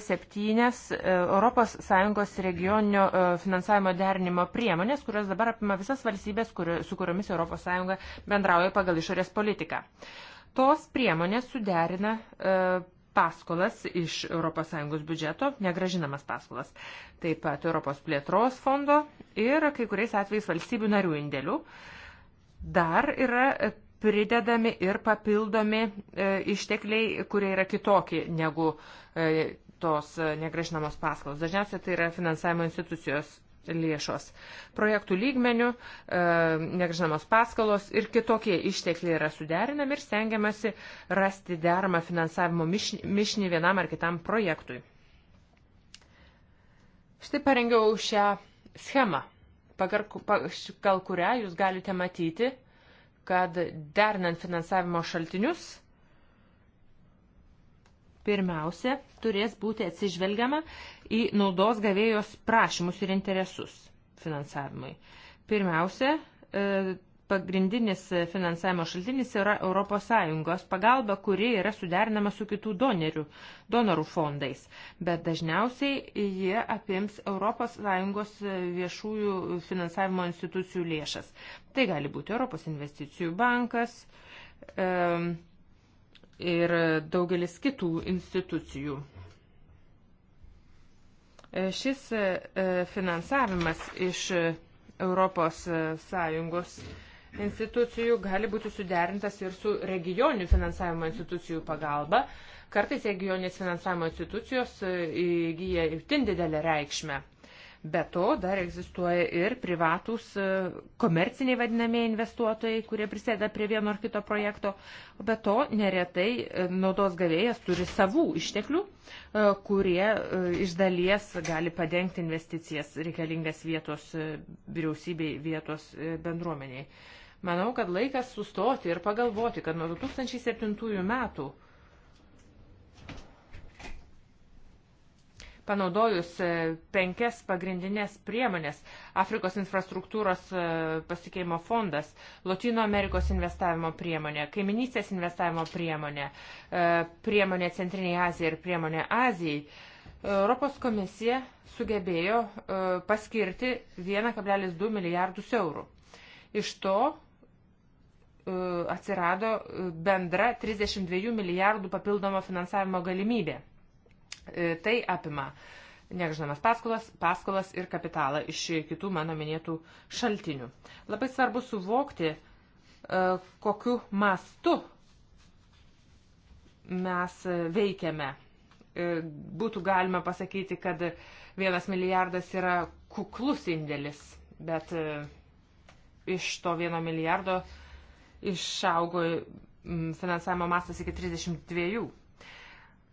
septynias ES regioninio e, finansavimo derinimo priemonės, kurios dabar apima visas valstybės, kuri, su kuriomis ES bendrauja pagal išorės politiką. Tos priemonės suderina e, paskolas iš ES biudžeto, negražinamas paskolas, taip pat Europos plėtros fondo ir kai kuriais atvejais valstybių narių indėlių. Dar yra pridedami ir papildomi e, ištekliai, kurie yra kitokie negu e, tos e, negražinamos paskolos. Dažniausiai tai yra finansavimo institucijos lėšos. Projektų lygmenių, e, negražinamos paskalos ir kitokie ištekliai yra suderinami ir stengiamasi rasti deramą finansavimo mišinį, mišinį vienam ar kitam projektui. Štai parengiau šią schemą, pagal kurią jūs galite matyti, kad dernant finansavimo šaltinius Pirmiausia, turės būti atsižvelgiama į naudos gavėjos prašymus ir interesus finansavimui. Pirmiausia, e, pagrindinis finansavimo šaltinis yra ES pagalba, kuri yra suderinama su kitų donerių, donorų fondais. Bet dažniausiai jie apims ES viešųjų finansavimo institucijų lėšas. Tai gali būti Europos investicijų bankas. Um, e, ir daugelis kitų institucijų. E, šis e, finansavimas iš ES institucijų gali būti suderintas ir su regioninių finansavimo institucijų pagalba. Kartais regioninės finansavimo institucijos e, įgyja itin didelę reikšmę. Be to, dar egzistuoja ir privatus e, komerciniai vadinamieji investuotojai, kurie prisėda prie vieno ar kito projekto. Be to, neretai e, naudos gavėjas turi savų išteklių, e, kurie iš dalies gali padengti investicijas reikalingas vietos vyriausybei, vietos bendruomeniai. Manau, kad laikas sustoti ir pagalvoti, kad nuo 2007 metų panaudojus e, penkias pagrindinės priemonės - Afrikos infrastruktūros e, pasikeimo fondas, Latino Amerikos investavimo priemonė, kaiminystės investavimo priemonė, e, priemonė Centriniai Azijai ir priemonė Azijai. Europos komisija sugebėjo paskirti 1,2 milijardus eurų. Iš to atsirado bendra 32 milijardų papildomo finansavimo galimybė. E, tai apima negrįžtamas paskolas, paskolas ir kapitalą iš kitų mano minėtų šaltinių. Labai svarbu suvokti, e, kokiu mastu mes veikiame. E, būtų galima pasakyti, kad vienas milijardas yra kuklus indėlis, bet iš to vieno milijardo išaugo finansavimo mastas iki 32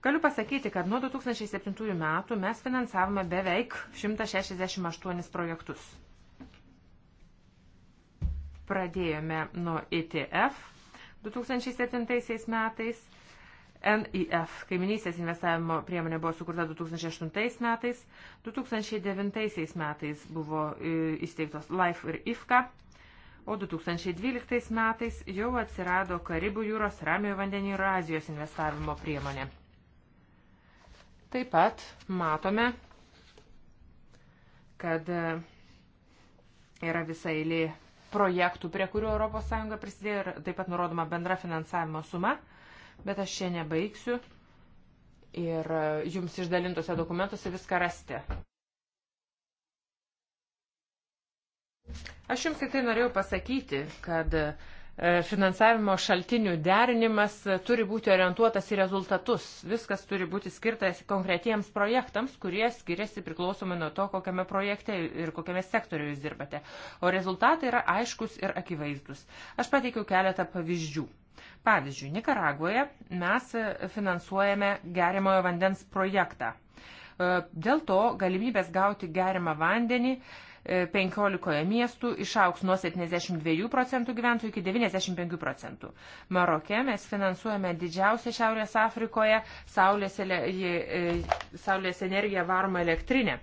Galiu pasakyti, kad nuo 2007 metų mes finansavome beveik 168 projektus. Pradėjome nuo ETF 2007 metais, NIF kaiminysės investavimo priemonė buvo sukurta 2008 metais, 2009 metais buvo e, įsteigtos LIFE ir IFKA, o 2012 metais jau atsirado Karibų jūros, Ramiojo vandenį ir Azijos investavimo priemonė. Taip pat matome, kad yra visa eilė projektų, prie kurių ES prisidėjo ir taip pat nurodoma bendra finansavimo suma, bet aš čia nebaigsiu ir jums išdalintose dokumentuose viską rasti. Aš jums tik tai norėjau pasakyti, kad uh, E, finansavimo šaltinių derinimas e, turi būti orientuotas į rezultatus. Viskas turi būti skirtas konkretiems projektams, kurie skiriasi priklausomai nuo to, kokiame projekte ir kokiame sektoriuje jūs dirbate. O rezultatai yra aiškus ir akivaizdus. Aš pateikiau keletą pavyzdžių. Pavyzdžiui, Nikaragoje mes finansuojame geriamojo vandens projektą. E, dėl to galimybės gauti geriamą vandenį uh, 15 miestų išauks nuo 72 procentų gyventojų iki 95 procentų. Maroke mes finansuojame didžiausią Šiaurės Afrikoje saulės, e, saulės energiją varomą elektrinę,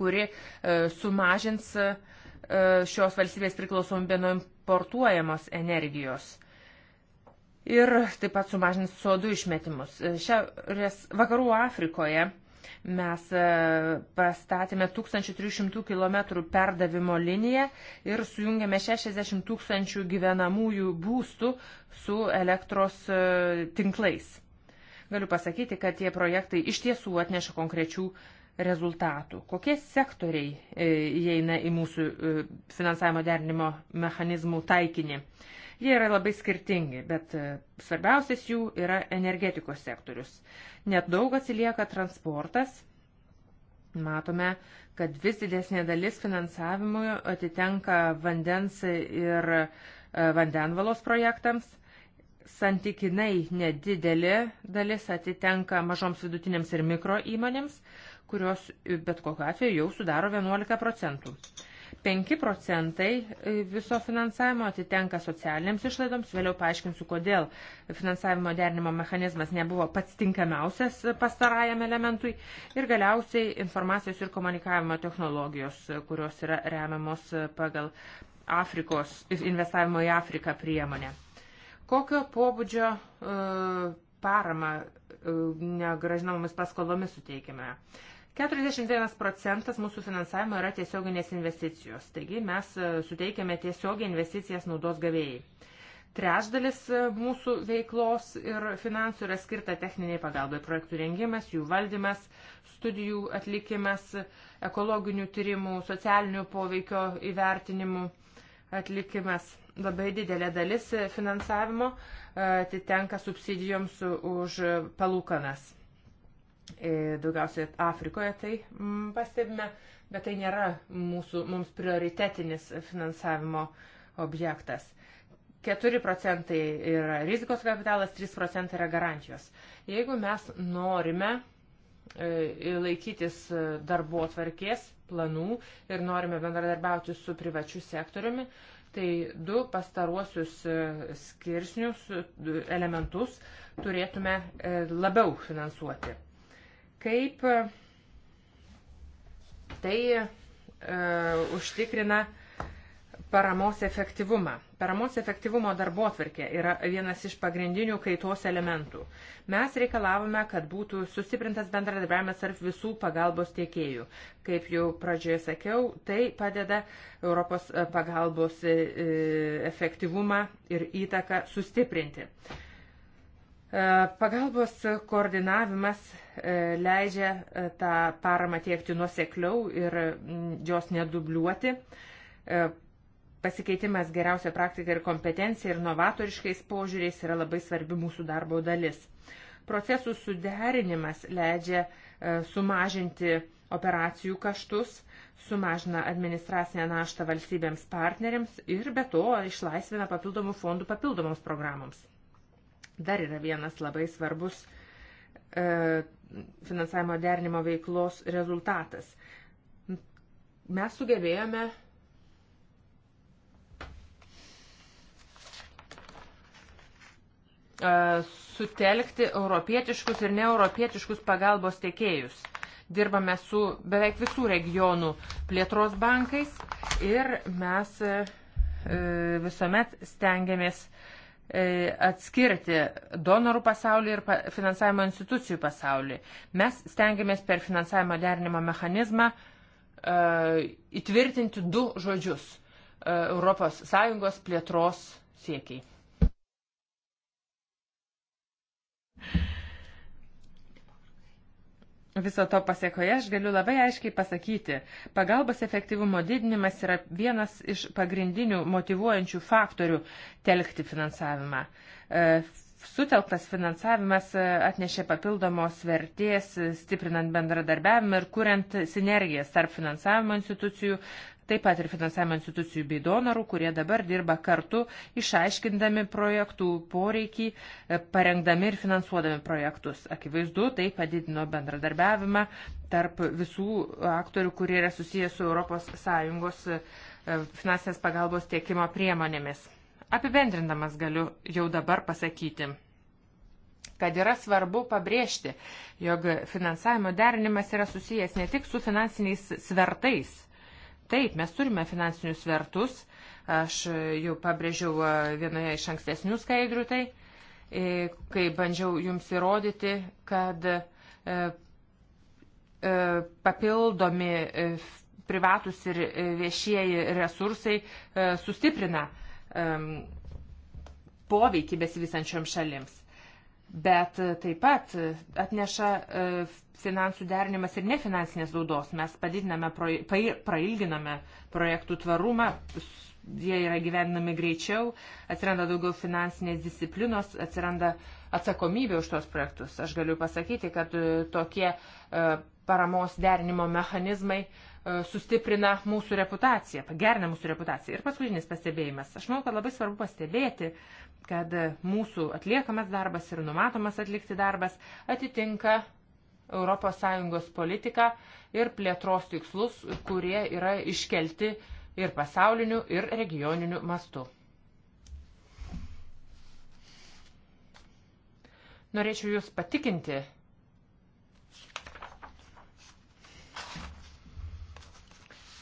kuri e, sumažins e, šios valstybės priklausomybę nuo importuojamos energijos. Ir taip pat sumažins CO2 išmetimus. Šiaurės vakarų Afrikoje Mes e, pastatėme 1300 km perdavimo liniją ir sujungėme 60 tūkstančių gyvenamųjų būstų su elektros e, tinklais. Galiu pasakyti, kad tie projektai iš tiesų atneša konkrečių rezultatų. Kokie sektoriai e, įeina į mūsų finansavimo derinimo mechanizmų taikinį? Jie yra labai skirtingi, bet e, svarbiausias jų yra energetikos sektorius. Net daug atsilieka transportas. Matome, kad vis didesnė dalis finansavimui atitenka vandens ir e, vandenvalos projektams santykinai nedidelė dalis atitenka mažoms vidutinėms ir mikro įmonėms, kurios bet kokiu atveju jau sudaro 11 procentų. 5 procentai e, viso finansavimo atitenka socialinėms išlaidoms, vėliau paaiškinsiu, kodėl finansavimo derinimo mechanizmas nebuvo pats tinkamiausias pastarajam elementui ir galiausiai informacijos ir komunikavimo technologijos, e, kurios yra remiamos e, pagal Afrikos, investavimo į Afriką priemonę. Kokio pobūdžio e, paramą e, negražinamomis paskolomis suteikime? E, 41 procentas mūsų finansavimo yra tiesioginės investicijos, taigi mes e, suteikiame tiesiogiai investicijas naudos gavėjai. Trečdalis e, mūsų veiklos ir finansų yra skirta techniniai pagalbai - projektų rengimas, jų valdymas, studijų atlikimas, ekologinių tyrimų, socialinių poveikio įvertinimų atlikimas. Labai didelė dalis e, finansavimo atitenka subsidijoms už palūkanas. E, daugiausiai Afrikoje tai mm, pastebime, bet tai nėra mūsų, mums prioritetinis finansavimo objektas. 4 procentai yra rizikos kapitalas, 3 procentai yra garantijos. Jeigu mes norime e, laikytis darbo atvarkės, planų ir norime bendradarbiauti su privačiu sektoriumi, tai du pastaruosius e, skirsnius, elementus turėtume labiau finansuoti kaip e, tai e, užtikrina paramos efektyvumą. Paramos efektyvumo darbo atvirkė yra vienas iš pagrindinių kaitos elementų. Mes reikalavome, kad būtų sustiprintas bendradarbiavimas tarp visų pagalbos tiekėjų. Kaip jau pradžioje sakiau, tai padeda Europos pagalbos e, e, efektyvumą ir įtaką sustiprinti. E, E, pagalbos koordinavimas e, leidžia e, tą paramą tiekti nuosekliau ir jos nedubliuoti. Pasikeitimas geriausia praktika ir kompetencija ir novatoriškais požiūriais yra labai svarbi mūsų darbo dalis. Procesų suderinimas leidžia sumažinti operacijų kaštus, sumažina administracinę naštą valstybėms partneriams ir be to išlaisvina papildomų fondų papildomoms programoms. Dar yra vienas labai svarbus e, finansavimo derinimo veiklos rezultatas. Mes sugebėjome e, sutelkti europietiškus ir neeuropietiškus pagalbos tiekėjus. Dirbame su beveik visų regionų plėtros bankais ir mes e, visuomet stengiamės uh, E, atskirti donorų pasaulį ir finansavimo institucijų pasaulį. Mes stengiamės per finansavimo derinimo mechanizmą e, įtvirtinti du žodžius e, Europos Sąjungos plėtros siekiai. Viso to pasiekoje aš galiu labai aiškiai pasakyti, pagalbos efektyvumo didinimas yra vienas iš pagrindinių motivuojančių faktorių telkti finansavimą. E, sutelktas finansavimas e, atnešė papildomos vertės, stiprinant bendradarbiavimą ir kuriant sinergijas tarp finansavimo institucijų, taip pat ir finansavimo institucijų bei donorų, kurie dabar dirba kartu, išaiškindami projektų poreikį, e, parengdami ir finansuodami projektus. Akivaizdu, tai padidino bendradarbiavimą tarp visų aktorių, kurie yra susijęs su ES e, finansinės pagalbos tiekimo priemonėmis. Apibendrindamas galiu jau dabar pasakyti kad yra svarbu pabrėžti, jog finansavimo derinimas yra susijęs ne tik su finansiniais svertais, Taip, mes turime finansinius svertus, aš jau pabrėžiau e, vienoje iš ankstesnių skaidrių tai, e, kai bandžiau jums įrodyti, kad e, papildomi privatus ir viešieji resursai sustiprina poveikį besivysančiom šalims bet e, taip pat e, atneša e, finansų derinimas ir nefinansinės naudos. Mes padidiname, prailginame projektų tvarumą, jie yra gyvenami greičiau, atsiranda daugiau finansinės disciplinos, atsiranda atsakomybė už tos projektus. Aš galiu pasakyti, kad tokie paramos derinimo mechanizmai uh, sustiprina mūsų reputaciją, pagerina mūsų reputaciją. Ir paskutinis pastebėjimas. Aš manau, kad labai svarbu pastebėti, kad mūsų atliekamas darbas ir numatomas atlikti darbas atitinka ES politiką ir plėtros tikslus, kurie yra iškelti ir pasauliniu, ir regioniniu mastu. Norėčiau Jūs patikinti,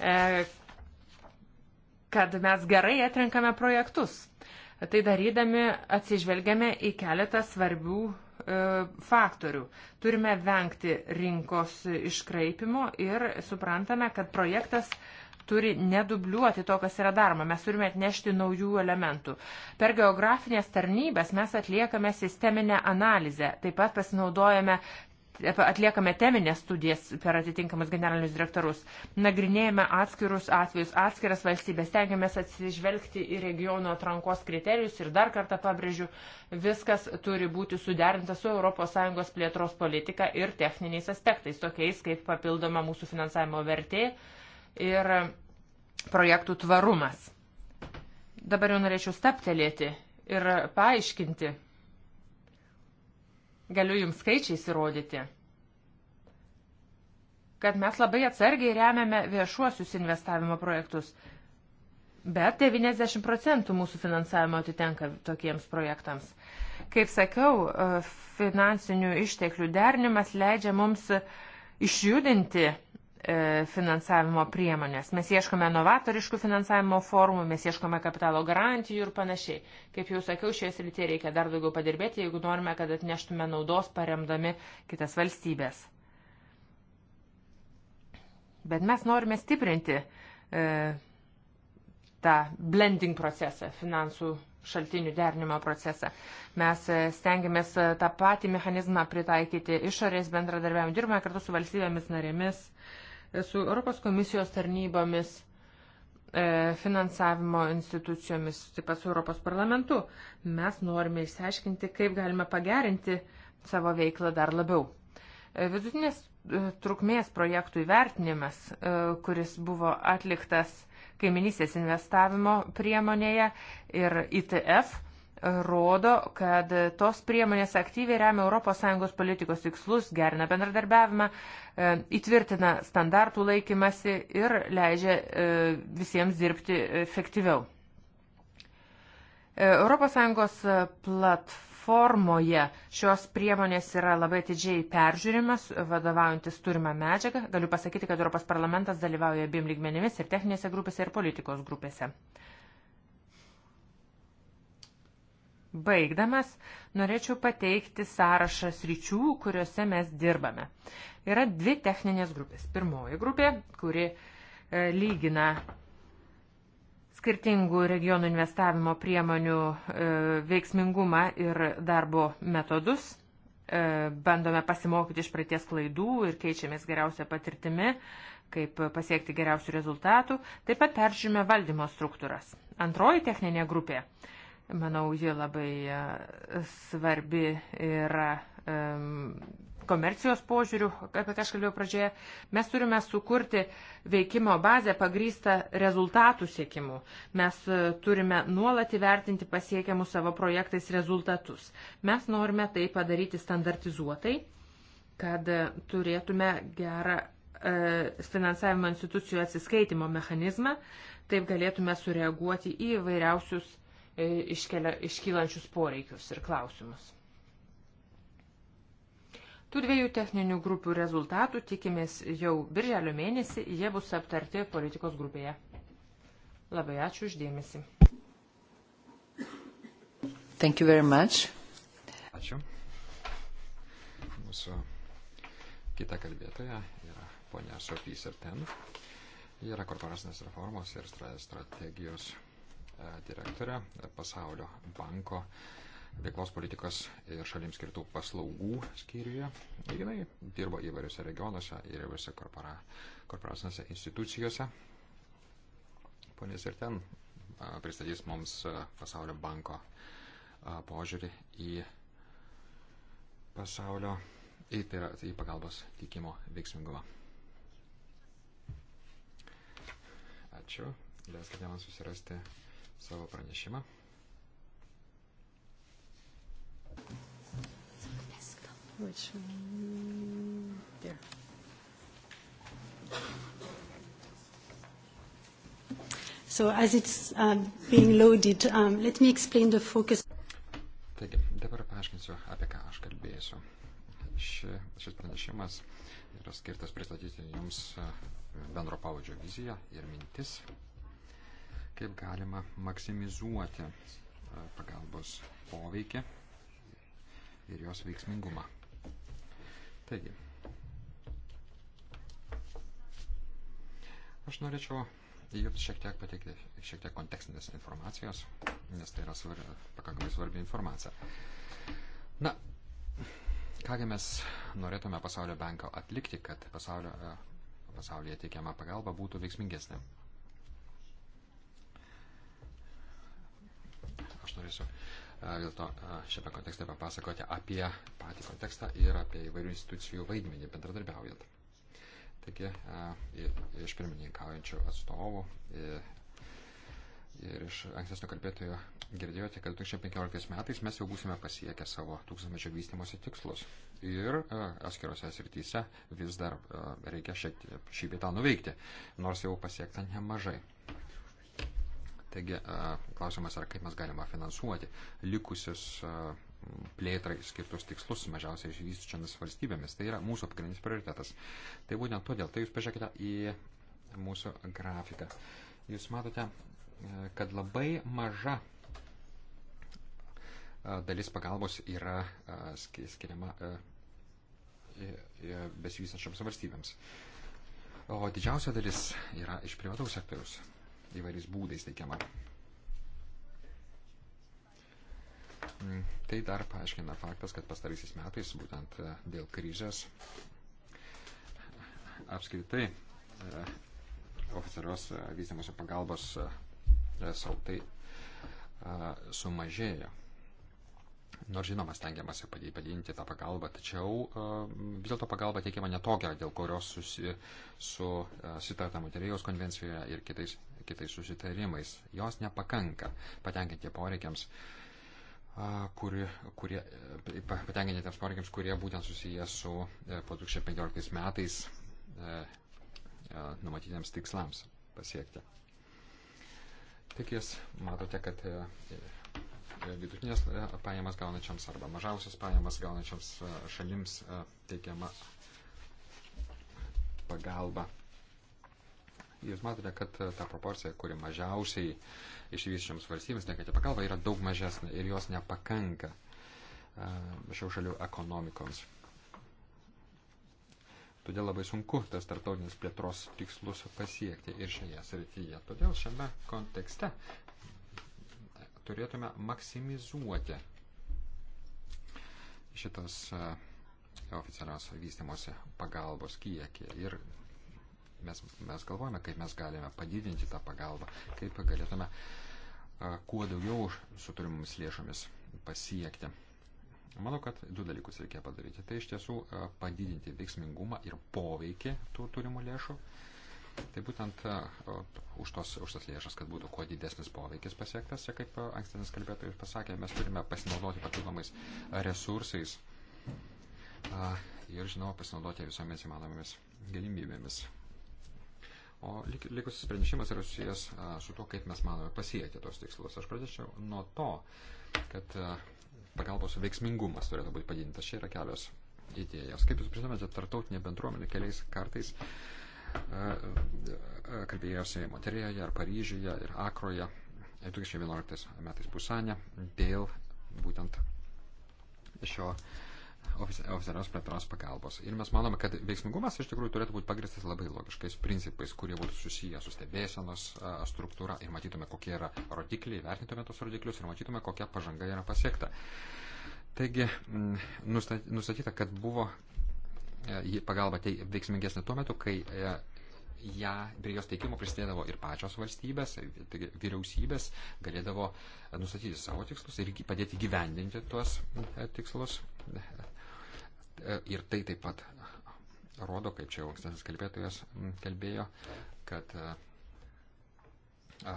E, kad mes gerai atrenkame projektus. Tai darydami atsižvelgiame į keletą svarbių e, faktorių. Turime vengti rinkos iškraipimo ir suprantame, kad projektas turi nedubliuoti to, kas yra daroma. Mes turime atnešti naujų elementų. Per geografinės tarnybės mes atliekame sisteminę analizę, taip pat pasinaudojame atliekame teminės studijas per atitinkamus generalinius direktorus, nagrinėjame atskirus atvejus, atskiras valstybės, stengiamės atsižvelgti į regiono atrankos kriterijus ir dar kartą pabrėžiu, viskas turi būti suderinta su ES plėtros politika ir techniniais aspektais, tokiais kaip papildoma mūsų finansavimo vertė ir projektų tvarumas. Dabar jau norėčiau staptelėti ir paaiškinti galiu jums skaičiais įrodyti, kad mes labai atsargiai remiame viešuosius investavimo projektus, bet 90 procentų mūsų finansavimo atitenka tokiems projektams. Kaip sakiau, e, finansinių išteklių dernimas leidžia mums išjudinti E, finansavimo priemonės. Mes ieškome novatoriškų finansavimo formų, mes ieškome kapitalo garantijų ir panašiai. Kaip jau sakiau, šioje srityje reikia dar daugiau padirbėti, jeigu norime, kad atneštume naudos paremdami kitas valstybės. Bet mes norime stiprinti e, tą blending procesą, finansų šaltinių derinimo procesą. Mes e, stengiamės e, tą patį mechanizmą pritaikyti išorės bendradarbiavimą, dirbame kartu su valstybėmis narėmis su Europos komisijos tarnybomis, e, finansavimo institucijomis, taip pat su Europos parlamentu. Mes norime išsiaiškinti, kaip galime pagerinti savo veiklą dar labiau. E, vidutinės e, trukmės projektų įvertinimas, kuris buvo atliktas kaiminysės investavimo priemonėje ir ITF rodo, kad tos priemonės aktyviai remia ES politikos tikslus, gerina bendradarbiavimą, e, įtvirtina standartų laikymasi ir leidžia e, visiems dirbti efektyviau. E, ES platformoje šios priemonės yra labai atidžiai peržiūrimas, vadovaujantis turimą medžiagą. Galiu pasakyti, kad Europos parlamentas dalyvauja abiem lygmenimis ir techninėse grupėse, ir politikos grupėse. Baigdamas, norėčiau pateikti sąrašą sričių, kuriuose mes dirbame. Yra dvi techninės grupės. Pirmoji grupė, kuri e, lygina skirtingų regionų investavimo priemonių e, veiksmingumą ir darbo metodus. E, bandome pasimokyti iš praeities klaidų ir keičiamės geriausią patirtimį, kaip pasiekti geriausių rezultatų. Taip pat peržiūrime valdymo struktūras. Antroji techninė grupė. E, Manau, ji labai e, svarbi yra um, e, komercijos požiūrių, apie ką aš kalbėjau pradžioje. Mes turime sukurti veikimo bazę pagrįstą rezultatų siekimu. Mes e, turime nuolat įvertinti pasiekiamus savo projektais rezultatus. Mes norime tai padaryti standartizuotai, kad turėtume gerą finansavimo institucijų atsiskaitimo mechanizmą, taip galėtume sureaguoti į vairiausius E, iškelia, iškylančius poreikius ir klausimus. Tų dviejų techninių grupių rezultatų tikimės jau birželio mėnesį, jie bus aptarti politikos grupėje. Labai ačiū uždėmesi. Thank you very much. Ačiū. Mūsų kita kalbėtoja yra ponia Sofija Serten. Ji yra korporacinės reformos ir strategijos direktorė Pasaulio banko veiklos politikos ir šalims skirtų paslaugų skyriuje. Ir jinai dirbo įvairiose regionuose ir įvairiose korpora, korporacinėse institucijose. Ponės ir ten pristatys mums Pasaulio banko požiūrį į pasaulio, į, tai yra, į pagalbos teikimo veiksmingumą. Ačiū. Leiskite man susirasti savo pranešimą. Which, um, mm, yeah. So as it's um, being loaded, um, let me explain the focus. Taigi, dabar paaiškinsiu, apie ką aš kalbėsiu. Ši, šis pranešimas yra skirtas pristatyti jums uh, bendro pavadžio viziją ir mintis kaip galima maksimizuoti e, pagalbos poveikį ir jos veiksmingumą. Taigi, aš norėčiau jums šiek tiek pateikti šiek tiek kontekstinės informacijos, nes tai yra svarbi, pakankamai svarbi informacija. Na, kągi mes norėtume Pasaulio banko atlikti, kad pasaulio, e, pasaulyje teikiama pagalba būtų veiksmingesnė. norėsiu dėl to šiame kontekste papasakoti apie patį kontekstą ir apie įvairių institucijų vaidmenį bendradarbiaujant. Taigi, iš pirmininkaujančių atstovų ir iš ankstesnio kalbėtojo girdėjote, kad 2015 metais mes jau būsime pasiekę savo tūkstantmečio vystimosi tikslus. Ir atskirose srityse vis dar reikia šiek tiek šį vietą nuveikti, nors jau pasiekta nemažai. Taigi klausimas yra, kaip mes galima finansuoti likusius plėtrai skirtus tikslus mažiausiai išvystyčiamis valstybėmis. Tai yra mūsų pagrindinis prioritetas. Tai būtent todėl, tai jūs pažiūrėkite į mūsų grafiką. Jūs matote, e, kad labai maža dalis pagalbos yra skiriama e, e, besivystančiams valstybėms. O didžiausia dalis yra iš privataus sektoriaus įvairiais būdais teikiama. Mm, tai dar paaiškina faktas, kad pastarysis metais, būtent e, dėl krizės, apskritai e, oficialios e, vystymosi pagalbos srautai sumažėjo. Nors žinoma, stengiamasi padidinti tą pagalbą, tačiau e, vis dėlto pagalba teikiama netokia, dėl kurios susi, su e, sitarta Monterėjaus konvencijoje ir kitais, kitais susitarimais. Jos nepakanka patenkinti poreikiams, kuri, kurie, e, patenkinti tiems poreikiams, kurie būtent susiję su po 2015 metais numatytiems tikslams pasiekti. Tik jūs matote, kad vidutinės e, pajamas gaunačiams arba mažiausias pajamas gaunačiams e, šalims e, teikiama pagalba. Jūs matote, kad ta proporcija, kuri mažiausiai išvyščiams valstybėms nekatė pagalba, yra daug mažesnė ir jos nepakanka šių šalių ekonomikoms. Todėl labai sunku tas tarptautinės plėtros tikslus pasiekti ir šioje srityje. Todėl šiame kontekste turėtume maksimizuoti šitas e, oficialios vystimosi pagalbos kiekį. Ir mes, mes galvojame, kaip mes galime padidinti tą pagalbą, kaip galėtume e, kuo daugiau su turimomis lėšomis pasiekti. Manau, kad du dalykus reikia padaryti. Tai iš tiesų e, padidinti veiksmingumą ir poveikį tų turimų lėšų. Uh, Tai būtent už tos, už tos lėšas, kad būtų kuo didesnis poveikis pasiektas, čia kaip ankstinis kalbėtojas pasakė, mes turime pasinaudoti papildomais resursais ir, žinoma, pasinaudoti visomis įmanomomis galimybėmis. O likusis pranešimas yra susijęs su to, kaip mes manome pasiekti tos tikslus. Aš pradėčiau nuo to, kad pagalbos veiksmingumas turėtų būti padidintas. Čia yra kelios idėjos. Kaip Jūs prisimenate, tartautinė bendruomenė keliais kartais uh, E, kalbėjosi Monterėje ir Paryžiuje ir Akroje 2011 metais Pusanė dėl būtent šio oficialios plėtros pagalbos. Ir mes manome, kad veiksmingumas iš tikrųjų turėtų būti pagristas labai logiškais principais, kurie būtų susiję su stebėsenos e, struktūra ir matytume, kokie yra rodikliai, vertintume tos rodiklius ir matytume, kokia pažanga yra pasiekta. Taigi nustatyta, kad buvo E, ji pagalba tai veiksmingesnė tuo metu, kai e, ją, prie jos teikimo prisidėdavo ir pačios valstybės, e, taigi vyriausybės galėdavo nustatyti savo tikslus ir padėti gyvendinti tuos tikslus. Ir tai taip pat rodo, kaip čia ankstesnis kalbėtojas kalbėjo, kad a, a,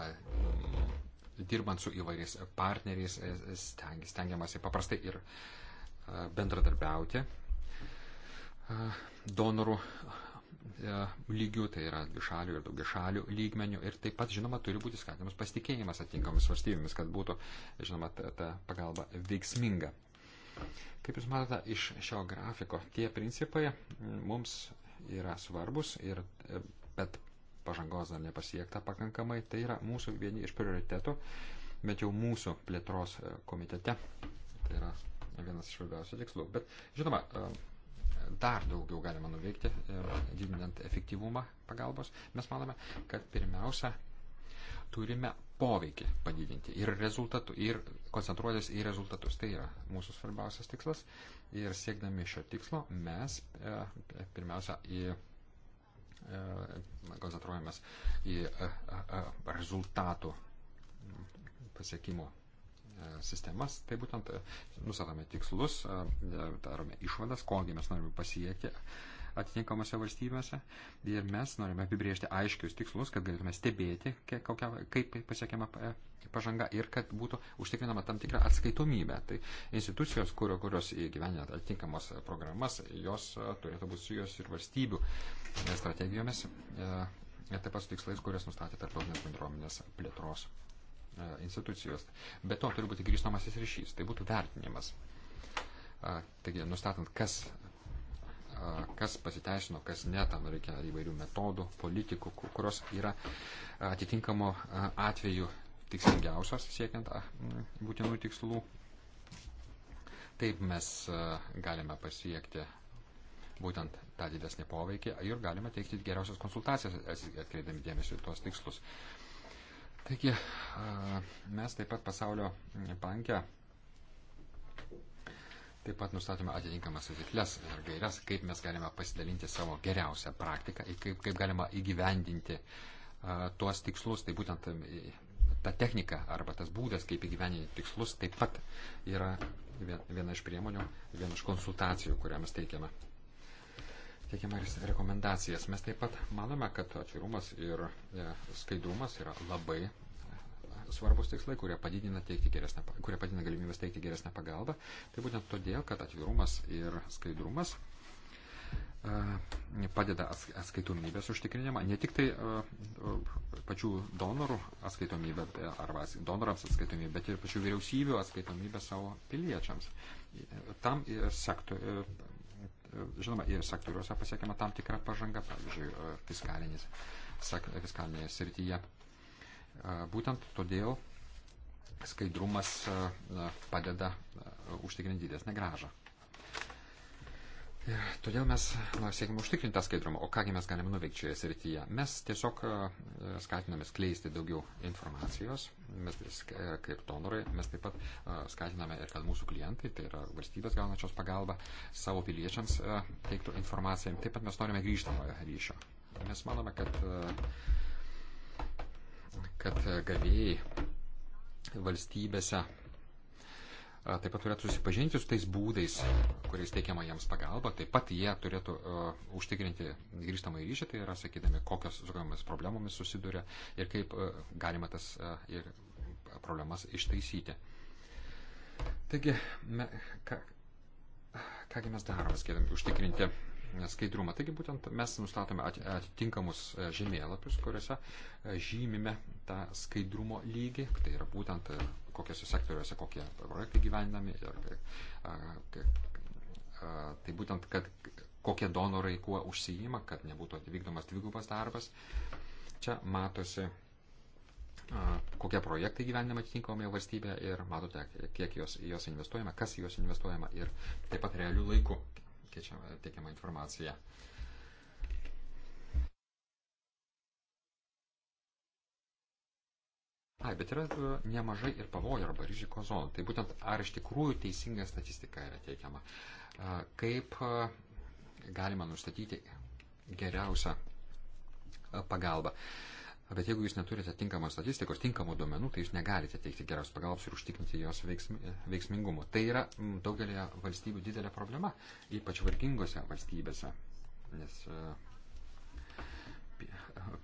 dirbant su įvairiais partneriais stengiamasi paprastai ir bendradarbiauti donorų e, lygių, tai yra dvišalių ir daugišalių lygmenių. Ir taip pat, žinoma, turi būti skatinamas pasitikėjimas atinkamomis valstybėmis, kad būtų, žinoma, ta, ta pagalba veiksminga. Kaip Jūs matote, iš šio grafiko tie principai mums yra svarbus, ir, e, bet pažangos dar nepasiekta pakankamai. Tai yra mūsų vieni iš prioritetų, bet jau mūsų plėtros e, komitete. Tai yra vienas iš svarbiausių tikslų. Bet, žinoma, dar daugiau galima nuveikti, e, didinant efektyvumą pagalbos, mes manome, kad pirmiausia turime poveikį padidinti ir, rezultatų, ir koncentruotis į rezultatus. Tai yra mūsų svarbiausias tikslas ir siekdami šio tikslo mes e, pirmiausia į, e, koncentruojamės į e, e, e rezultatų pasiekimo E, sistemas, tai būtent e, nusatome tikslus, e, darome išvadas, kogi mes norime pasiekti atitinkamose valstybėse ir mes norime apibriežti aiškius tikslus, kad galėtume stebėti, kokia, kaip pasiekiama pažanga ir kad būtų užtikrinama tam tikra atskaitomybė. Tai institucijos, kurio, kurios įgyvenina atitinkamos programas, jos turėtų būti sujos ir valstybių strategijomis, taip pat su tikslais, kurias nustatė tarptautinės bendruomenės plėtros E, institucijos. Bet to turi būti grįžtamasis ryšys, tai būtų vertinimas. E, taigi, nustatant, kas, e, kas pasiteisino, kas ne, tam reikia įvairių metodų, politikų, kurios yra atitinkamo atveju tikslingiausios siekiant būtinų tikslų. Taip mes galime pasiekti būtent tą didesnį poveikį ir galime teikti geriausias konsultacijas, atkreipdami dėmesį į tuos tikslus. Uh, Taigi, mes taip pat pasaulio banke taip pat nustatome atitinkamas sutiklės ir gairias, kaip mes galime pasidalinti savo geriausią praktiką ir kaip, kaip galima įgyvendinti uh, tuos tikslus. Tai būtent e, ta technika arba tas būdas, kaip įgyvendinti tikslus, taip pat yra viena iš priemonių, viena iš konsultacijų, kurią mes teikiame teikiamą rekomendacijas. Mes taip pat manome, kad atvirumas ir e, skaidrumas yra labai e, svarbus tikslai, kurie padidina, geresnę, kurie padidina galimybės teikti geresnę pagalbą. Tai būtent todėl, kad atvirumas ir skaidrumas e, padeda atskaitomybės užtikrinimą, ne tik tai pačių donorų atskaitomybę arba donorams atskaitomybę, bet ir pačių vyriausybių atskaitomybę savo piliečiams. Tam sektoriui žinoma, ir sektoriuose pasiekima tam tikra pažanga, pavyzdžiui, e, fiskalinėje srityje. E, būtent todėl skaidrumas e, padeda užtikrinti didesnę gražą. Todėl mes na, siekime užtikrinti tą skaidrumą. O kągi mes galime nuveikti šioje srityje? Mes tiesiog e, skatiname skleisti daugiau informacijos, mes e, kaip e, donorai, mes taip pat skatiname ir kad mūsų klientai, tai yra valstybės gaunačios pagalba, savo piliečiams teiktų informaciją. Taip pat mes norime grįžtamojo ryšio. Mes manome, kad, kad gavėjai valstybėse taip pat turėtų susipažinti su tais būdais, kuriais teikiama jiems pagalba. Taip pat jie turėtų uh, užtikrinti grįžtamą ryšį, tai yra sakydami, kokios su kokiamis problemomis susiduria ir kaip uh, galima tas uh, ir problemas ištaisyti. Taigi, me, ką, kągi mes darome, skėdami užtikrinti skaidrumą. Taigi būtent mes nustatome atitinkamus žemėlapius, kuriuose žymime tą skaidrumo lygį, tai yra būtent kokiuose sektoriuose kokie projektai gyvendami ir e, tai būtent, kad kokie donorai kuo užsijima, kad nebūtų atvykdomas dvigubas darbas. Čia matosi, kokie projektai gyvenime atitinkamoje valstybėje ir matote, kiek jos, jos investuojama, kas jos investuojama ir taip pat realių laikų keičiama, teikiama informacija. Uh, Ai, bet yra e, nemažai ir pavojų arba riziko zonų. Tai būtent ar iš tikrųjų teisinga statistika yra teikiama. E, kaip e, galima nustatyti geriausią pagalbą. Bet jeigu jūs neturite tinkamos statistikos, tinkamų duomenų, tai jūs negalite teikti geros pagalbos ir užtikrinti jos veiksmingumo. Tai yra daugelėje valstybių didelė problema, ypač vargingose valstybėse. Nes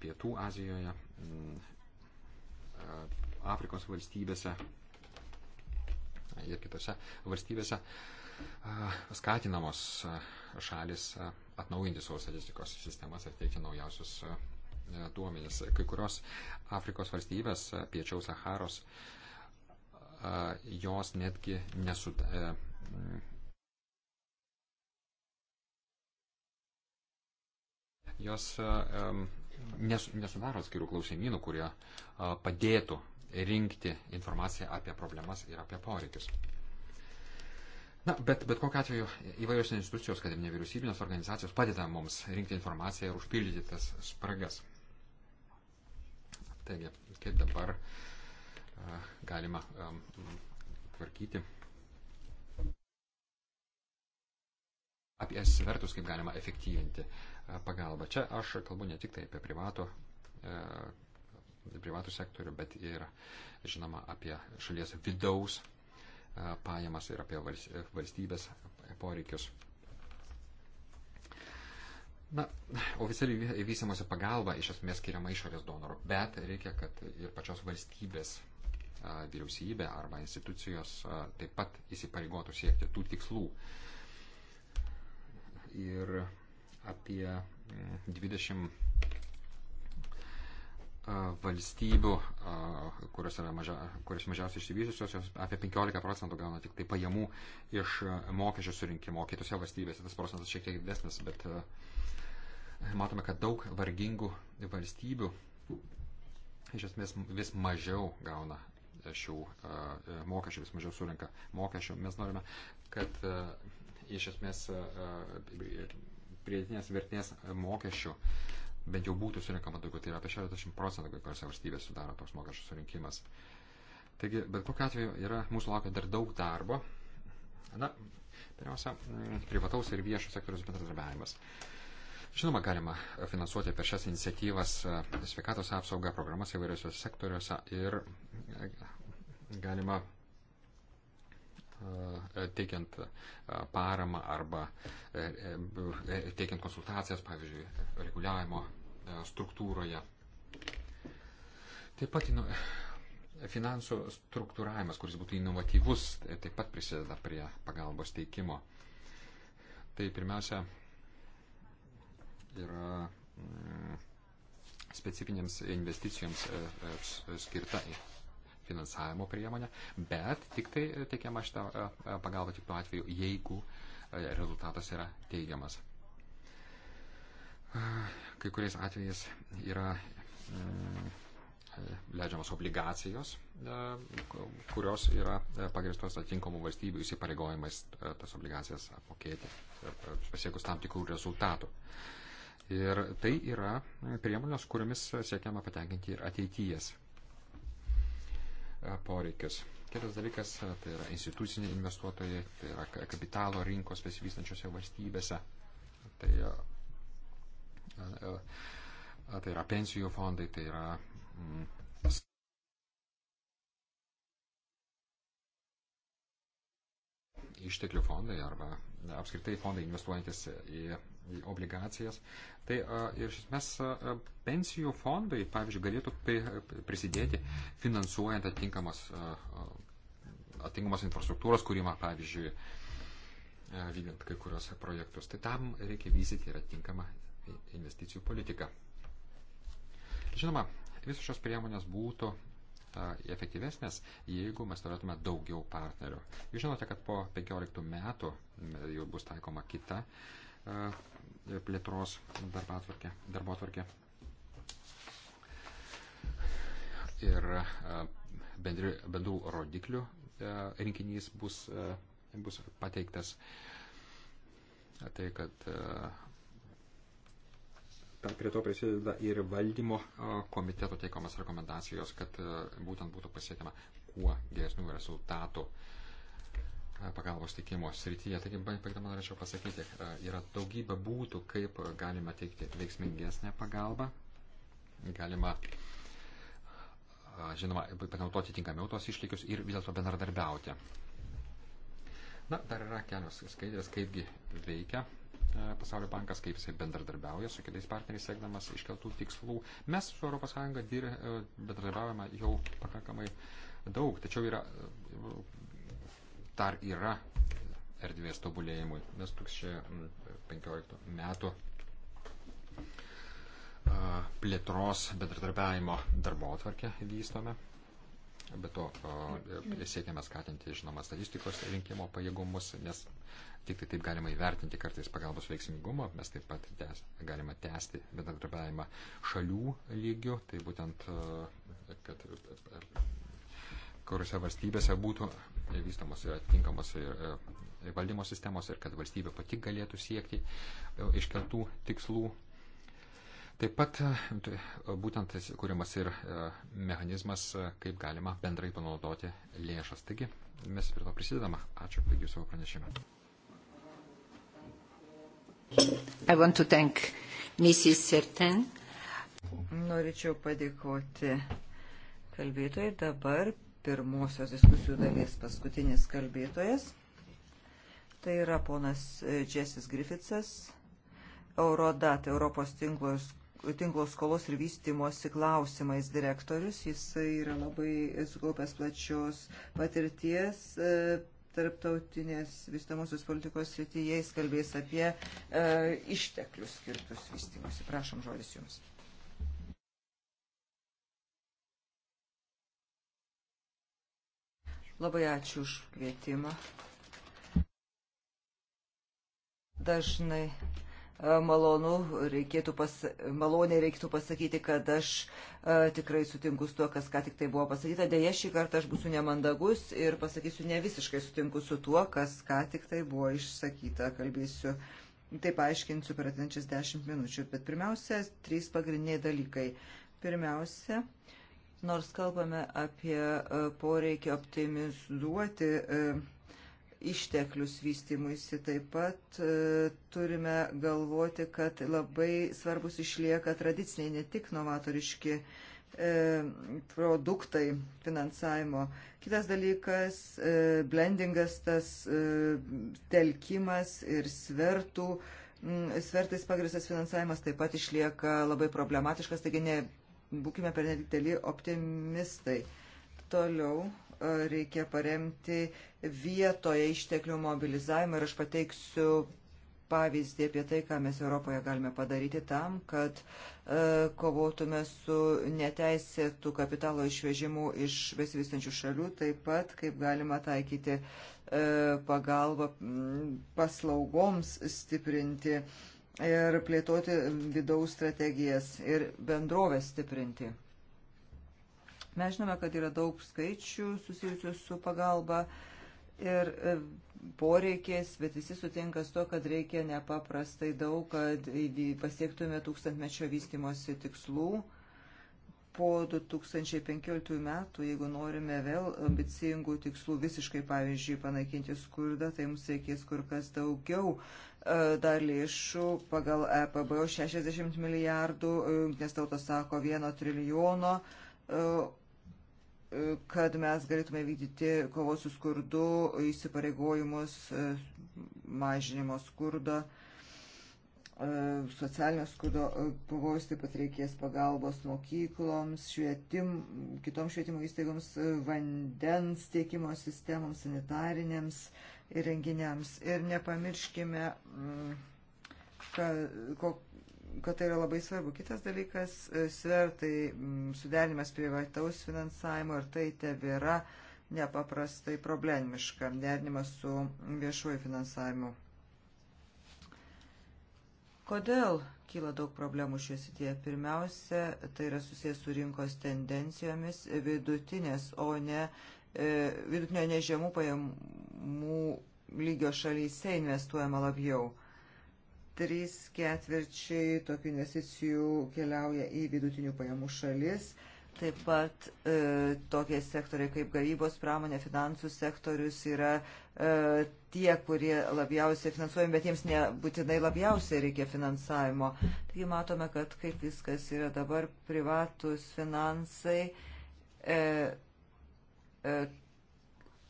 pietų Azijoje Afrikos valstybėse ir kitose valstybėse skatinamos šalis atnaujinti savo statistikos sistemas ir teikti naujausius duomenis. Kai kurios Afrikos valstybės, piečiau Saharos, jos netgi nesut. Jos um, nes, nesudaro atskirų klausimynų, kurie padėtų rinkti informaciją apie problemas ir apie poreikius. Na, bet, bet kokiu atveju įvairios institucijos, kad ir nevyriausybinės organizacijos padeda mums rinkti informaciją ir užpildyti tas spragas. Taigi, kaip dabar uh, galima um, tvarkyti apie svertus, kaip galima efektyvinti uh, E, pagalbą. Čia aš kalbu ne tik tai apie privatų, e, privatų sektorių, bet ir, žinoma, apie šalies vidaus e, pajamas ir apie valstybės poreikius. Na, oficialiai vysiamosi pagalba iš esmės skiriama išorės donorų, bet reikia, kad ir pačios valstybės vyriausybė arba institucijos taip pat įsipareigotų siekti tų tikslų. Ir apie 20 mm, valstybių, kurios yra mažia, kurios mažiausiai išsivysiusios, jos apie 15 procentų gauna tik tai pajamų iš mokesčių surinkimo, o kitose valstybėse tas procentas šiek tiek didesnis, bet matome, kad daug vargingų valstybių iš esmės vis mažiau gauna šių mokesčių, vis mažiau surinka mokesčių. Mes norime, kad iš esmės pridėtinės vertės mokesčių bent jau būtų surinkama daugiau, tai yra apie 60 procentų kai kuriuose valstybėse sudaro toks mokesčių surinkimas. Taigi, bet kokiu atveju yra, mūsų laukia dar daug darbo. Na, pirmiausia, mm, privataus ir viešo sektoriaus bendradarbiavimas. Žinoma, galima finansuoti per šias iniciatyvas e, sveikatos apsaugą, programas įvairiuose sektoriuose ir e, galima E, teikiant e, paramą arba e, teikiant konsultacijas, pavyzdžiui, reguliavimo struktūroje. Taip pat finansų struktūravimas, kuris būtų inovatyvus, tai taip pat prisideda prie pagalbos teikimo. Tai pirmiausia yra mm, specifinėms investicijoms skirta finansavimo priemonę, bet tik tai teikiama šitą e, e, pagalbą tik tuo atveju, jeigu e, rezultatas yra teigiamas. Kai kuriais atvejais yra mm, leidžiamos obligacijos, kurios yra pagristos atinkamų valstybių įsipareigojimais tas obligacijas apmokėti, pasiekus tam tikrų rezultatų. Ir tai yra priemonės, kuriomis siekiama patenkinti ir ateities E, poreikius. Kitas dalykas e, tai yra instituciniai investuotojai, tai yra kapitalo rinkos besivystančiose valstybėse, tai, e, tai yra pensijų fondai, tai yra. Mm, išteklių fondai arba apskritai fondai investuojantis į į obligacijas. Tai iš esmės pensijų fondai, pavyzdžiui, galėtų prisidėti finansuojant atitinkamas, atitinkamas infrastruktūros kūrimą, pavyzdžiui, vykdant kai kurios projektus. Tai tam reikia vystyti ir atitinkamą investicijų politiką. Žinoma, visos šios priemonės būtų efektyvesnės, jeigu mes turėtume daugiau partnerių. Jūs žinote, kad po 15 metų jau bus taikoma kita plėtros darbo atvarkę. Ir e, bendri, bendrų rodiklių e, rinkinys bus, e, bus pateiktas. Tai, kad prie to prisideda ir valdymo komiteto teikiamas rekomendacijos, kad būtent būtų pasiekima kuo geresnių rezultatų pagalbos teikimo srityje. Taigi, baigdama norėčiau pasakyti, e, yra daugybė būtų, kaip galima teikti veiksmingesnę pagalbą. Galima, žinoma, panaudoti tinkamiau tos išlikius ir vis dėlto bendradarbiauti. Na, dar yra kelios skaidrės, kaipgi veikia e, Pasaulio bankas, kaip jisai bendradarbiauja su kitais partneriais, siekdamas iškeltų tikslų. Mes su ES e, bendradarbiavame jau pakankamai daug, tačiau yra dar yra erdvės tobulėjimui, nes 2015 metų plėtros bendradarbiavimo darbo atvarkę vystome. Be to mhm. siekiame skatinti, žinoma, statistikos rinkimo pajėgumus, nes tik tai taip galima įvertinti kartais pagalbos veiksmingumą. Mes taip pat tęs, galima tęsti bendradarbiavimą šalių lygių, tai būtent, kad kuriuose valstybėse būtų E, vystamos ir atitinkamos e, valdymo sistemos ir kad valstybė pati galėtų siekti e, iškeltų tikslų. Taip pat tai, būtent kūriamas ir mechanizmas, kaip galima bendrai panaudoti lėšas. Taigi mes prie to prisidedame. Ačiū, baigiu savo pranešimą. Norėčiau padėkoti kalbėtojai dabar pirmosios diskusijų dalies paskutinis kalbėtojas. Tai yra ponas e, Jessis Griffithas, Eurodat, Europos tinklos, tinklo skolos ir vystimosi klausimais direktorius. Jisai yra labai sukaupęs plačios patirties e, tarptautinės vystamosios politikos srityje. Jis kalbės apie e, išteklius skirtus vystimosi. Prašom žodis jums. Labai ačiū už kvietimą. Dažnai e, malonu, reikėtų pas, maloniai reiktų pasakyti, kad aš e, tikrai sutinku su tuo, kas ką tik tai buvo pasakyta. Deja, šį kartą aš būsiu nemandagus ir pasakysiu ne visiškai sutinku su tuo, kas ką tik tai buvo išsakyta. Kalbėsiu, taip aiškinsiu per atinčias dešimt minučių. Bet pirmiausia, trys pagrindiniai dalykai. Pirmiausia, e, Nors kalbame apie e, poreikį optimizuoti e, išteklius vystimuisi, taip pat e, turime galvoti, kad labai svarbus išlieka tradiciniai, ne tik novatoriški produktai finansavimo. Kitas dalykas - blendingas, tas telkimas ir svertų svertais pagristas finansavimas taip pat išlieka labai problematiškas, taigi ne būkime per nedideli optimistai. Toliau e, reikia paremti vietoje išteklių mobilizavimą ir aš pateiksiu pavyzdį apie tai, ką mes Europoje galime padaryti tam, kad e, kovotume su neteisėtų kapitalo išvežimu iš besivystančių šalių, taip pat kaip galima taikyti e, pagalbą paslaugoms stiprinti. E, ir plėtoti vidaus strategijas ir bendrovės stiprinti. Mes žinome, kad yra daug skaičių susijusių su pagalba ir e, poreikės, bet visi sutinka su to, kad reikia nepaprastai daug, kad pasiektume tūkstantmečio vystimosi tikslų. Po 2015 metų, jeigu norime vėl ambicingų tikslų visiškai, pavyzdžiui, panaikinti skurdą, tai mums reikės kur kas daugiau E, dar lėšų pagal EPBO 60 milijardų, e, jungtinės tautos sako 1 trilijono, e, kad mes galėtume vykdyti kovos su skurdu įsipareigojimus mažinimo skurdo socialinio skurdo pavojus taip pat reikės pagalbos mokykloms, švietim, kitoms švietimo įstaigoms, vandens tiekimo sistemoms, sanitarinėms renginiams. Ir nepamirškime, mm, kad, kad tai yra labai svarbu. Kitas dalykas e, - svertai, mm, suderinimas privataus finansavimo ir tai tebėra nepaprastai problemiška, derinimas su viešuoju finansavimu. Kodėl kyla daug problemų šioje srityje? Pirmiausia, tai yra susijęs su rinkos tendencijomis vidutinės, o ne E, vidutinio nežemų pajamų lygio šalyse investuojama labiau. Trys ketvirčiai tokių investicijų keliauja į vidutinių pajamų šalis. Taip pat e, tokie sektoriai kaip gavybos pramonė, finansų sektorius yra e, tie, kurie labiausiai finansuojami, bet jiems nebūtinai labiausiai reikia finansavimo. Taigi matome, kad kaip viskas yra dabar, privatus finansai e, E,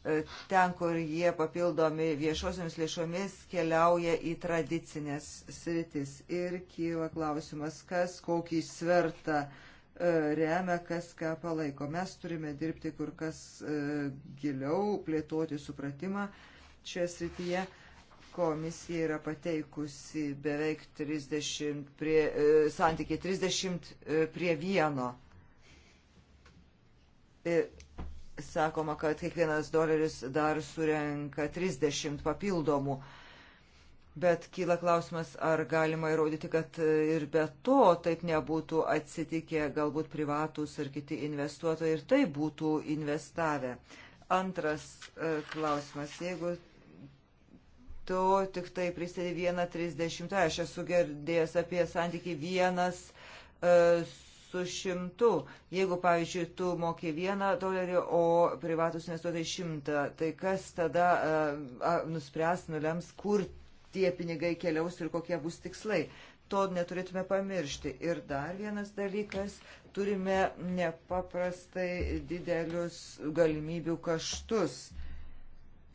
e, ten, kur jie papildomi viešosiomis lėšomis, keliauja į tradicinės sritis. Ir kyla klausimas, kas kokį svertą e, remia, kas ką palaiko. Mes turime dirbti kur kas giliau, plėtoti supratimą šioje srityje komisija yra pateikusi beveik 30 prie, e, santykiai 30 prie vieno. E, sakoma, kad kiekvienas doleris dar surenka 30 papildomų. Bet kyla klausimas, ar galima įrodyti, kad ir be to taip nebūtų atsitikę galbūt privatus ar kiti investuotojai ir tai būtų investavę. Antras e, klausimas, jeigu tu tik tai prisidedi 1,30, aš esu girdėjęs apie santykį vienas uh, su šimtu. Jeigu, pavyzdžiui, tu moki vieną dolerį, o privatus investuotojai šimtą, tai kas tada e, a, nuspręs, nulems, kur tie pinigai keliaus ir kokie bus tikslai. To neturėtume pamiršti. Ir dar vienas dalykas, turime nepaprastai didelius galimybių kaštus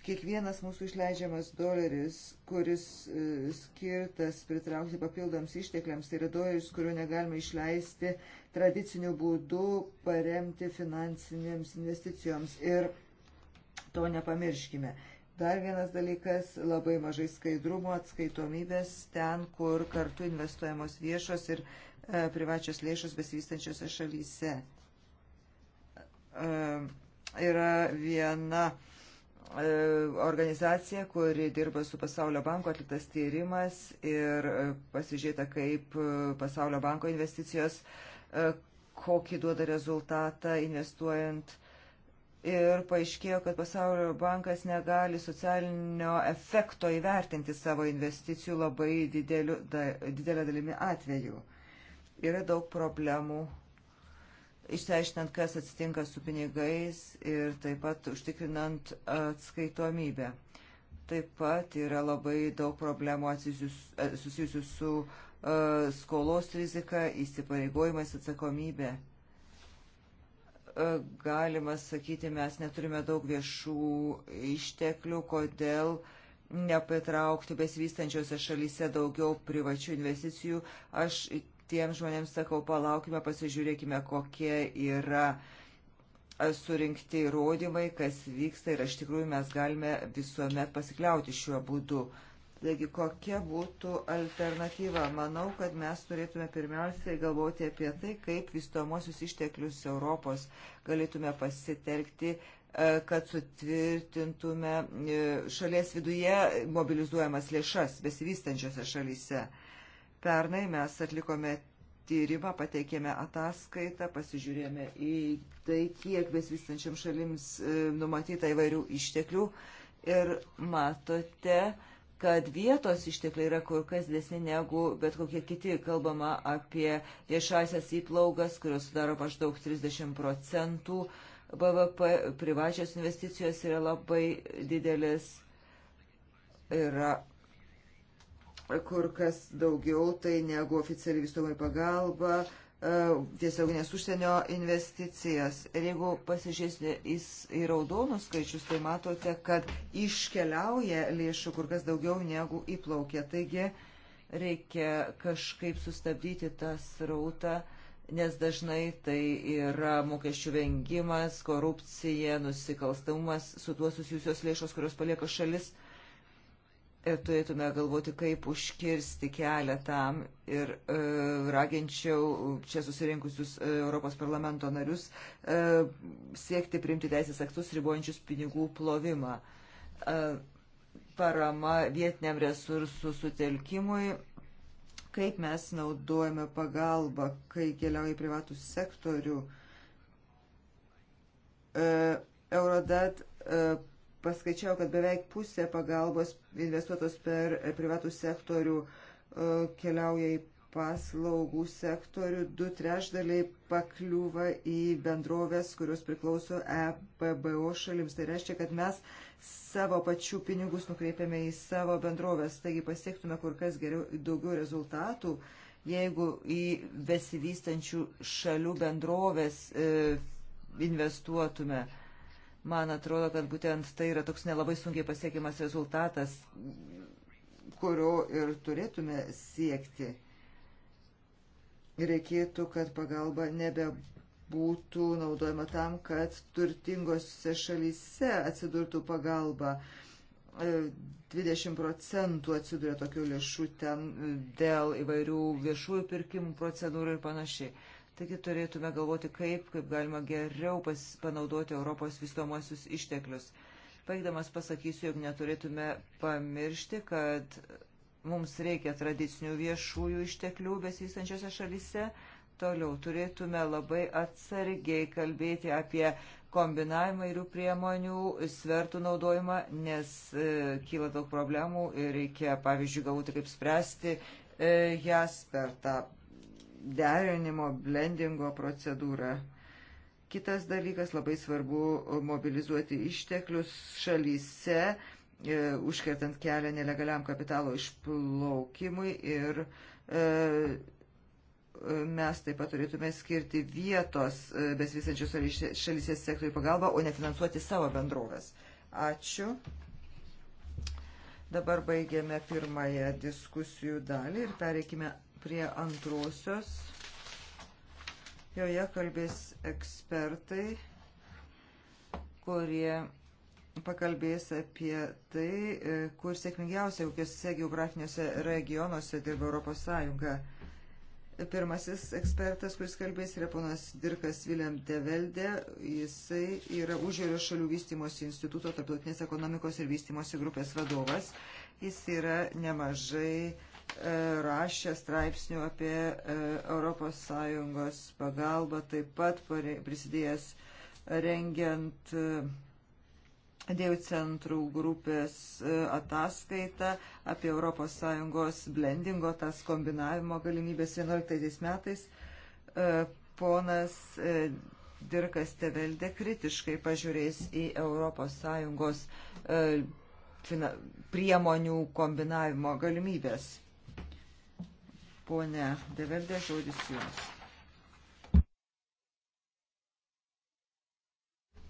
Kiekvienas mūsų išleidžiamas doleris, kuris e, skirtas pritraukti papildoms ištekliams, tai yra doleris, kurio negalime išleisti tradiciniu būdu paremti finansinėms investicijoms. Ir to nepamirškime. Dar vienas dalykas - labai mažai skaidrumo atskaitomybės ten, kur kartu investuojamos viešos ir e, privačios lėšos besivystančiose šalyse. E, yra viena e, E, organizacija, kuri dirba su Pasaulio banko atliktas tyrimas ir e, pasižiūrėta, kaip e, Pasaulio banko investicijos, kokį duoda rezultatą investuojant. Ir paaiškėjo, kad Pasaulio bankas negali socialinio efekto įvertinti savo investicijų labai dideliu, da, didelę dalimi atveju. Yra daug problemų išsiaiškinant, kas atsitinka su pinigais ir taip pat užtikrinant atskaitomybę. Taip pat yra labai daug problemų susijusių su uh, skolos rizika, įsipareigojimais atsakomybė. Uh, galima sakyti, mes neturime daug viešų išteklių, kodėl nepatraukti besivystančiose šalyse daugiau privačių investicijų. Aš tiems žmonėms sakau, palaukime, pasižiūrėkime, kokie yra e, surinkti įrodymai, kas vyksta ir iš tikrųjų mes galime visuomet pasikliauti šiuo būdu. Taigi, kokia būtų alternatyva? Manau, kad mes turėtume pirmiausiai galvoti apie tai, kaip vystomosius išteklius Europos galėtume pasitelkti, e, kad sutvirtintume e, šalies viduje mobilizuojamas lėšas besivystančiose šalyse. Pernai mes atlikome tyrimą, pateikėme ataskaitą, pasižiūrėjome į tai, kiek besvystančiam šalims e, numatyta įvairių išteklių ir matote, kad vietos ištekliai yra kur kas desni negu bet kokie kiti. Kalbama apie viešasias įplaugas, kurios sudaro maždaug 30 procentų BVP, privačios investicijos yra labai didelis. Yra kur kas daugiau tai negu oficiali visuomai pagalba, e, tiesioginės užsienio investicijas. Ir jeigu pasižiūrėsite į raudonus skaičius, tai matote, kad iškeliauja lėšų kur kas daugiau negu įplaukia. Taigi reikia kažkaip sustabdyti tą srautą, nes dažnai tai yra mokesčių vengimas, korupcija, nusikalstamumas, su tuo susijusios lėšos, kurios palieka šalis. E, turėtume galvoti, kaip užkirsti kelią tam ir e, raginčiau čia susirinkusius e, Europos parlamento narius e, siekti priimti teisės aktus ribojančius pinigų plovimą. E, parama vietiniam resursų sutelkimui, kaip mes naudojame pagalbą, kai keliauja į privatų sektorių. E, Eurodat e, paskaičiau, kad beveik pusė pagalbos investuotos per privatų sektorių e, keliauja į paslaugų sektorių, du trešdaliai pakliūva į bendrovės, kurios priklauso EPBO šalims. Tai reiškia, kad mes savo pačių pinigus nukreipiame į savo bendrovės, taigi pasiektume kur kas geriau, daugiau rezultatų, jeigu į besivystančių šalių bendrovės e, investuotume. E, Man atrodo, kad būtent tai yra toks nelabai sunkiai pasiekiamas rezultatas, kurio ir turėtume siekti. Reikėtų, kad pagalba nebebūtų naudojama tam, kad turtingose šalyse atsidurtų pagalba. 20 e, procentų atsiduria tokių lėšų ten e, dėl įvairių viešųjų pirkimų procedūrų ir panašiai. Taigi turėtume galvoti, kaip, kaip galima geriau pas, panaudoti Europos visuomosius išteklius. Paigdamas pasakysiu, jog neturėtume pamiršti, kad mums reikia tradicinių viešųjų išteklių besivystančiose šalise. Toliau turėtume labai atsargiai kalbėti apie kombinavimą įvairių priemonių, svertų naudojimą, nes e, kyla daug problemų ir reikia, pavyzdžiui, galvoti, kaip spręsti e, jas per tą derinimo, blendingo procedūrą. Kitas dalykas, labai svarbu mobilizuoti išteklius šalyse, e, užkertant kelią nelegaliam kapitalo išplaukimui ir e, mes taip pat turėtume skirti vietos e, besivysančios šalyse sektoriui pagalbą, o nefinansuoti savo bendrovės. Ačiū. Dabar baigėme pirmąją diskusijų dalį ir pereikime prie antrosios. Joje kalbės ekspertai, kurie pakalbės apie tai, e, kur sėkmingiausia, kokiuose geografiniuose regionuose dirba Europos Sąjunga. Pirmasis ekspertas, kuris kalbės, yra ponas Dirkas Vilėm Develde. Jisai yra Užjūrio šalių vystimosi instituto tarptautinės ekonomikos ir vystimosi grupės vadovas. Jis yra nemažai uh, E, rašė straipsnių apie ES pagalbą, taip pat prisidėjęs rengiant e, dėjų centrų grupės e, ataskaitą apie ES blendingo, tas kombinavimo galimybės 11 metais. Ponas Dirkas Teveldė kritiškai pažiūrės į ES priemonių kombinavimo galimybės Pone Deverdė, žodis jums.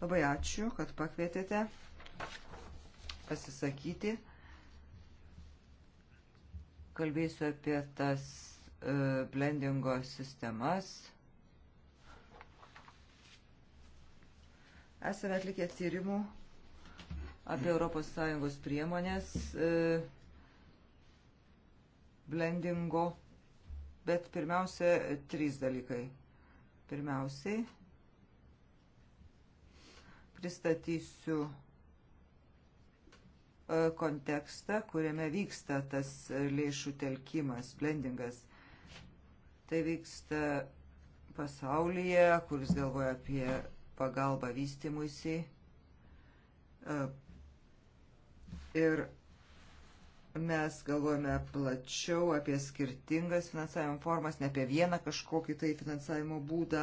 Labai ačiū, kad pakvietėte pasisakyti. Kalbėsiu apie tas e, blendingo sistemas. Esame atlikę tyrimų apie ES priemonės e, blendingo bet pirmiausia, trys dalykai. Pirmiausiai, pristatysiu e, kontekstą, kuriame vyksta tas lėšų telkimas, blendingas. Tai vyksta pasaulyje, kuris galvoja apie pagalbą vystimuisi. E, ir Mes galvojame plačiau apie skirtingas finansavimo formas, ne apie vieną kažkokį tai finansavimo būdą,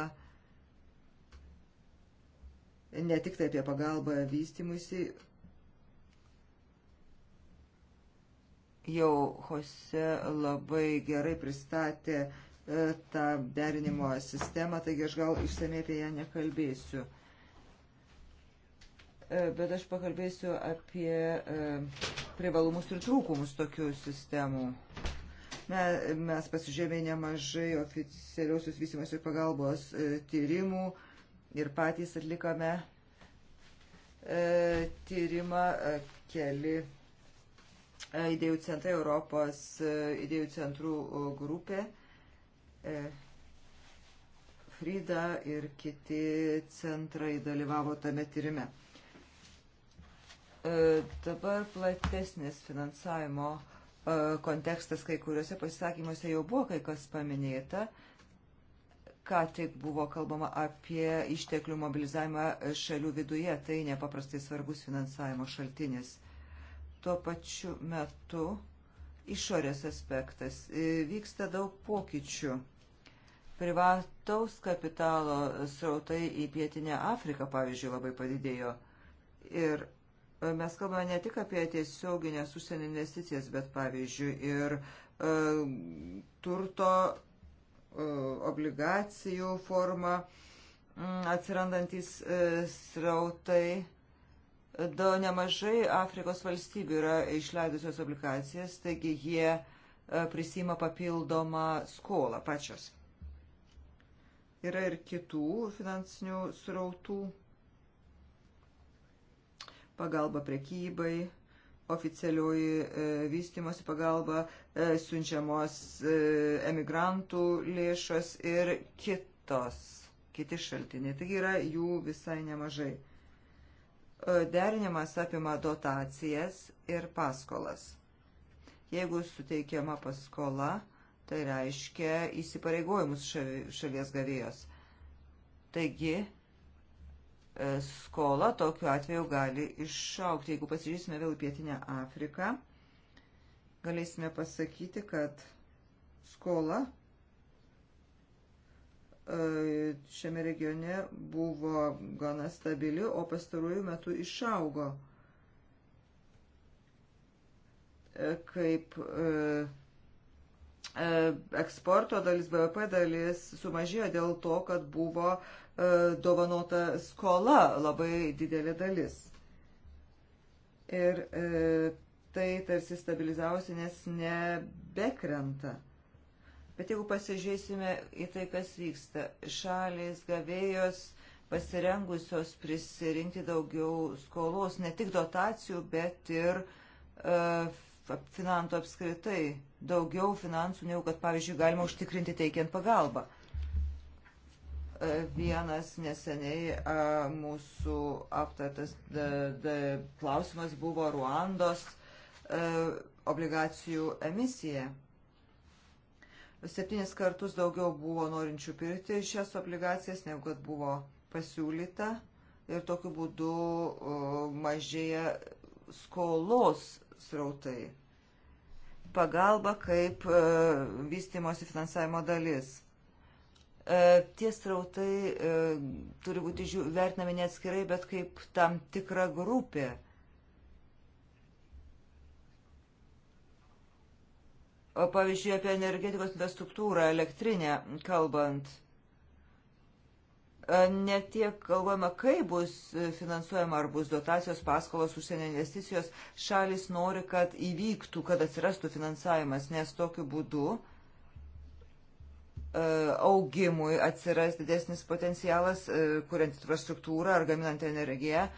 ne tik tai apie pagalbą vystimusi. Jau Jose labai gerai pristatė e, tą derinimo sistemą, taigi aš gal išsamei apie ją nekalbėsiu. E, bet aš pakalbėsiu apie e, privalumus ir trūkumus tokių sistemų. Me, mes pasižiūrėjome nemažai oficialiausios vystimas ir pagalbos e, tyrimų ir patys atlikome e, tyrimą e, keli e, idėjų centrai Europos e, idėjų centrų grupė. E, Frida ir kiti centrai dalyvavo tame tyrime. E, dabar platesnis finansavimo e, kontekstas kai kuriuose pasisakymuose jau buvo kai kas paminėta. Ką tik buvo kalbama apie išteklių mobilizavimą šalių viduje, tai nepaprastai svarbus finansavimo šaltinis. Tuo pačiu metu išorės aspektas. E, vyksta daug pokyčių. Privataus kapitalo srautai į Pietinę Afriką, pavyzdžiui, labai padidėjo. Ir Mes kalbame ne tik apie tiesioginės užsienio investicijas, bet pavyzdžiui ir e, turto e, obligacijų forma mm, atsirandantis e, srautai. Da, nemažai Afrikos valstybių yra išleidusios obligacijas, taigi jie prisima papildomą skolą pačios. Yra ir kitų finansinių srautų pagalba prekybai, oficialioji e, vystimosi pagalba, e, siunčiamos e, emigrantų lėšos ir kitos, kiti šaltiniai. Taigi yra jų visai nemažai. Derinimas apima dotacijas ir paskolas. Jeigu suteikiama paskola, tai reiškia įsipareigojimus šalies gavėjos. Taigi, E, skola tokiu atveju gali išaukti. Jeigu pasižiūrėsime vėl į Pietinę Afriką, galėsime pasakyti, kad skola e, šiame regione buvo gana stabili, o pastarųjų metų išaugo. E, kaip eksporto dalis, BVP dalis sumažėjo dėl to, kad buvo uh, E, dovanota skola labai didelė dalis. Ir e, tai tarsi stabilizavosi, nes nebekrenta. Bet jeigu pasižiūrėsime į tai, kas vyksta, šalis gavėjos pasirengusios prisirinkti daugiau skolos, ne tik dotacijų, bet ir e, finantų apskritai, daugiau finansų, negu kad, pavyzdžiui, galima užtikrinti teikiant pagalbą. E, Vienas neseniai mūsų aptartas klausimas buvo Ruandos e, obligacijų emisija. Septynis kartus daugiau buvo norinčių pirkti šias obligacijas, negu kad buvo pasiūlyta ir tokiu būdu mažėja skolos srautai. Pagalba kaip e, vystimosi finansavimo dalis. E, tie srautai e, turi būti vertinami ne atskirai, bet kaip tam tikra grupė. O pavyzdžiui, apie energetikos infrastruktūrą, elektrinę kalbant, e, ne tiek kalbama, kaip bus finansuojama, ar bus dotacijos, paskolos, užsienio investicijos, šalis nori, kad įvyktų, kad atsirastų finansavimas, nes tokiu būdu uh, E, augimui atsiras didesnis potencialas, e, kuriant infrastruktūrą ar gaminant energiją.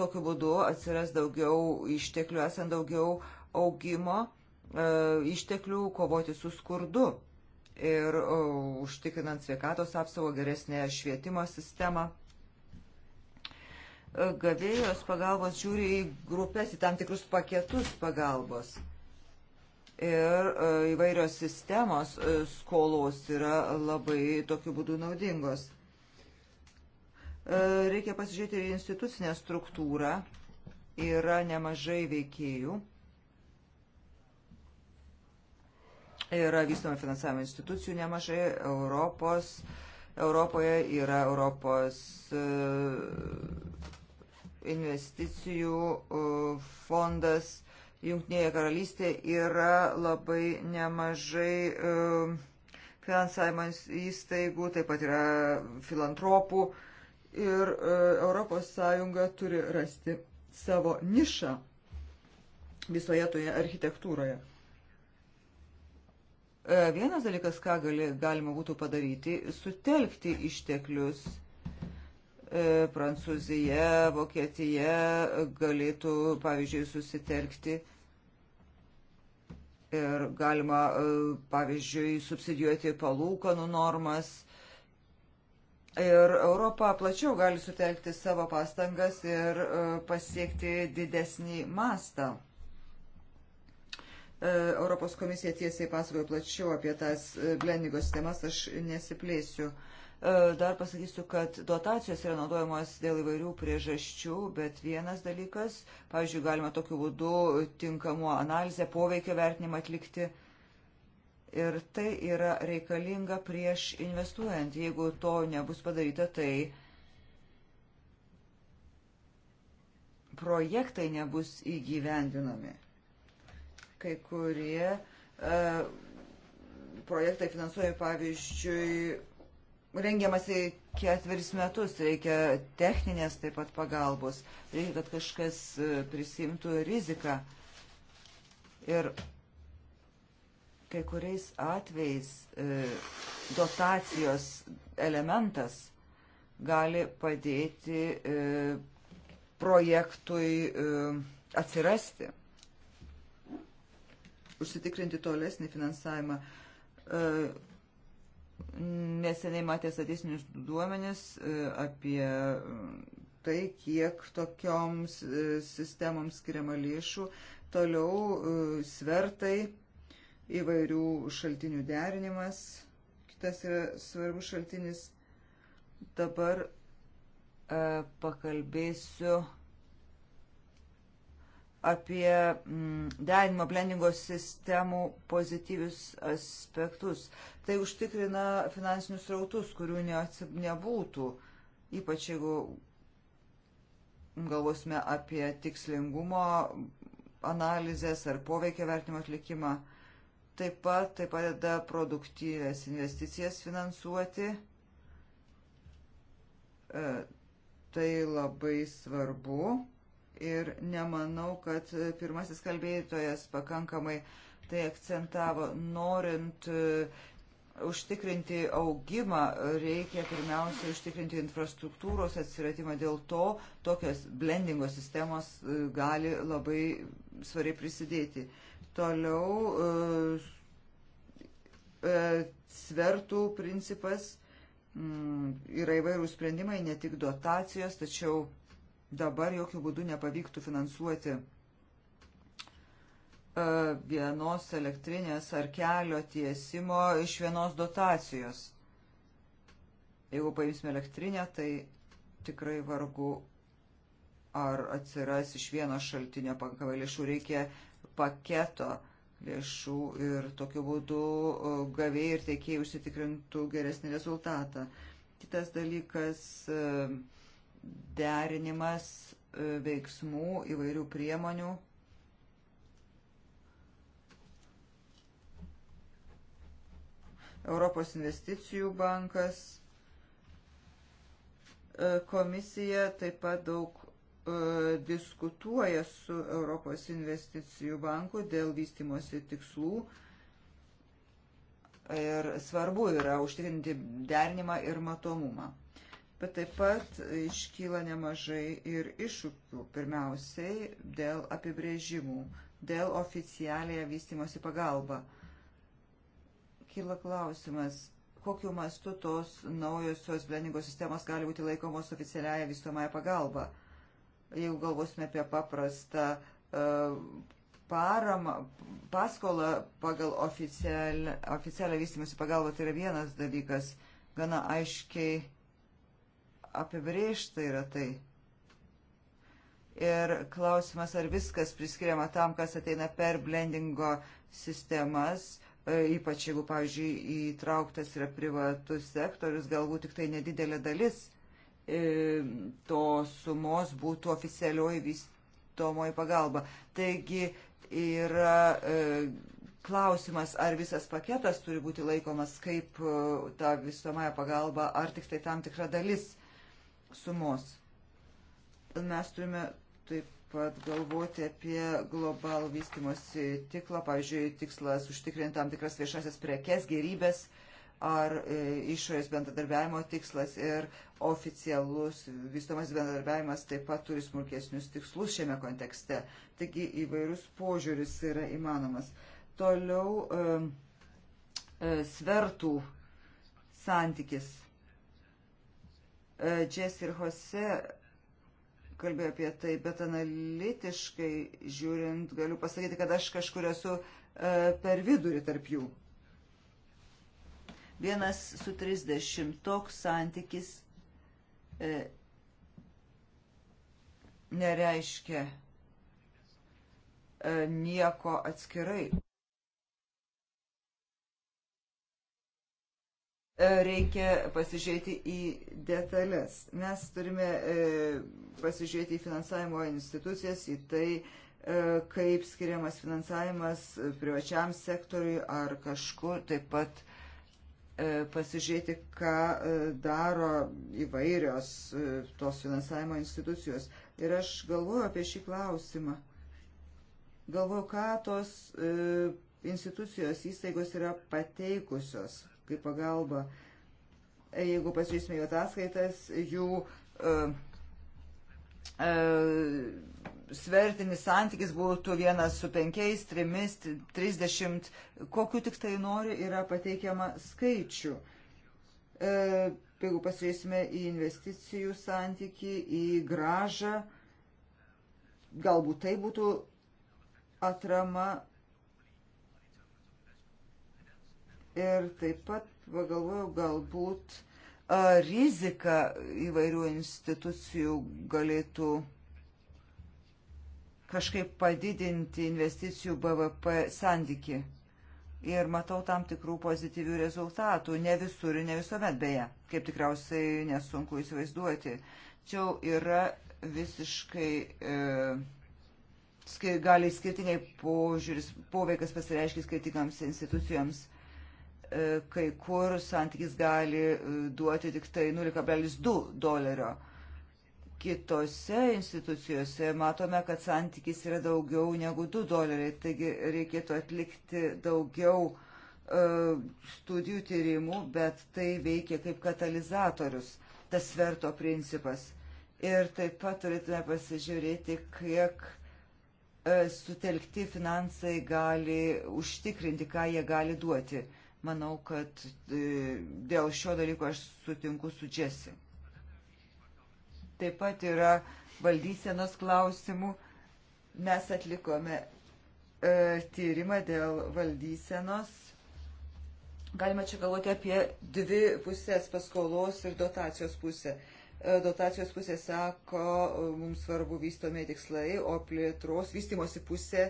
Tokiu būdu atsiras daugiau išteklių, esant daugiau augimo e, išteklių kovoti su skurdu ir užtikrinant sveikatos apsaugą, geresnę švietimo sistemą gavėjos pagalbos žiūri į grupės, į tam tikrus paketus pagalbos ir e, įvairios sistemos e, skolos yra labai tokiu būdu naudingos. E, reikia pasižiūrėti ir institucinę struktūrą. Yra nemažai veikėjų. Yra vystoma finansavimo institucijų nemažai. Europos, Europoje yra Europos investicijų fondas Junktinėje karalystėje yra labai nemažai um, finansavimo įstaigų, taip pat yra filantropų ir uh, ES turi rasti savo nišą visoje toje architektūroje. Uh, vienas dalykas, ką gali, galima būtų padaryti, sutelkti išteklius E, Prancūzija, Vokietija galėtų, pavyzdžiui, susitelkti ir galima, e, pavyzdžiui, subsidijuoti palūkanų normas. Ir Europa plačiau gali sutelkti savo pastangas ir e, pasiekti didesnį mastą. Europos komisija tiesiai pasakojo plačiau apie tas blendingo sistemas, aš nesiplėsiu. Uh, E, dar pasakysiu, kad dotacijos yra naudojamos dėl įvairių priežasčių, bet vienas dalykas, pavyzdžiui, galima tokiu būdu tinkamu analizę, poveikio vertinimą atlikti. Ir tai yra reikalinga prieš investuojant. Jeigu to nebus padaryta, tai projektai nebus įgyvendinami. Kai kurie e, projektai finansuoja, pavyzdžiui, rengiamasi ketveris metus, reikia techninės taip pat pagalbos, reikia, kad kažkas e, prisimtų riziką. Ir kai kuriais atvejais e, dotacijos elementas gali padėti e, projektui atsirasti, užsitikrinti tolesnį finansavimą Neseniai matė statistinius duomenis e, apie mm, tai, kiek tokioms e, sistemoms skiriama lėšų. Toliau e, svertai, įvairių šaltinių derinimas, kitas yra svarbus šaltinis. Dabar pakalbėsiu apie mm, derinimo blendingo sistemų pozityvius aspektus. Tai užtikrina finansinius rautus, kurių nebūtų, ypač jeigu galvosime apie tikslingumo analizės ar poveikio vertimo atlikimą. Taip pat tai padeda produktyvės investicijas finansuoti. E, tai labai svarbu ir nemanau, kad pirmasis kalbėtojas pakankamai tai akcentavo. Norint e, užtikrinti augimą, reikia pirmiausia užtikrinti infrastruktūros atsiradimą. Dėl to tokios blendingo sistemos e, gali labai svariai prisidėti. Toliau e, svertų principas yra įvairių sprendimai, ne tik dotacijos, tačiau dabar jokių būdų nepavyktų finansuoti e, vienos elektrinės ar kelio tiesimo iš vienos dotacijos. Jeigu paimsime elektrinę, tai tikrai vargu ar atsiras iš vieno šaltinio pakankamai lėšų, reikia paketo lėšų ir tokiu būdu e, gavėjai ir teikėjai užsitikrintų geresnį rezultatą. Kitas dalykas e, derinimas e, veiksmų įvairių priemonių. Europos investicijų bankas, e, komisija taip pat daug e, diskutuoja su Europos investicijų banku dėl vystimosi tikslų ir svarbu yra užtikrinti derinimą ir matomumą bet taip pat iškyla nemažai ir iššūkių, pirmiausiai dėl apibrėžimų, dėl oficialiai vystimosi pagalba. Kyla klausimas, kokiu mastu tos naujosios blendingo sistemos gali būti laikomos oficialiaja vystomąją pagalbą. Jeigu galvosime apie paprastą uh, paramą, paskolą pagal oficialią, oficialią vystimosi pagalbą, tai yra vienas dalykas, gana aiškiai apibriežta yra tai. Ir klausimas, ar viskas priskiriama tam, kas ateina per blendingo sistemas, e, ypač jeigu, pavyzdžiui, įtrauktas yra privatus sektorius, galbūt tik tai nedidelė dalis e, to sumos būtų oficialioji vystomoji pagalba. Taigi yra e, klausimas, ar visas paketas turi būti laikomas kaip ta vystomąją pagalba, ar tik tai tam tikra dalis sumos. Mes turime taip pat galvoti apie globalų vystimosi tiklą, pavyzdžiui, tikslas užtikrinti tam tikras viešasias prekes, gerybės ar e, išorės bendradarbiavimo tikslas ir oficialus vystomas bendradarbiavimas taip pat turi smulkesnius tikslus šiame kontekste. Taigi įvairius požiūris yra įmanomas. Toliau e, e, svertų santykis Džes e, ir Jose kalbėjo apie tai, bet analitiškai žiūrint, galiu pasakyti, kad aš kažkur esu e, per vidurį tarp jų. Vienas su 30 toks santykis e, nereiškia e, nieko atskirai. E, reikia pasižiūrėti į detalės. Mes turime e, pasižiūrėti į finansavimo institucijas, į tai, e, kaip skiriamas finansavimas privačiam sektoriui ar kažkur taip pat pasižiūrėti, ką daro įvairios tos finansavimo institucijos. Ir aš galvoju apie šį klausimą. Galvoju, ką tos institucijos įstaigos yra pateikusios kaip pagalba. Jeigu pasižiūrėsime jų ataskaitas, jų uh, uh, svertinis santykis būtų vienas su penkiais, trimis, trisdešimt, kokiu tik tai nori, yra pateikiama skaičių. Uh, jeigu pasižiūrėsime į investicijų santyki, į gražą, galbūt tai būtų atrama ir taip pat pagalvojau galbūt rizika įvairių institucijų galėtų kažkaip padidinti investicijų BVP santyki. Ir matau tam tikrų pozityvių rezultatų, ne visur ir ne visuomet beje, kaip tikriausiai nesunku įsivaizduoti. Čia yra visiškai e, skir, gali skirtingai požiūris, poveikas pasireiškia skirtingams institucijoms E, kai kur santykis gali e, duoti tik tai 0,2 dolerio. Kitose institucijose matome, kad santykis yra daugiau negu 2 doleriai, taigi reikėtų atlikti daugiau uh, studijų tyrimų, bet tai veikia kaip katalizatorius, tas sverto principas. Ir taip pat turėtume pasižiūrėti, kiek uh, sutelkti finansai gali užtikrinti, ką jie gali duoti. Uh, Manau, kad e, dėl šio dalyko aš sutinku su Džesi. Taip pat yra valdysenos klausimų. Mes atlikome e, tyrimą dėl valdysenos. Galima čia galvoti apie dvi pusės - paskolos ir dotacijos pusę. E, dotacijos pusė sako, mums svarbu vystomi tikslai, o plėtros vystimosi pusė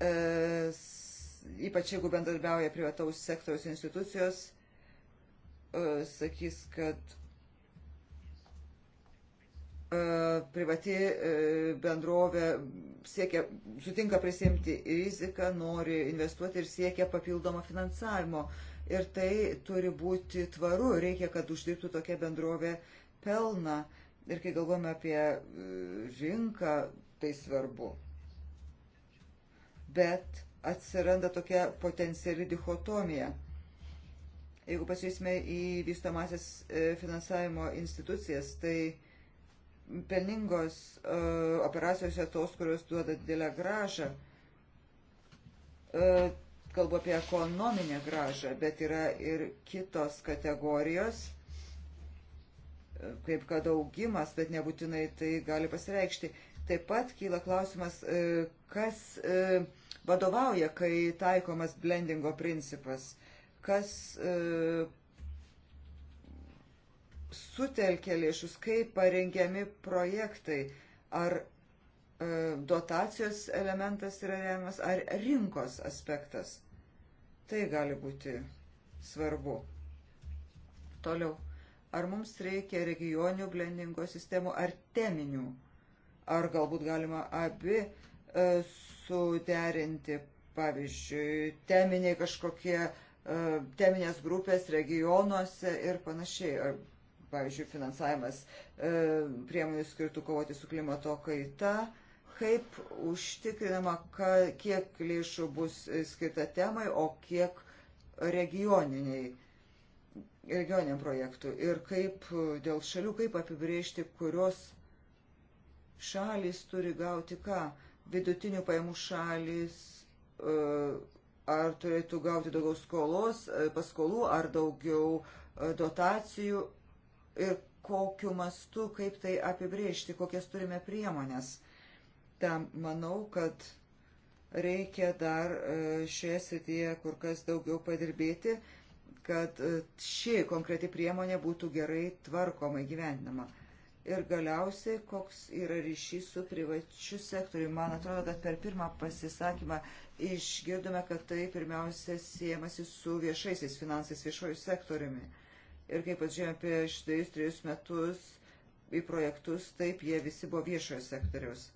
e, ypač jeigu bendarbiauja privataus sektoriaus institucijos, e, sakys, kad e, privati e, bendrovė siekia, sutinka prisimti riziką, nori investuoti ir siekia papildomą finansavimo. Ir tai turi būti tvaru, reikia, kad uždirbtų tokia bendrovė pelną. Ir kai galvome apie rinką, tai svarbu. Bet atsiranda tokia potenciali dichotomija. Jeigu pasiūsime į vystomasias e, finansavimo institucijas, tai pelningos uh, operacijos yra tos, kurios duoda didelę gražą. Uh, kalbu apie ekonominę gražą, bet yra ir kitos kategorijos, kaip kad augimas, bet nebūtinai tai gali pasireikšti. Taip pat kyla klausimas, kas uh, vadovauja, kai taikomas blendingo principas, kas e, sutelkia lėšus, kaip parengiami projektai, ar e, dotacijos elementas yra remiamas, ar rinkos aspektas. Tai gali būti svarbu. Toliau. Ar mums reikia regionių blendingo sistemų ar teminių? Ar galbūt galima abi uh, E, suderinti, pavyzdžiui, teminiai kažkokie, e, teminės grupės regionuose ir panašiai. Pavyzdžiui, finansavimas e, priemonių skirtų kovoti su klimato kaita kaip užtikrinama, ka, kiek lėšų bus skirta temai, o kiek regioniniai, regioniniam projektui. Ir kaip dėl šalių, kaip apibriežti, kurios šalis turi gauti ką vidutinių pajamų šalis e, ar turėtų gauti daugiau skolos, e, paskolų ar daugiau e, dotacijų ir kokiu mastu, kaip tai apibrėžti, kokias turime priemonės. Tam manau, kad reikia dar šioje srityje kur kas daugiau padirbėti, kad ši konkreti priemonė būtų gerai tvarkoma įgyvendinama ir galiausiai koks yra ryšys su privačiu sektoriumi. Man atrodo, kad per pirmą pasisakymą išgirdome, kad tai pirmiausia siejamasi su viešaisiais finansais, viešojų sektoriumi. Ir kaip atžiūrėjome prieš 2-3 metus į projektus, taip jie visi buvo viešojo sektoriaus.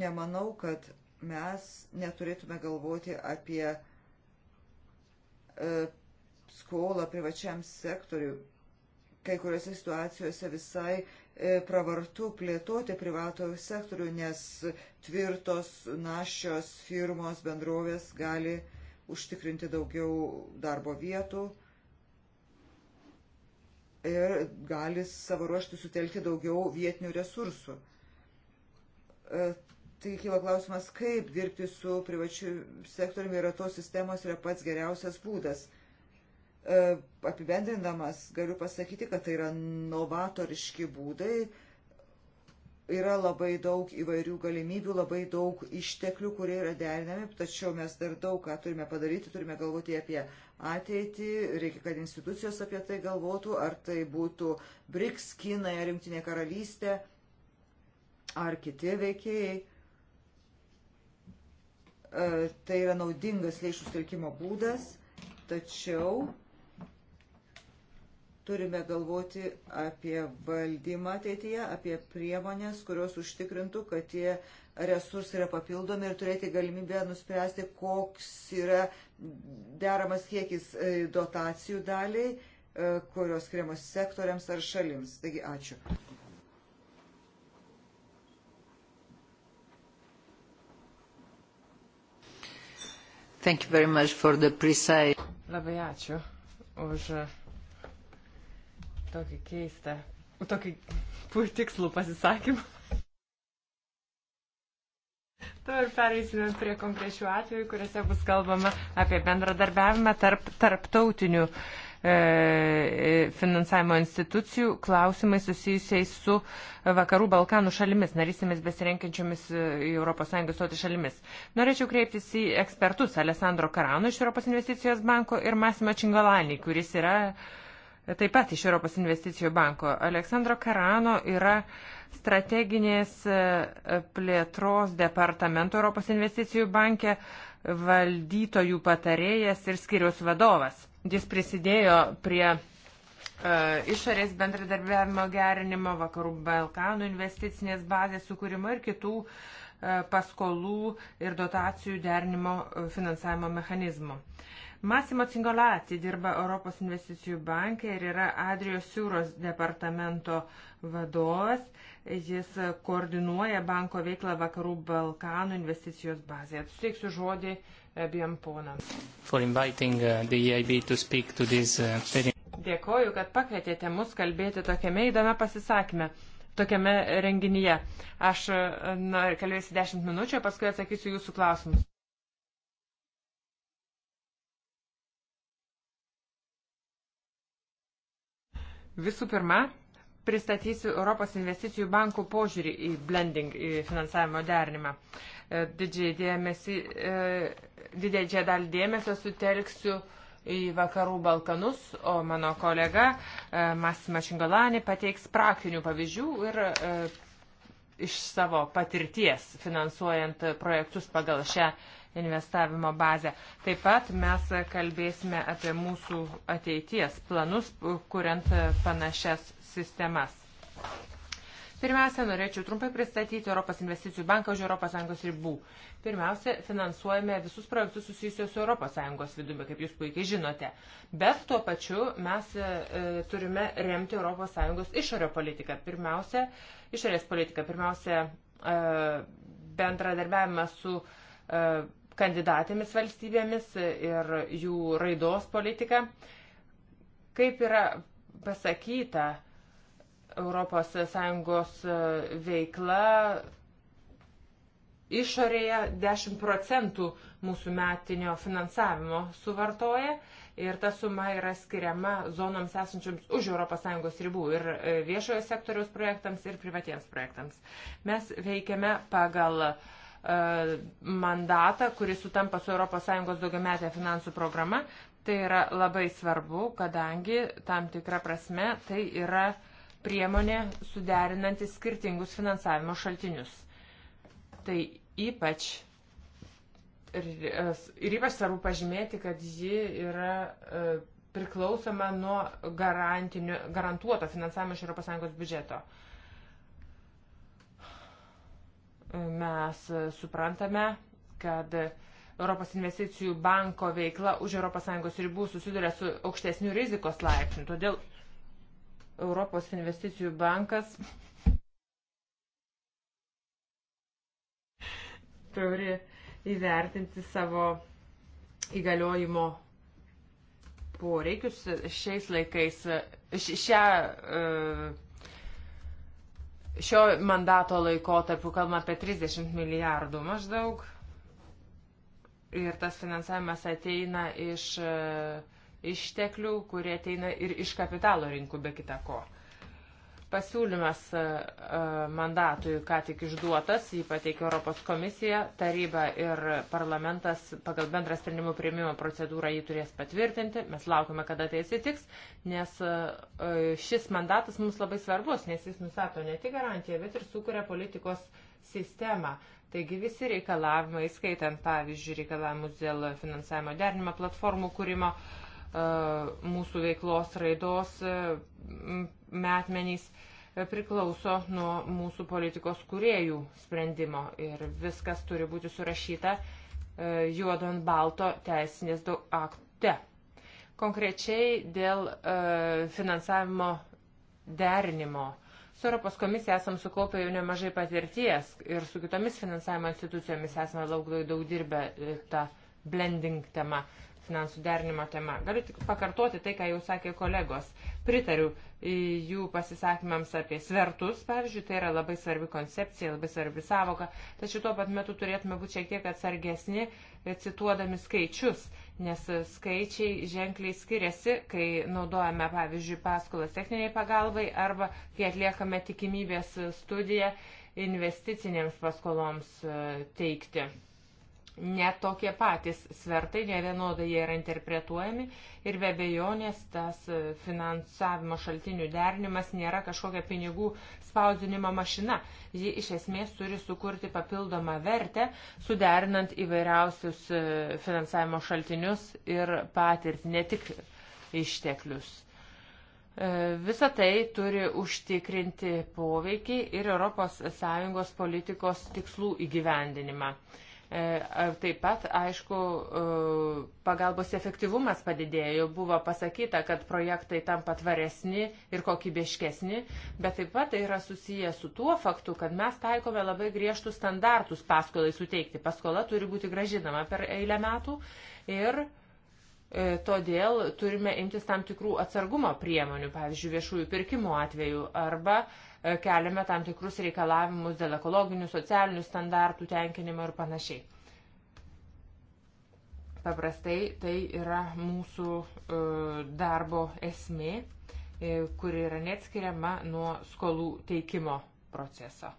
Nemanau, kad mes neturėtume galvoti apie e, skolą privačiam sektoriui kai kuriuose situacijose visai e, pravartu plėtoti privato sektorių, nes tvirtos, našios firmos bendrovės gali užtikrinti daugiau darbo vietų ir gali savo ruoštų sutelkti daugiau vietinių resursų. E, tai kyla klausimas, kaip dirbti su privačiu sektoriumi yra tos sistemos yra pats geriausias būdas – E, apibendrindamas galiu pasakyti, kad tai yra novatoriški būdai, yra labai daug įvairių galimybių, labai daug išteklių, kurie yra derinami, tačiau mes dar daug ką turime padaryti, turime galvoti apie ateitį, reikia, kad institucijos apie tai galvotų, ar tai būtų BRICS, Kinai, ar Junktinė karalystė, ar kiti veikėjai. E, tai yra naudingas lėšų telkimo būdas, tačiau Turime galvoti apie valdymą ateityje, apie priemonės, kurios užtikrintų, kad tie resursai yra papildomi ir turėti galimybę nuspręsti, koks yra deramas kiekis e, dotacijų daliai, e, kurios skiriamos sektoriams ar šalims. Taigi, ačiū. Thank you very much for the precise. Labai ačiū už tokį keistą, tokį tikslų pasisakymą. Dabar pereisime prie konkrečių atvejų, kuriuose bus kalbama apie bendradarbiavimą tarp tarptautinių e, finansavimo institucijų klausimai susijusiais su Vakarų Balkanų šalimis, narysėmis besirenkiančiomis į e, ES stoti šalimis. Norėčiau kreiptis į ekspertus Alessandro Karano iš ES banko ir Masimo Čingolanį, kuris yra uh, taip pat iš Europos investicijų banko. Aleksandro Karano yra strateginės e, plėtros departamento Europos investicijų banke valdytojų patarėjas ir skiriaus vadovas. Jis prisidėjo prie uh, išorės bendradarbiavimo gerinimo, vakarų Balkanų investicinės bazės sukūrimo ir kitų uh, paskolų ir dotacijų derinimo finansavimo mechanizmų. Uh, Masimo Cingolati dirba Europos investicijų bankai ir yra Adrijos Siūros departamento vadovas. Jis koordinuoja banko veiklą Vakarų Balkanų investicijos bazėje. Suteiksiu žodį abiem ponams. Uh, e uh, Dėkoju, kad pakvietėte mus kalbėti tokiame įdomiame pasisakymė tokiame renginyje. Aš uh, na, kalbėsiu 10 minučių, paskui atsakysiu jūsų klausimus. Visų pirma, pristatysiu Europos investicijų bankų požiūrį į blending, į finansavimo derinimą. E, Didžiąją e, dalį dėmesio sutelksiu į vakarų Balkanus, o mano kolega e, Masima Šingolani pateiks praktinių pavyzdžių ir iš savo patirties finansuojant projektus pagal šią investavimo bazę. Taip pat mes kalbėsime apie mūsų ateities planus, kuriant panašias sistemas. Pirmiausia, norėčiau trumpai pristatyti Europos investicijų banką už ES ribų. Pirmiausia, finansuojame visus projektus susijusios su ES vidumi, kaip jūs puikiai žinote. Bet tuo pačiu mes e, turime remti ES išorę politiką. Pirmiausia, išorės politiką. Pirmiausia, e, bendradarbiavimą su e, kandidatėmis valstybėmis ir jų raidos politika. Kaip yra pasakyta, ES e, veikla išorėje 10 procentų mūsų metinio finansavimo suvartoja ir ta suma yra skiriama zonoms esančioms už ES ribų ir e, viešojo sektoriaus projektams ir privatiems projektams. Mes veikiame pagal uh, E, mandatą, kuris sutampa su ES daugiametė finansų programa. Tai yra labai svarbu, kadangi tam tikrą prasme tai yra priemonė suderinanti skirtingus finansavimo šaltinius. Tai ypač ir, e, ir ypač svarbu pažymėti, kad ji yra e, priklausoma nuo garantuoto finansavimo iš ES biudžeto. Mes suprantame, kad Europos investicijų banko veikla už ES ribų susiduria su aukštesniu rizikos laipsniu. Todėl Europos investicijų bankas turi įvertinti savo įgaliojimo poreikius šiais laikais. Šią uh, šio mandato laikotarpiu kalbame apie 30 milijardų maždaug. Ir tas finansavimas ateina iš e, išteklių, kurie ateina ir iš kapitalo rinkų be kita ko. Uh, Pasiūlymas e, e, mandatui ką tik išduotas, jį pateikė Europos komisija, taryba ir parlamentas pagal bendrą sprendimų prieimimo procedūrą jį turės patvirtinti. Mes laukime, kada tai atsitiks, nes e, šis mandatas mums labai svarbus, nes jis nustato ne tik garantiją, bet ir sukuria politikos sistemą. Taigi visi reikalavimai, skaitant pavyzdžiui reikalavimus dėl finansavimo derinimo platformų kūrimo, mūsų veiklos raidos metmenys e, priklauso nuo mūsų politikos kuriejų sprendimo ir viskas turi būti surašyta e, juodo ant balto teisinės akte. Konkrečiai dėl e, finansavimo derinimo. Su Europos komisija esam sukaupę jau nemažai patirties ir su kitomis finansavimo institucijomis esame daug, daug dirbę tą blending temą, finansų derinimo temą. Galiu tik pakartoti tai, ką jau sakė kolegos. Pritariu e, jų pasisakymams apie svertus, pavyzdžiui, tai yra labai svarbi koncepcija, labai svarbi savoka, tačiau tuo pat metu turėtume būti šiek tiek atsargesni, e, cituodami skaičius, nes skaičiai ženkliai skiriasi, kai naudojame, pavyzdžiui, paskolas techniniai pagalbai arba kai atliekame tikimybės studiją investicinėms paskoloms e, teikti ne tokie patys svertai, ne vienodai jie yra interpretuojami ir be bejonės tas e, finansavimo šaltinių derinimas nėra kažkokia pinigų spausdinimo mašina. Ji iš esmės turi sukurti papildomą vertę, suderinant įvairiausius e, finansavimo šaltinius ir patirtį, ne tik išteklius. E, Visą tai turi užtikrinti poveikį ir ES politikos tikslų įgyvendinimą. E, taip pat, aišku, e, pagalbos efektyvumas padidėjo, buvo pasakyta, kad projektai tampa tvaresni ir kokybiškesni, bet taip pat tai yra susiję su tuo faktu, kad mes taikome labai griežtus standartus paskolai suteikti. Paskola turi būti gražinama per eilę metų ir e, todėl turime imtis tam tikrų atsargumo priemonių, pavyzdžiui, viešųjų pirkimų atveju arba uh, E, keliame tam tikrus reikalavimus dėl ekologinių, socialinių standartų tenkinimo ir panašiai. Paprastai tai yra mūsų e, darbo esmė, e, kuri yra neatskiriama nuo skolų teikimo proceso.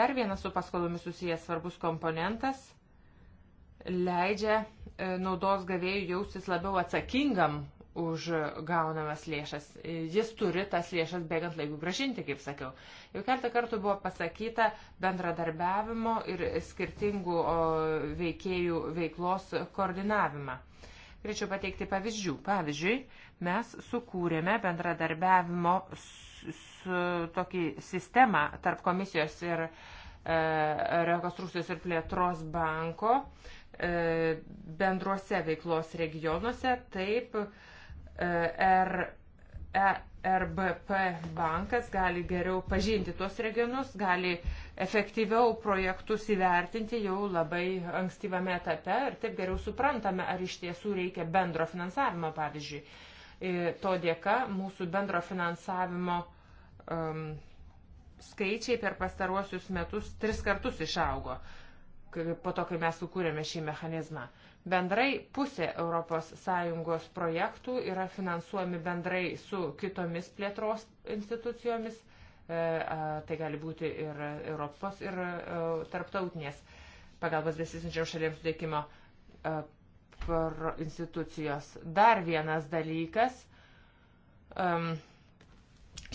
Dar vienas su paskolomis susijęs svarbus komponentas leidžia naudos gavėjų jaustis labiau atsakingam už gaunamas lėšas. Jis turi tas lėšas bėgant laikų gražinti, kaip sakiau. Jau keltą kartų buvo pasakyta bendradarbiavimo ir skirtingų veikėjų veiklos koordinavimą. Greičiau pateikti pavyzdžių. Pavyzdžiui, mes sukūrėme bendradarbiavimo su, su tokį sistemą tarp komisijos ir e, rekonstrukcijos ir plėtros banko e, bendruose veiklos regionuose. Taip, e, ERBP bankas gali geriau pažinti tuos regionus, gali efektyviau projektus įvertinti jau labai ankstyvame etape ir taip geriau suprantame, ar iš tiesų reikia bendro finansavimo, pavyzdžiui. To dėka mūsų bendro finansavimo um, skaičiai per pastaruosius metus tris kartus išaugo po to, kai mes sukūrėme šį mechanizmą. Bendrai pusė ES projektų yra finansuojami bendrai su kitomis plėtros institucijomis, e, e, tai gali būti ir Europos, ir e, tarptautinės pagalbos besisinčiam šalėms sudėkimo institucijos. Dar vienas dalykas.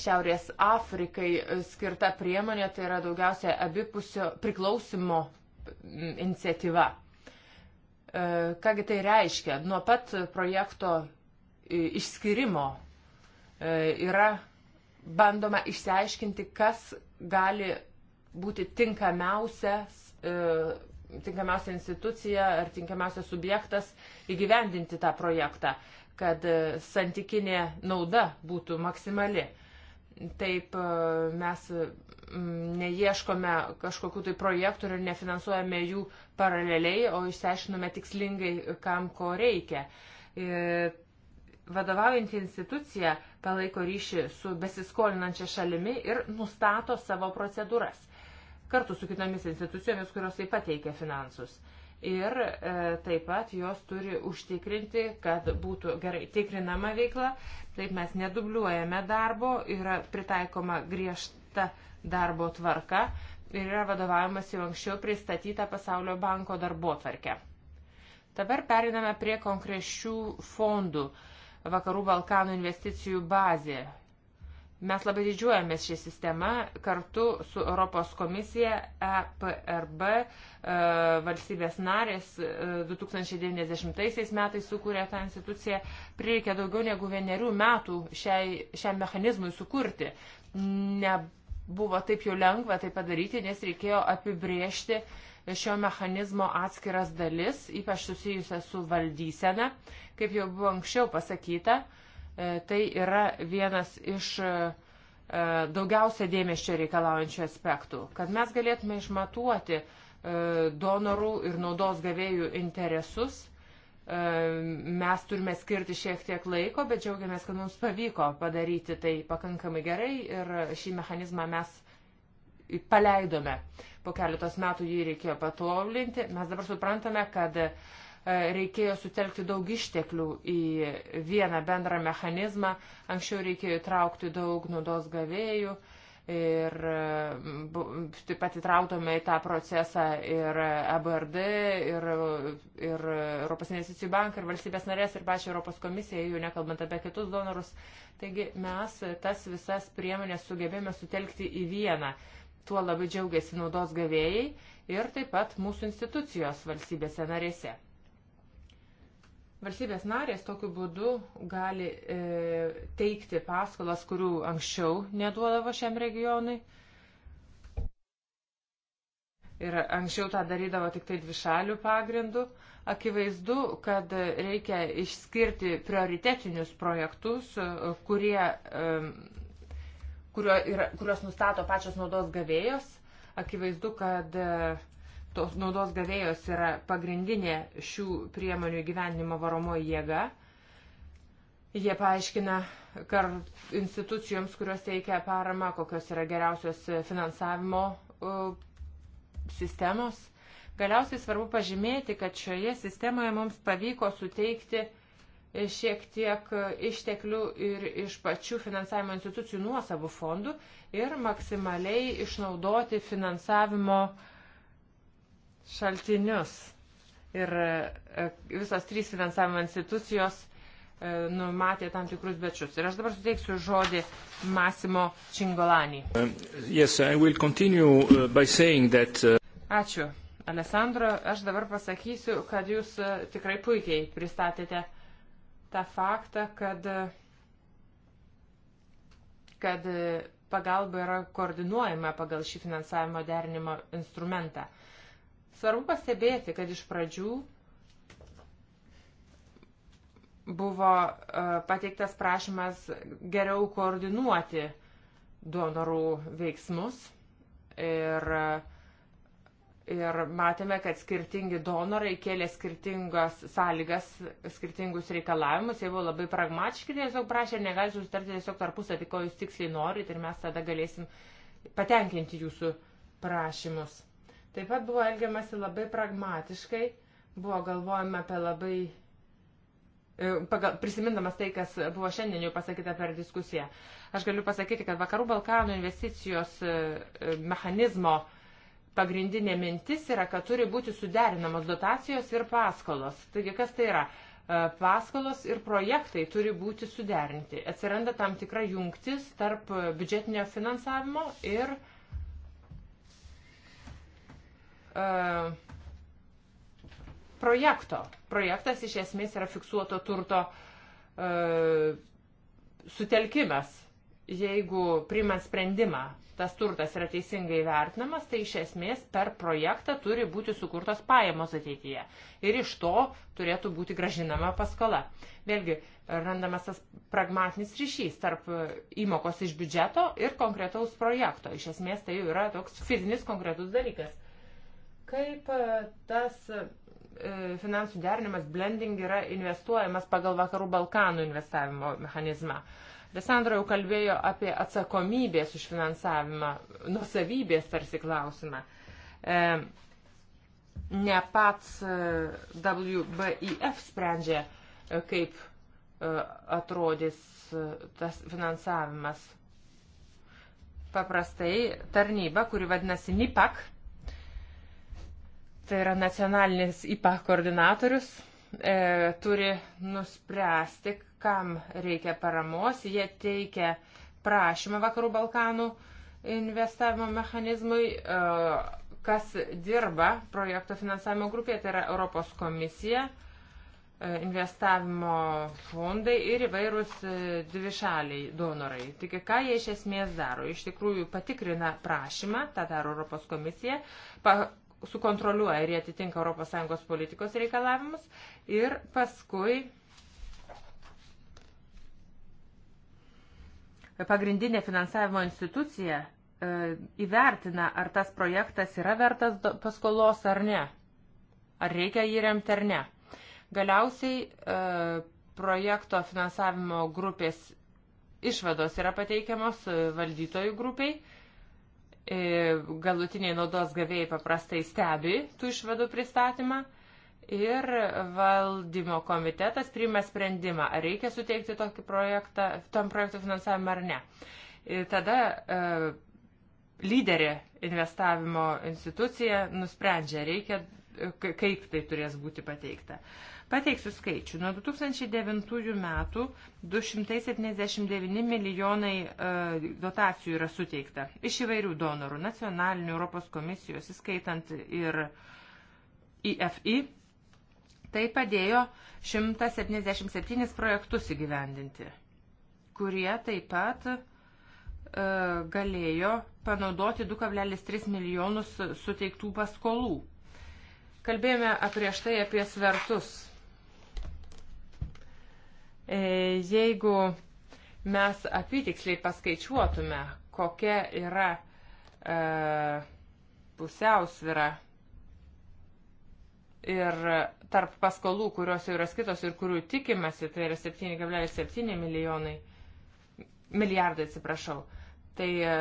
Šiaurės Afrikai skirta priemonė tai yra daugiausia abipusio priklausimo iniciatyva E, kągi tai reiškia? Nuo pat projekto e, išskirimo e, yra bandoma išsiaiškinti, kas gali būti tinkamiausias, tinkamiausia institucija ar tinkamiausias subjektas įgyvendinti tą projektą, kad santykinė nauda būtų maksimali. Taip mes neieškome kažkokių tai projektų ir nefinansuojame jų paraleliai, o išsiaiškiname tikslingai, kam ko reikia. E, vadovaujantį instituciją palaiko ryšį su besiskolinančia šalimi ir nustato savo procedūras. Kartu su kitomis institucijomis, kurios taip pat teikia finansus. Ir e, taip pat jos turi užtikrinti, kad būtų gerai tikrinama veikla, taip mes nedubliuojame darbo, yra pritaikoma griežta darbo tvarka ir yra vadovavimas jau anksčiau pristatyta Pasaulio banko darbo tvarkė. Dabar periname prie konkrečių fondų Vakarų Balkanų investicijų bazė. Mes labai didžiuojamės šią sistemą kartu su Europos komisija, EPRB, e, valstybės narės 2090 e, metais sukūrė tą instituciją. Prireikė daugiau negu vienerių metų šiai, šiam mechanizmui sukurti. Ne buvo taip jau lengva tai padaryti, nes reikėjo apibriežti šio mechanizmo atskiras dalis, ypač susijusią su valdysena. Kaip jau buvo anksčiau pasakyta, e, tai yra vienas iš e, e, daugiausia dėmesio reikalaujančių aspektų, kad mes galėtume išmatuoti donorų ir naudos gavėjų interesus E, mes turime skirti šiek tiek laiko, bet džiaugiamės, kad mums pavyko padaryti tai pakankamai gerai ir šį mechanizmą mes paleidome. Po keletos metų jį reikėjo patobulinti. Mes dabar suprantame, kad e, reikėjo sutelkti daug išteklių į vieną bendrą mechanizmą. Anksčiau reikėjo įtraukti daug naudos gavėjų. Uh, Ir mm, taip pat įtrautome į tą procesą ir EBRD, ir, ir Europos investicijų banką, ir valstybės narės, ir pačią Europos komisiją, jau nekalbant apie kitus donorus. Taigi mes tas visas priemonės sugebėjome sutelkti į vieną. Tuo labai džiaugiasi naudos gavėjai ir taip pat mūsų institucijos valstybėse narėse. Valstybės narės tokiu būdu gali e, teikti paskolas, kurių anksčiau neduodavo šiam regionui. Ir anksčiau tą darydavo tik tai dvišalių pagrindų. Akivaizdu, kad reikia išskirti prioritetinius projektus, e, kurie, e, kurio yra, kurios nustato pačios naudos gavėjos. Akivaizdu, kad e, tos naudos gavėjos yra pagrindinė šių priemonių gyvenimo varomoji jėga. Jie paaiškina kar institucijoms, kurios teikia paramą, kokios yra geriausios finansavimo sistemos. Galiausiai svarbu pažymėti, kad šioje sistemoje mums pavyko suteikti šiek tiek išteklių ir iš pačių finansavimo institucijų nuosavų fondų ir maksimaliai išnaudoti finansavimo uh, šaltinius. Ir e, visos trys finansavimo institucijos e, numatė tam tikrus bečius. Ir aš dabar suteiksiu žodį Masimo Čingolani. Uh, yes, uh, that... Uh, Ačiū, Alessandro. Aš dabar pasakysiu, kad jūs e, tikrai puikiai pristatėte tą faktą, kad, kad pagalba yra koordinuojama pagal šį finansavimo derinimo instrumentą. Svarbu pastebėti, kad iš pradžių buvo e, pateiktas prašymas geriau koordinuoti donorų veiksmus ir, ir matėme, kad skirtingi donorai kėlė skirtingas sąlygas, skirtingus reikalavimus, jie buvo labai pragmatiški, tiesiog prašė, negali susitarti tiesiog tarpusavį, ko jūs tiksliai norite ir mes tada galėsim patenkinti jūsų prašymus. Taip pat buvo elgiamasi labai pragmatiškai, buvo galvojama apie labai, e, pagal, prisimindamas tai, kas buvo šiandien jau pasakyta per diskusiją. Aš galiu pasakyti, kad Vakarų Balkanų investicijos e, e, mechanizmo pagrindinė mintis yra, kad turi būti suderinamos dotacijos ir paskolos. Taigi, kas tai yra? Paskolos ir projektai turi būti suderinti. Atsiranda tam tikra jungtis tarp biudžetinio finansavimo ir uh, E, projekto. Projektas iš esmės yra fiksuoto turto e, sutelkimas. Jeigu primant sprendimą tas turtas yra teisingai vertinamas, tai iš esmės per projektą turi būti sukurtos pajamos ateityje. Ir iš to turėtų būti gražinama paskola. Vėlgi, randamas tas pragmatinis ryšys tarp įmokos iš biudžeto ir konkretaus projekto. Iš esmės tai jau yra toks fizinis konkretus dalykas. Kaip e, tas e, finansų derinimas, blending yra investuojamas pagal Vakarų Balkanų investavimo mechanizmą? Desandro jau kalbėjo apie atsakomybės už finansavimą, nusavybės tarsi klausimą. E, ne pats e, WBIF sprendžia, kaip atrodys tas finansavimas. Paprastai tarnyba, kuri vadinasi NIPAC, tai yra nacionalinis IPA koordinatorius, e, turi nuspręsti, kam reikia paramos. Jie teikia prašymą Vakarų Balkanų investavimo mechanizmui, e, kas dirba projekto finansavimo grupėje, tai yra Europos komisija, e, investavimo fondai ir įvairūs e, dvišaliai donorai. Tik ką jie iš esmės daro? Iš tikrųjų patikrina prašymą, tą daro Europos komisija, pa, sukontroliuoja, ar jie atitinka ES politikos reikalavimus ir paskui pagrindinė finansavimo institucija e, įvertina, ar tas projektas yra vertas paskolos ar ne, ar reikia jį remti ar ne. Galiausiai e, projekto finansavimo grupės išvados yra pateikiamos valdytojų grupiai E, galutiniai naudos gavėjai paprastai stebi tų išvadų pristatymą ir valdymo komitetas priima sprendimą, ar reikia suteikti tokį projektą, tam projektų finansavimą ar ne. Ir e, tada e, lyderė investavimo institucija nusprendžia, reikia, e, kaip tai turės būti pateikta. Pateiksiu skaičių. Nuo 2009 metų 279 milijonai e, dotacijų yra suteikta iš įvairių donorų, nacionalinių Europos komisijos, įskaitant ir IFI. Tai padėjo 177 projektus įgyvendinti, kurie taip pat e, galėjo panaudoti 2,3 milijonus suteiktų paskolų. Kalbėjome prieš tai apie svertus E, jeigu mes apytiksliai paskaičiuotume, kokia yra e, pusiausvira ir tarp paskolų, kurios jau yra skitos ir kurių tikimasi, tai yra 7,7 milijonai, milijardai atsiprašau, tai e,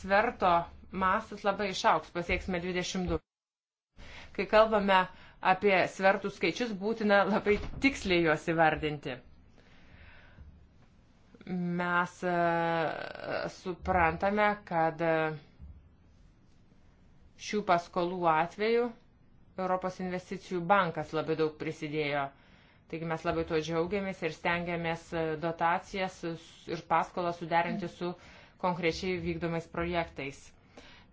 sverto masas labai išauks, pasieksime 22. Kai kalbame apie svertų skaičius, būtina labai tiksliai juos įvardinti. Mes e, suprantame, kad e, šių paskolų atveju Europos investicijų bankas labai daug prisidėjo. Taigi mes labai tuo džiaugiamės ir stengiamės e, dotacijas ir paskolą suderinti su konkrečiai vykdomais projektais.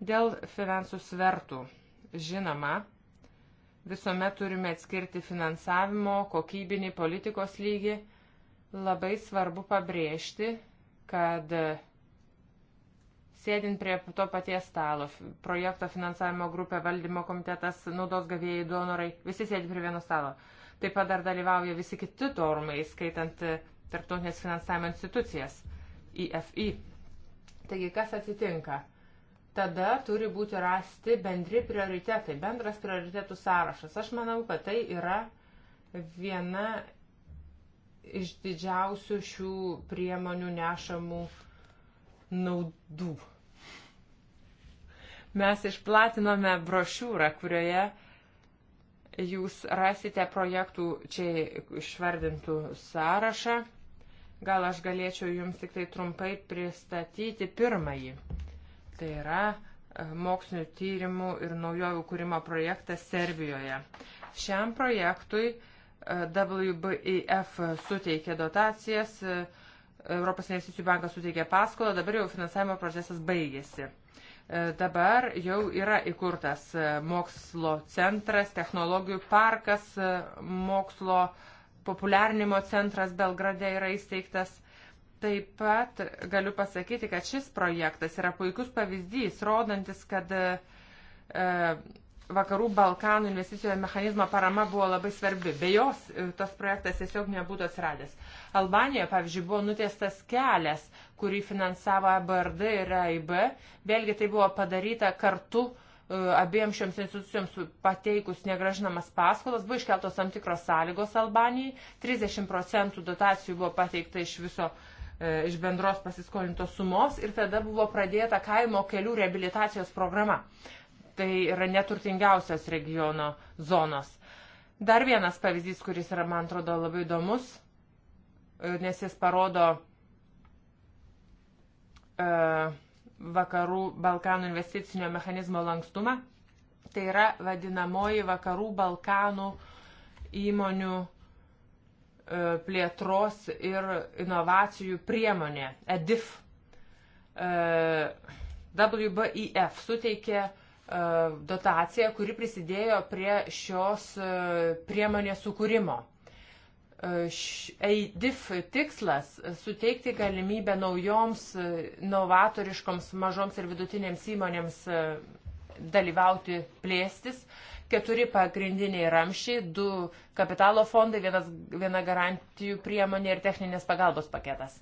Dėl finansų svertų. Žinoma, visuomet turime atskirti finansavimo, kokybinį politikos lygį. Labai svarbu pabrėžti, kad sėdint prie to paties stalo, projekto finansavimo grupė, valdymo komitetas, naudos gavėjai, donorai, visi sėdi prie vieno stalo. Taip pat dar dalyvauja visi kiti dormai, skaitant e, tarptautinės finansavimo institucijas, IFI. Taigi, kas atsitinka? tada turi būti rasti bendri prioritetai, bendras prioritetų sąrašas. Aš manau, kad tai yra viena iš didžiausių šių priemonių nešamų naudų. Mes išplatinome brošiūrą, kurioje jūs rasite projektų čia išvardintų sąrašą. Gal aš galėčiau jums tik tai trumpai pristatyti pirmąjį. Tai yra e, mokslinio tyrimų ir naujovių kūrimo projektas Serbijoje. Šiam projektui e, WBIF suteikė dotacijas, e, Europos investicijų bankas suteikė paskolą, dabar jau finansavimo procesas baigėsi. Dabar jau yra įkurtas mokslo centras, technologijų parkas, mokslo populiarinimo centras Belgrade yra įsteigtas Taip pat galiu pasakyti, kad šis projektas yra puikus pavyzdys, rodantis, kad e, Vakarų Balkanų investicijų mechanizmo parama buvo labai svarbi. Be jos e, tas projektas tiesiog nebūtų atsiradęs. Albanijoje, pavyzdžiui, buvo nutiestas kelias, kurį finansavo ABRD e ir AIB. E Vėlgi tai buvo padaryta kartu abiems šioms institucijoms pateikus negražinamas paskolas, buvo iškeltos tam tikros sąlygos Albanijai, 30 procentų dotacijų buvo pateikta iš viso uh, E, iš bendros pasiskolintos sumos ir tada buvo pradėta kaimo kelių reabilitacijos programa. Tai yra neturtingiausios regiono zonos. Dar vienas pavyzdys, kuris yra, man atrodo, labai įdomus, e, nes jis parodo e, vakarų Balkanų investicinio mechanizmo lankstumą. Tai yra vadinamoji vakarų Balkanų įmonių E, plėtros ir inovacijų priemonė EDIF. E, WBIF suteikė e, dotaciją, kuri prisidėjo prie šios priemonės sukūrimo. EIDIF tikslas - suteikti galimybę naujoms, novatoriškoms mažoms ir vidutinėms įmonėms dalyvauti plėstis, uh, keturi pagrindiniai ramšiai, du kapitalo fondai, vienas, viena garantijų priemonė ir techninės pagalbos paketas.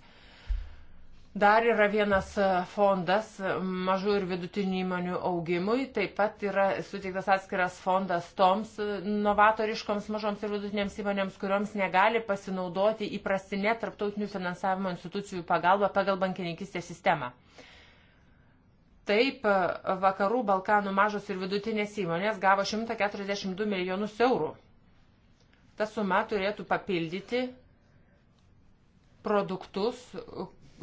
Dar yra vienas e, fondas e, mažų ir vidutinių įmonių augimui, taip pat yra suteiktas atskiras fondas toms e, novatoriškoms mažoms ir vidutinėms įmonėms, kurioms negali pasinaudoti įprastinė tarptautinių finansavimo institucijų pagalba pagal bankininkistės sistemą. Uh, Taip, e, vakarų Balkanų mažos ir vidutinės įmonės gavo 142 milijonus eurų. Ta suma turėtų papildyti produktus,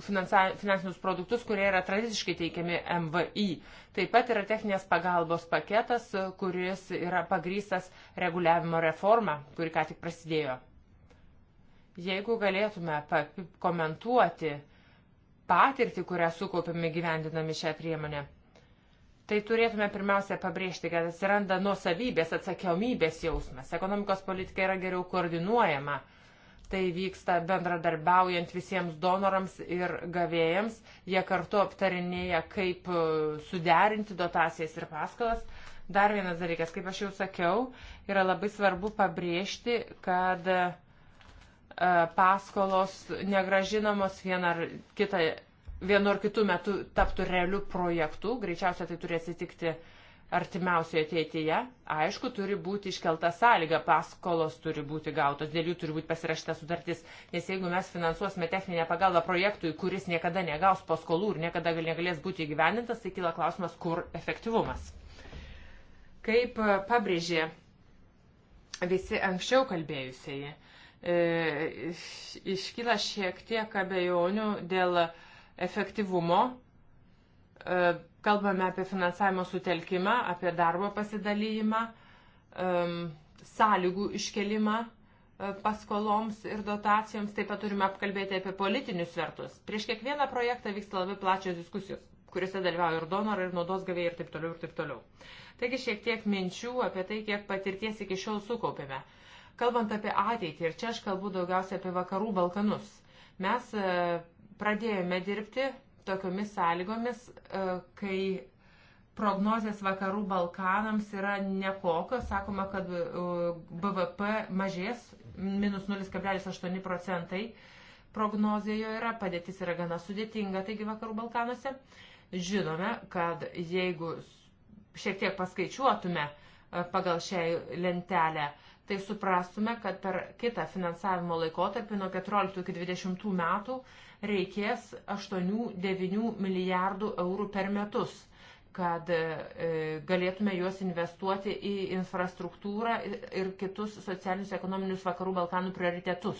finansinius produktus, kurie yra tradiciškai teikiami MVI. Taip pat yra techninės pagalbos paketas, kuris yra pagrystas reguliavimo reforma, kuri ką tik prasidėjo. Jeigu galėtume komentuoti, patirtį, kurią sukaupėme gyvendinami šią priemonę. Tai turėtume pirmiausia pabrėžti, kad atsiranda nuosavybės, atsakomybės jausmas. Ekonomikos politika yra geriau koordinuojama. Tai vyksta bendradarbiaujant visiems donorams ir gavėjams. Jie kartu aptarinėja, kaip e, suderinti dotacijas ir paskolas. Dar vienas dalykas, kaip aš jau sakiau, yra labai svarbu pabrėžti, kad uh, E, paskolos negražinamos vieną ar kitą, vienu ar kitu metu taptų realiu projektu. Greičiausia tai turės įtikti artimiausioje ateityje. Aišku, turi būti iškelta sąlyga, paskolos turi būti gautos, dėl jų turi būti pasirašyta sutartis, nes jeigu mes finansuosime techninę pagalbą projektui, kuris niekada negaus paskolų ir niekada negalės būti įgyvendintas, tai kyla klausimas, kur efektyvumas. Kaip e, pabrėžė visi anksčiau kalbėjusieji, e, iškyla šiek tiek abejonių dėl efektyvumo. E, kalbame apie finansavimo sutelkimą, apie darbo pasidalyjimą, e, sąlygų iškelimą e, paskoloms ir dotacijoms. Taip pat turime apkalbėti apie politinius svertus. Prieš kiekvieną projektą vyksta labai plačios diskusijos, kuriuose dalyvauja ir donorai, ir naudos gavėjai, ir taip toliau, ir taip toliau. Taigi šiek tiek minčių apie tai, kiek patirties iki šiol sukaupėme. Uh, Kalbant apie ateitį, ir čia aš kalbu daugiausia apie vakarų Balkanus, mes e, pradėjome dirbti tokiomis sąlygomis, e, kai prognozijas vakarų Balkanams yra nekokios. Sakoma, kad e, BVP mažės minus 0,8 procentai. Prognozijoje yra, padėtis yra gana sudėtinga, taigi vakarų Balkanuose. Žinome, kad jeigu šiek tiek paskaičiuotume pagal šią lentelę, tai suprastume, kad per kitą finansavimo laikotarpį nuo 14 iki 20 metų reikės 8-9 milijardų eurų per metus kad e, galėtume juos investuoti į infrastruktūrą ir kitus socialinius ekonominius vakarų Balkanų prioritetus.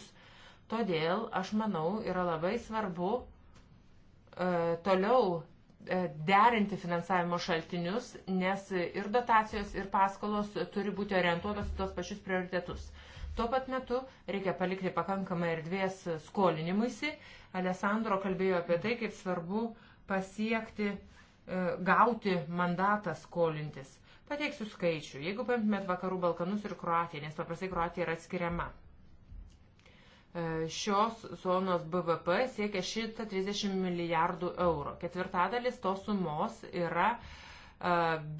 Todėl, aš manau, yra labai svarbu e, toliau E, derinti finansavimo šaltinius, nes ir dotacijos, ir paskolos turi būti orientuotos į tos pačius prioritetus. Tuo pat metu reikia palikti pakankamai erdvės skolinimuisi. Alessandro kalbėjo apie tai, kaip svarbu pasiekti, e, gauti mandatą skolintis. Pateiksiu skaičių. Jeigu paimtumėt Vakarų Balkanus ir Kroatiją, nes paprastai Kroatija yra atskiriama E, šios zonos BVP siekia 130 milijardų eurų. Ketvirtadalis tos sumos yra e,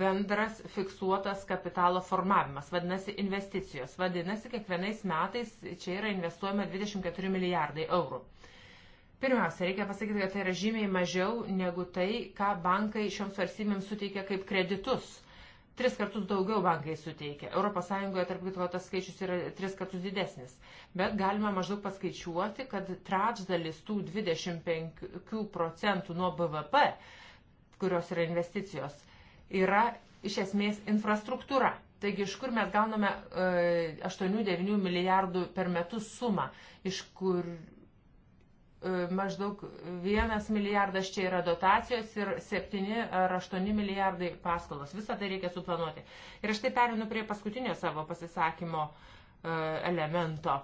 bendras fiksuotas kapitalo formavimas, vadinasi investicijos. Vadinasi, kiekvienais metais čia yra investuojama 24 milijardai eurų. Pirmiausia, reikia pasakyti, kad tai yra žymiai mažiau negu tai, ką bankai šioms valstybėms suteikia kaip kreditus tris kartus daugiau bankai suteikia. ES, tarp kitko, tas skaičius yra tris kartus didesnis. Bet galima maždaug paskaičiuoti, kad trečdalis tų 25 procentų nuo BVP, kurios yra investicijos, yra iš esmės infrastruktūra. Taigi iš kur mes gauname 8-9 e, milijardų per metus sumą, iš kur E, maždaug 1 milijardas čia yra dotacijos ir 7 ar 8 milijardai paskolos. Visą tai reikia suplanuoti. Ir aš tai perinu prie paskutinio savo pasisakymo e, elemento.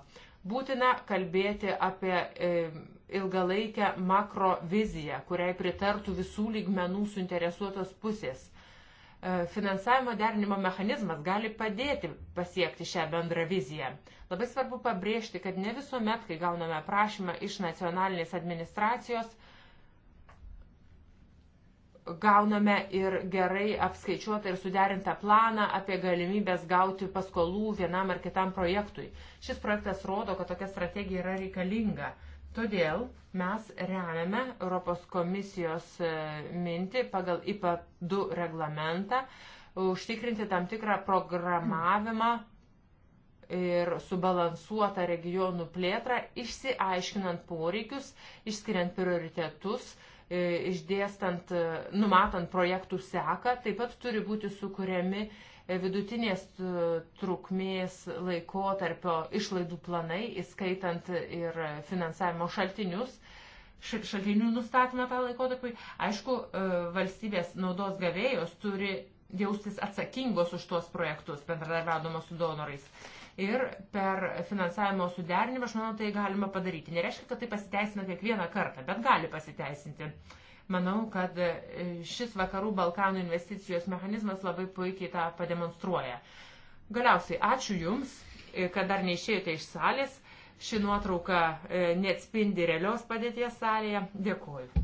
Būtina kalbėti apie e, ilgalaikę makro viziją, kuriai pritartų visų lygmenų suinteresuotos pusės. E, finansavimo derinimo mechanizmas gali padėti pasiekti šią bendrą viziją. Labai svarbu pabrėžti, kad ne visuomet, kai gauname prašymą iš nacionalinės administracijos, gauname ir gerai apskaičiuotą ir suderintą planą apie galimybės gauti paskolų vienam ar kitam projektui. Šis projektas rodo, kad tokia strategija yra reikalinga Todėl mes remiame Europos komisijos e, mintį pagal IPA 2 reglamentą užtikrinti tam tikrą programavimą ir subalansuotą regionų plėtrą, išsiaiškinant poreikius, išskiriant prioritetus, e, išdėstant, e, numatant projektų seką, taip pat turi būti sukūrėmi E, vidutinės e, trukmės laikotarpio išlaidų planai, įskaitant ir finansavimo šaltinius, šaltinių nustatymą tą laikotarpį. Aišku, e, valstybės naudos gavėjos turi jaustis atsakingos už tuos projektus, bendradarbiaudamos su donorais. Ir per finansavimo suderinimą, aš manau, tai galima padaryti. Nereiškia, kad tai pasiteisina kiekvieną kartą, bet gali pasiteisinti. Uh, Manau, kad e, šis vakarų Balkanų investicijos mechanizmas labai puikiai tą pademonstruoja. Galiausiai ačiū Jums, e, kad dar neišėjote iš salės. Ši nuotrauka e, neatspindi realios padėties salėje. Dėkuoju.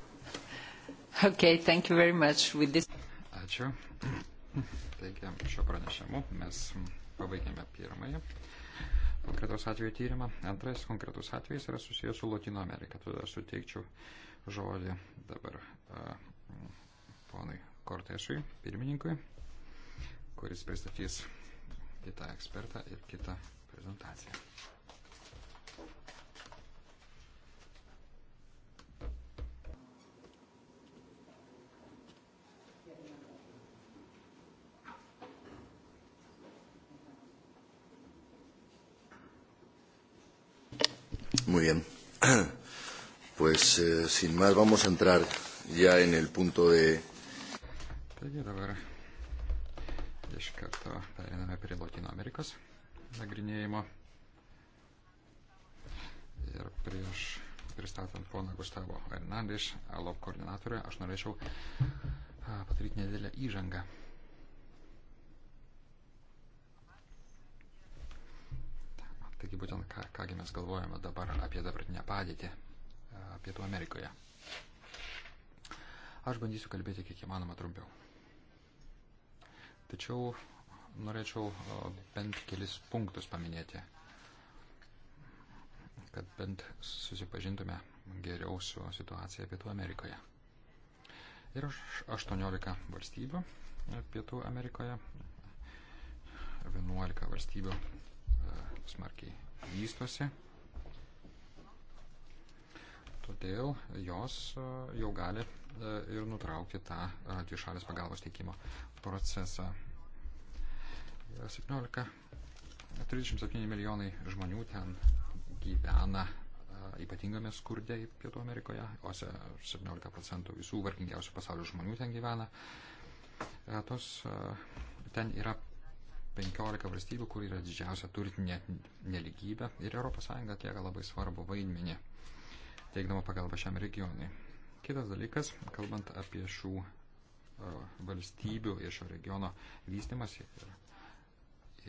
Okay, thank you very much. With this... Ačiū. Taigi, šio pranešimu mes pabaigėme pirmąją konkretos atveju tyrimą. Antras konkretus atvejis yra susijęs su Latino Amerika. Todėl suteikčiau žodį dabar ponui Kortešui, pirmininkui, kuris pristatys kitą ekspertą ir kitą prezentaciją. Muy bien. Pues eh, sin más vamos a entrar ya en el punto de. Taigi dabar iš karto periname prie Latino Amerikos nagrinėjimo. Ir prieš pristatant poną Gustavo Hernandez, ALOP koordinatorę, aš norėčiau padaryti nedėlę įžangą. Taigi būtent ką, kągi mes galvojame dabar apie dabartinę padėtį E, Pietų Amerikoje. Aš bandysiu kalbėti kiek įmanoma trumpiau. Tačiau norėčiau e, bent kelis punktus paminėti, kad bent susipažintume geriau su situacija Pietų Amerikoje. Ir 18 valstybių e, Pietų Amerikoje, 11 valstybių smarkiai vystosi Todėl jos e, jau gali e, ir nutraukti tą e, dvišalės pagalbos teikimo procesą. 17, 37 milijonai žmonių ten gyvena ypatingame skurde Pietų Amerikoje, o 17 procentų visų vargingiausių pasaulio žmonių ten gyvena. Tos, ten yra 15 valstybių, kur yra didžiausia turtinė neligybė ir ES atlieka labai svarbu vaidmenį teikdama pagalbą šiam regionui. Kitas dalykas, kalbant apie šių e, valstybių ir šio regiono vystimas ir,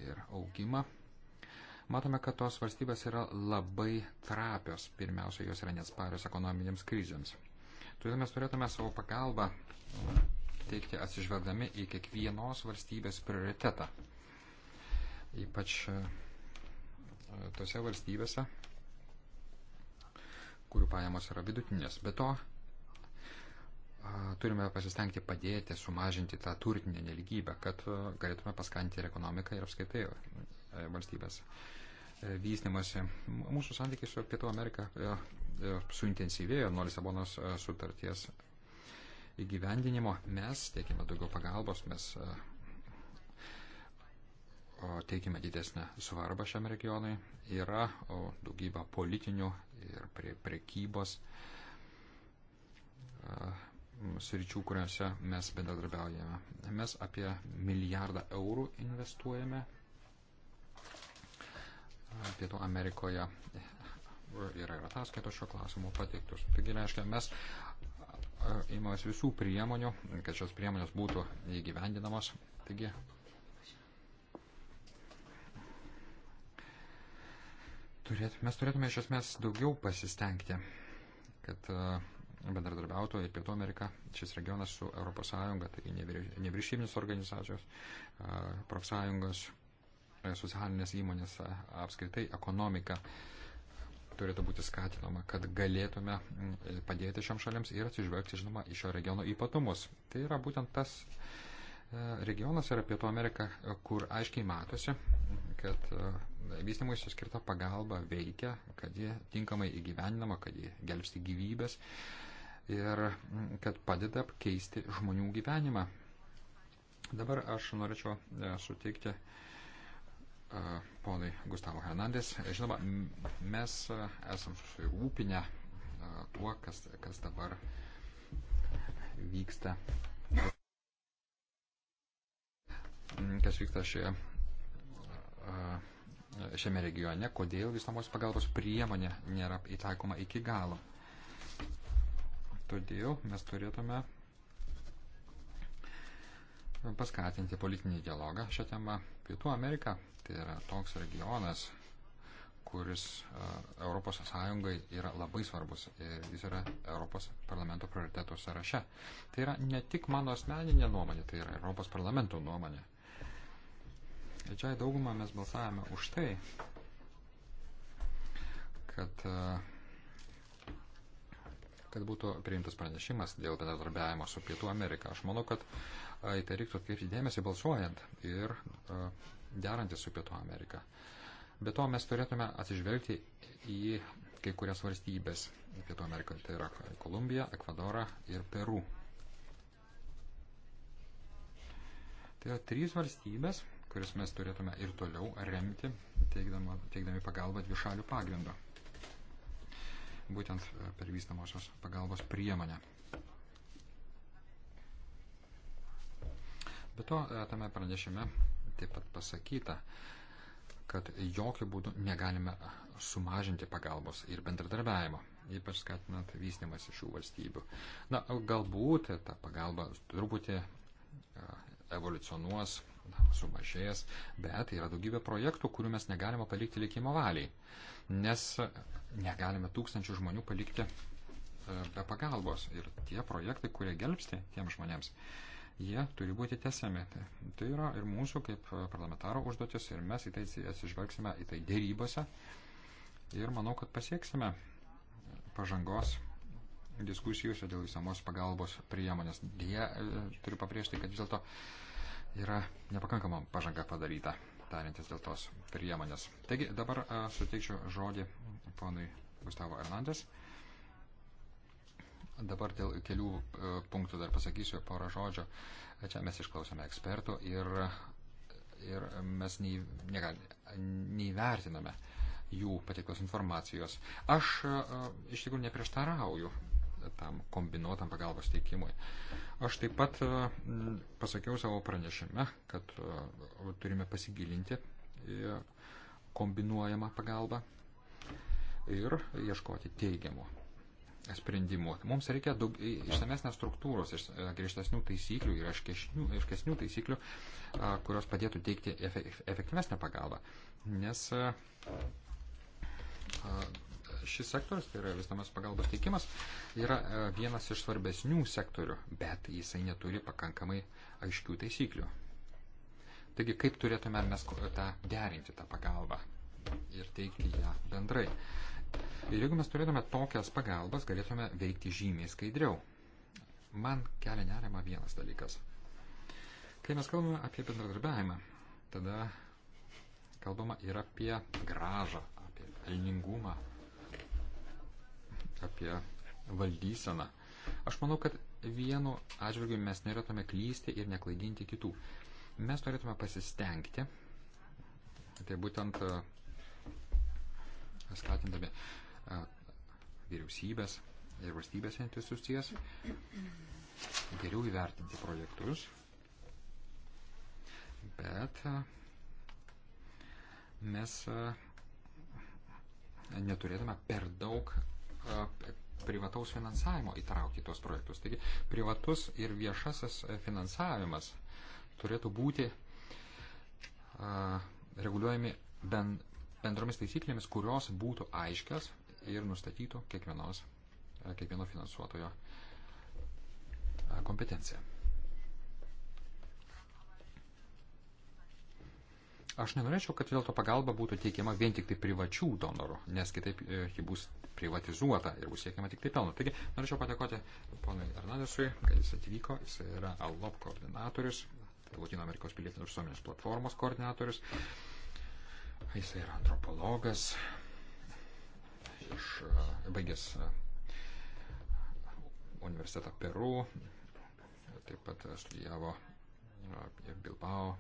ir augimą, matome, kad tos valstybės yra labai trapios. Pirmiausia, jos yra nesparios ekonominėms krizėms. Todėl mes turėtume savo pagalbą teikti atsižvelgdami į kiekvienos valstybės prioritetą. Ypač e, tose valstybėse, kurių pajamos yra vidutinės. Be to, turime pasistengti padėti sumažinti tą turtinę neligybę, kad galėtume paskanti ir ekonomiką ir apskaitai valstybės vystimasi. Mūsų santykiai su Pietų Amerika suintensyvėjo nuo Lisabonos sutarties įgyvendinimo. Mes teikime daugiau pagalbos, mes teikiame didesnę svarbą šiam regionui. Yra daugybė politinių ir prie prekybos sričių, kuriuose mes bendradarbiaujame. Mes apie milijardą eurų investuojame Pietų Amerikoje. Yra ir ataskaitos šio klausimų pateiktus. Taigi, reiškia, mes imamės visų priemonių, kad šios priemonės būtų įgyvendinamos. Taigi, Turėt, mes turėtume iš esmės daugiau pasistengti, kad e, bendradarbiautų ir Pietų Amerika, šis regionas su ES, taigi nevyriausybinės organizacijos, e, profsąjungos, e, socialinės įmonės, apskritai ekonomika turėtų būti skatinama, kad galėtume padėti šiam šalims ir atsižvelgti, žinoma, į šio regiono ypatumus. Tai yra būtent tas uh, regionas yra Pietų Amerika, kur aiškiai matosi, kad e, vystimuisi skirta pagalba veikia, kad ji tinkamai įgyvendinama, kad ji gelbsti gyvybės ir kad padeda keisti žmonių gyvenimą. Dabar aš norėčiau e, suteikti e, ponai Gustavo Hernandės. Žinoma, mes esam susirūpinę tuo, kas, kas dabar vyksta kas vyksta šioje, šiame regione, kodėl visamos pagalbos priemonė nėra įtaikoma iki galo. Todėl mes turėtume paskatinti politinį dialogą šią temą. Pietų Amerika tai yra toks regionas, kuris ES yra labai svarbus ir jis yra Europos parlamento prioritetų sąraše. Tai yra ne tik mano asmeninė nuomonė, tai yra Europos parlamento nuomonė didžiai daugumą mes balsavome už tai, kad, e, kad būtų priimtas pranešimas dėl bendradarbiavimo su Pietų Amerika. Aš manau, kad e, į tai reiktų atkreipti dėmesį balsuojant ir e, derantis su Pietų Amerika. Be to mes turėtume atsižvelgti į kai kurias valstybės Pietų Amerikoje, tai yra Kolumbija, Ekvadora ir Peru. Tai yra trys valstybės, kuris mes turėtume ir toliau remti, teikdama, teikdami pagalbą dvišalių pagrindą. Būtent e, per vystamosios pagalbos priemonę. Be to, e, tame pranešime taip pat pasakyta, kad jokių būdų negalime sumažinti pagalbos ir bendradarbiavimo, ypač skatinant vystimas iš šių valstybių. Na, galbūt ta pagalba truputį e, evoliucionuos, sumažėjęs, bet yra daugybė projektų, kurių mes negalime palikti likimo valiai, nes negalime tūkstančių žmonių palikti e, be pagalbos. Ir tie projektai, kurie gelbsti tiem žmonėms, jie turi būti tesiami. Tai, tai yra ir mūsų kaip parlamentaro užduotis ir mes į tai atsižvelgsime į tai dėrybose ir manau, kad pasieksime pažangos diskusijose dėl visamos pagalbos priemonės. Dėja, e, turiu pabrėžti, kad vis dėlto yra nepakankama pažanga padaryta, tarintis dėl tos priemonės. Taigi dabar a, suteikčiau žodį ponui Gustavo Hernandės. Dabar dėl kelių a, e, punktų dar pasakysiu porą žodžių. Čia mes išklausome ekspertų ir, ir mes nei, negal, neįvertiname jų patiktos informacijos. Aš a, e, iš tikrųjų neprieštarauju tam kombinuotam pagalbos teikimui. Aš taip pat e, pasakiau savo pranešime, kad e, turime pasigilinti kombinuojamą pagalbą ir ieškoti teigiamų sprendimų. Mums reikia daug išsamesnės struktūros, iš, e, griežtesnių taisyklių ir aiškesnių, aiškesnių taisyklių, a, kurios padėtų teikti efe, efektyvesnę pagalbą. Nes a, a, šis sektorius, tai yra visamas pagalbos teikimas, yra e, vienas iš svarbesnių sektorių, bet jisai neturi pakankamai aiškių taisyklių. Taigi, kaip turėtume mes tą derinti tą pagalbą ir teikti ją bendrai. Ir jeigu mes turėtume tokias pagalbas, galėtume veikti žymiai skaidriau. Man kelia nerima vienas dalykas. Kai mes kalbame apie bendradarbiavimą, tada kalbama ir apie gražą, apie pelningumą, apie valdyseną. Aš manau, kad vienu atžvilgiu mes norėtume klysti ir neklaidinti kitų. Mes norėtume pasistengti, tai būtent e, skatindami e, vyriausybės ir valstybės institucijas geriau įvertinti projektus, bet e, mes neturėtume per daug E, privataus finansavimo įtraukti tuos projektus. Taigi privatus ir viešasis e, finansavimas turėtų būti e, reguliuojami bendromis taisyklėmis, kurios būtų aiškios ir nustatytų kiekvienos, kiekvieno finansuotojo kompetenciją. Aš nenorėčiau, kad vėl to pagalba būtų teikiama vien tik tai privačių donorų, nes kitaip ji bus privatizuota ir bus siekiama tik tai pelno. Taigi, norėčiau padėkoti ponui Hernandesui, kad jis atvyko, jis yra ALOP koordinatorius, Latino Amerikos pilietinės visuomenės platformos koordinatorius, jis yra antropologas, iš, baigęs e, universitetą Peru, taip pat studijavo e, ir Bilbao,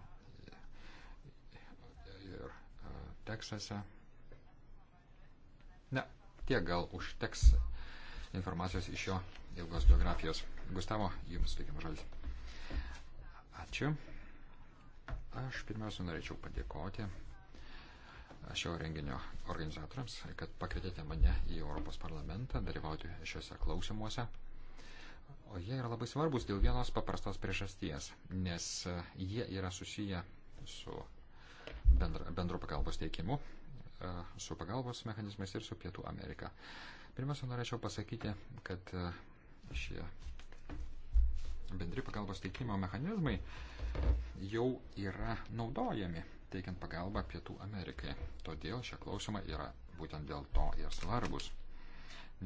e, ir Teksase. Ne, tiek gal užteks informacijos iš jo ilgos biografijos. Gustavo, jums teikiam žodis. Ačiū. Aš pirmiausia norėčiau padėkoti šio renginio organizatoriams, kad pakvietėte mane į Europos parlamentą dalyvauti šiuose klausimuose. O jie yra labai svarbus dėl vienos paprastos priežasties, nes jie yra susiję su bendro, bendro pagalbos teikimu E, su pagalbos mechanizmais ir su Pietų Amerika. Pirmiausia, norėčiau pasakyti, kad e, šie bendri pagalbos teikimo mechanizmai jau yra naudojami teikiant pagalbą Pietų Amerikai. Todėl šie klausimai yra būtent dėl to ir svarbus,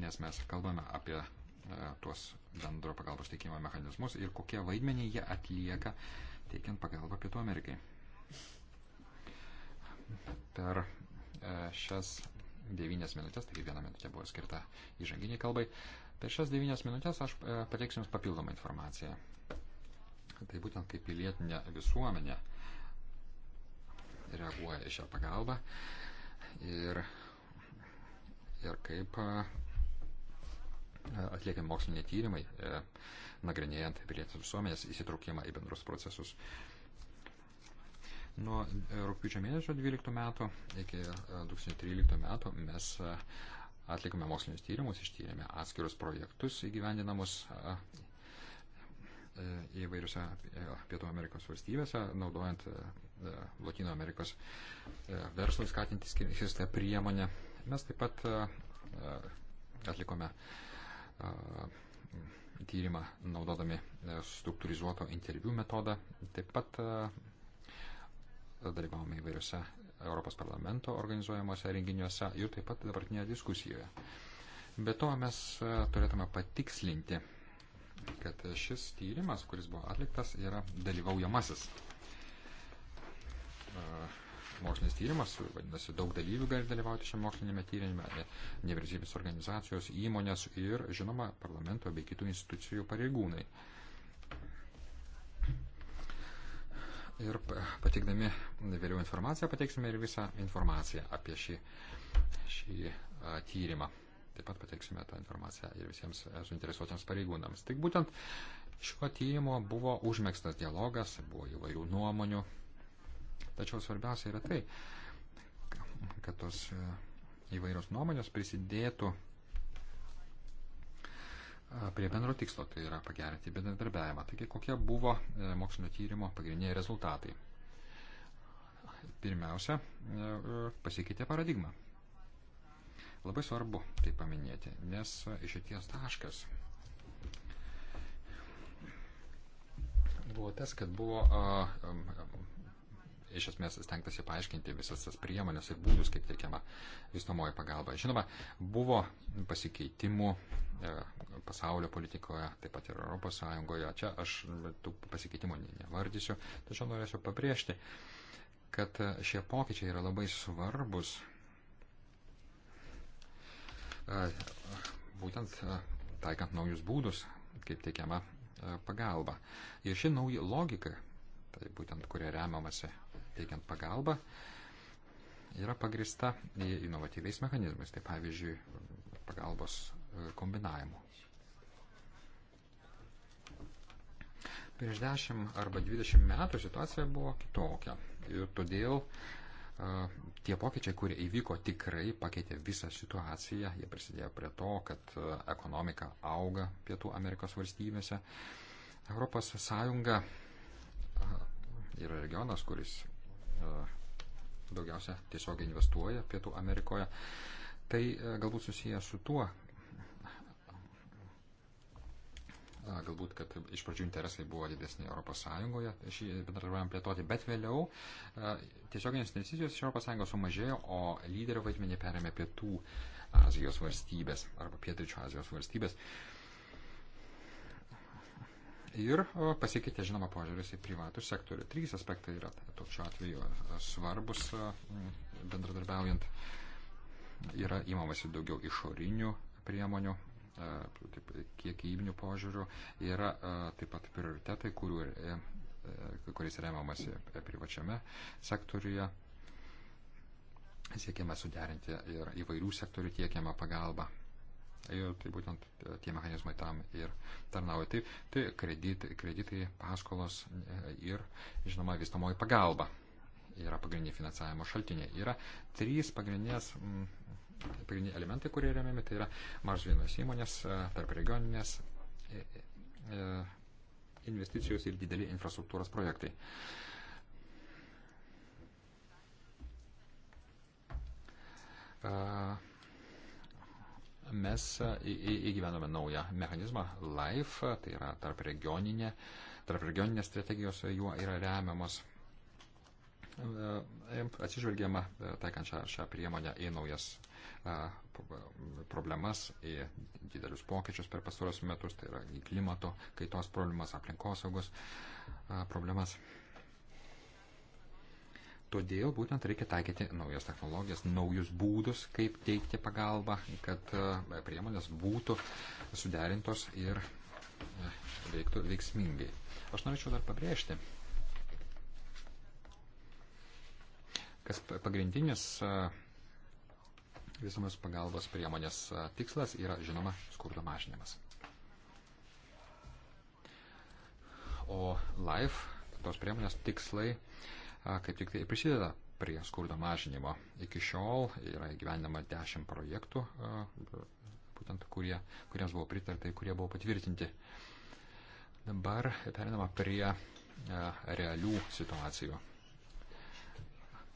nes mes kalbame apie e, tuos bendro pagalbos teikimo mechanizmus ir kokie vaidmenį jie atlieka teikiant pagalbą Pietų Amerikai. Per E, šias devynias minutės, taigi viena minutė buvo skirta įžanginiai kalbai, per šias devynias minutės aš e, pateiksiu Jums papildomą informaciją. Tai būtent kaip pilietinė visuomenė reaguoja į šią pagalbą ir, ir kaip e, atliekami moksliniai tyrimai, nagrinėjant pilietinės visuomenės įsitraukimą į bendrus procesus. E, Nuo e, rūpiučio mėnesio 12 metų iki 2013 e, metų mes e, atlikome mokslinius tyrimus, ištyrėme atskirus projektus įgyvendinamus įvairiose Pietų Amerikos valstybėse, naudojant Latino Amerikos verslui skatinti skirtą priemonę. Mes taip pat atlikome tyrimą naudodami struktūrizuoto interviu metodą. Taip pat dalyvavome įvairiose Europos parlamento organizuojamuose renginiuose ir taip pat dabartinėje diskusijoje. Be to mes e, turėtume patikslinti, kad šis tyrimas, kuris buvo atliktas, yra dalyvaujamasis. E, mokslinis tyrimas, vadinasi, daug dalyvių gali dalyvauti šiame mokslinėme tyrinime, nevyriausybės organizacijos, įmonės ir, žinoma, parlamento bei kitų institucijų pareigūnai. Uh, ir pateikdami vėliau informaciją pateiksime ir visą informaciją apie šį, šį a, tyrimą. Taip pat pateiksime tą informaciją ir visiems suinteresuotiems pareigūnams. Tai būtent šiuo tyrimu buvo užmėgstas dialogas, buvo įvairių nuomonių. Tačiau svarbiausia yra tai, kad tos įvairios nuomonės prisidėtų prie bendro tikslo, tai yra pagerinti bendradarbiavimą. Taigi, kokie buvo e, mokslinio tyrimo pagrindiniai rezultatai? Pirmiausia, e, pasikeitė paradigma. Labai svarbu tai paminėti, nes išėties taškas buvo tas, kad buvo iš esmės stengtasi paaiškinti visas tas priemonės ir būdus, kaip teikiama visumoji pagalba. Žinoma, buvo pasikeitimų e, pasaulio politikoje, taip pat ir Europos Sąjungoje. Čia aš tų pasikeitimų nevardysiu, tačiau norėsiu pabrėžti, kad šie pokyčiai yra labai svarbus e, būtent e, taikant naujus būdus, kaip teikiama pagalba. Ir ši nauja logika, tai būtent kuria remiamasi teikiant pagalbą yra pagrista inovatyviais mechanizmais, tai pavyzdžiui, pagalbos e, kombinavimu. Prieš 10 arba 20 metų situacija buvo kitokia ir todėl uh, tie pokyčiai, kurie įvyko, tikrai pakeitė visą situaciją. Jie prisidėjo prie to, kad uh, ekonomika auga Pietų Amerikos valstybėse. Europos Sąjunga uh, yra regionas, kuris E, daugiausia tiesiog investuoja Pietų Amerikoje. Tai e, galbūt susiję su tuo, e, galbūt, kad iš pradžių interesai buvo didesni ES šį bendradarbiavimą plėtoti, bet vėliau tiesioginės investicijos iš ES sumažėjo, o lyderio vaidmenį perėmė Pietų Azijos valstybės arba Pietričio Azijos valstybės. Uh, ir pasikeitė, žinoma, požiūris į privatų sektorių. Trys aspektai yra tokiu atveju svarbus bendradarbiaujant. Yra įmamasi daugiau išorinių priemonių, taip, e, kiekybinių požiūrių, yra e, taip pat prioritetai, kurių, e, kuris remiamasi privačiame sektoriuje. Siekime suderinti ir įvairių sektorių tiekiamą pagalbą. Ir tai būtent e, tie mechanizmai tam ir tarnauja. Tai, tai kredit, kreditai, paskolos e, ir, žinoma, vystamoji pagalba yra pagrindiniai finansavimo šaltiniai. Yra trys pagrindinės. Pagrindiniai elementai, kurie remiami, tai yra mažvinos įmonės, e, tarp regioninės investicijos ir dideli infrastruktūros projektai. Uh, mes e, įgyvenome naują mechanizmą LIFE, tai yra tarp, regioninė, tarp regioninės strategijos juo yra remiamos. E, atsižvelgiama e, taikant šią, šią priemonę į naujas problemas, į didelius pokyčius per pastarosius metus, tai yra į klimato kaitos problemas, aplinkosaugos problemas. problemas Todėl būtent reikia taikyti naujas technologijas, naujus būdus, kaip teikti pagalbą, kad e, priemonės būtų suderintos ir e, veiktų veiksmingai. Aš norėčiau dar pabrėžti, kas pagrindinis e, visomis pagalbos priemonės tikslas yra, žinoma, skurdo mažinimas. O LIFE, tos priemonės tikslai, uh, kaip tik tai prisideda prie skurdo mažinimo. Iki šiol yra gyvenama 10 projektų, būtent kurie, kuriems buvo pritarta ir kurie buvo patvirtinti. Dabar perinama prie realių situacijų.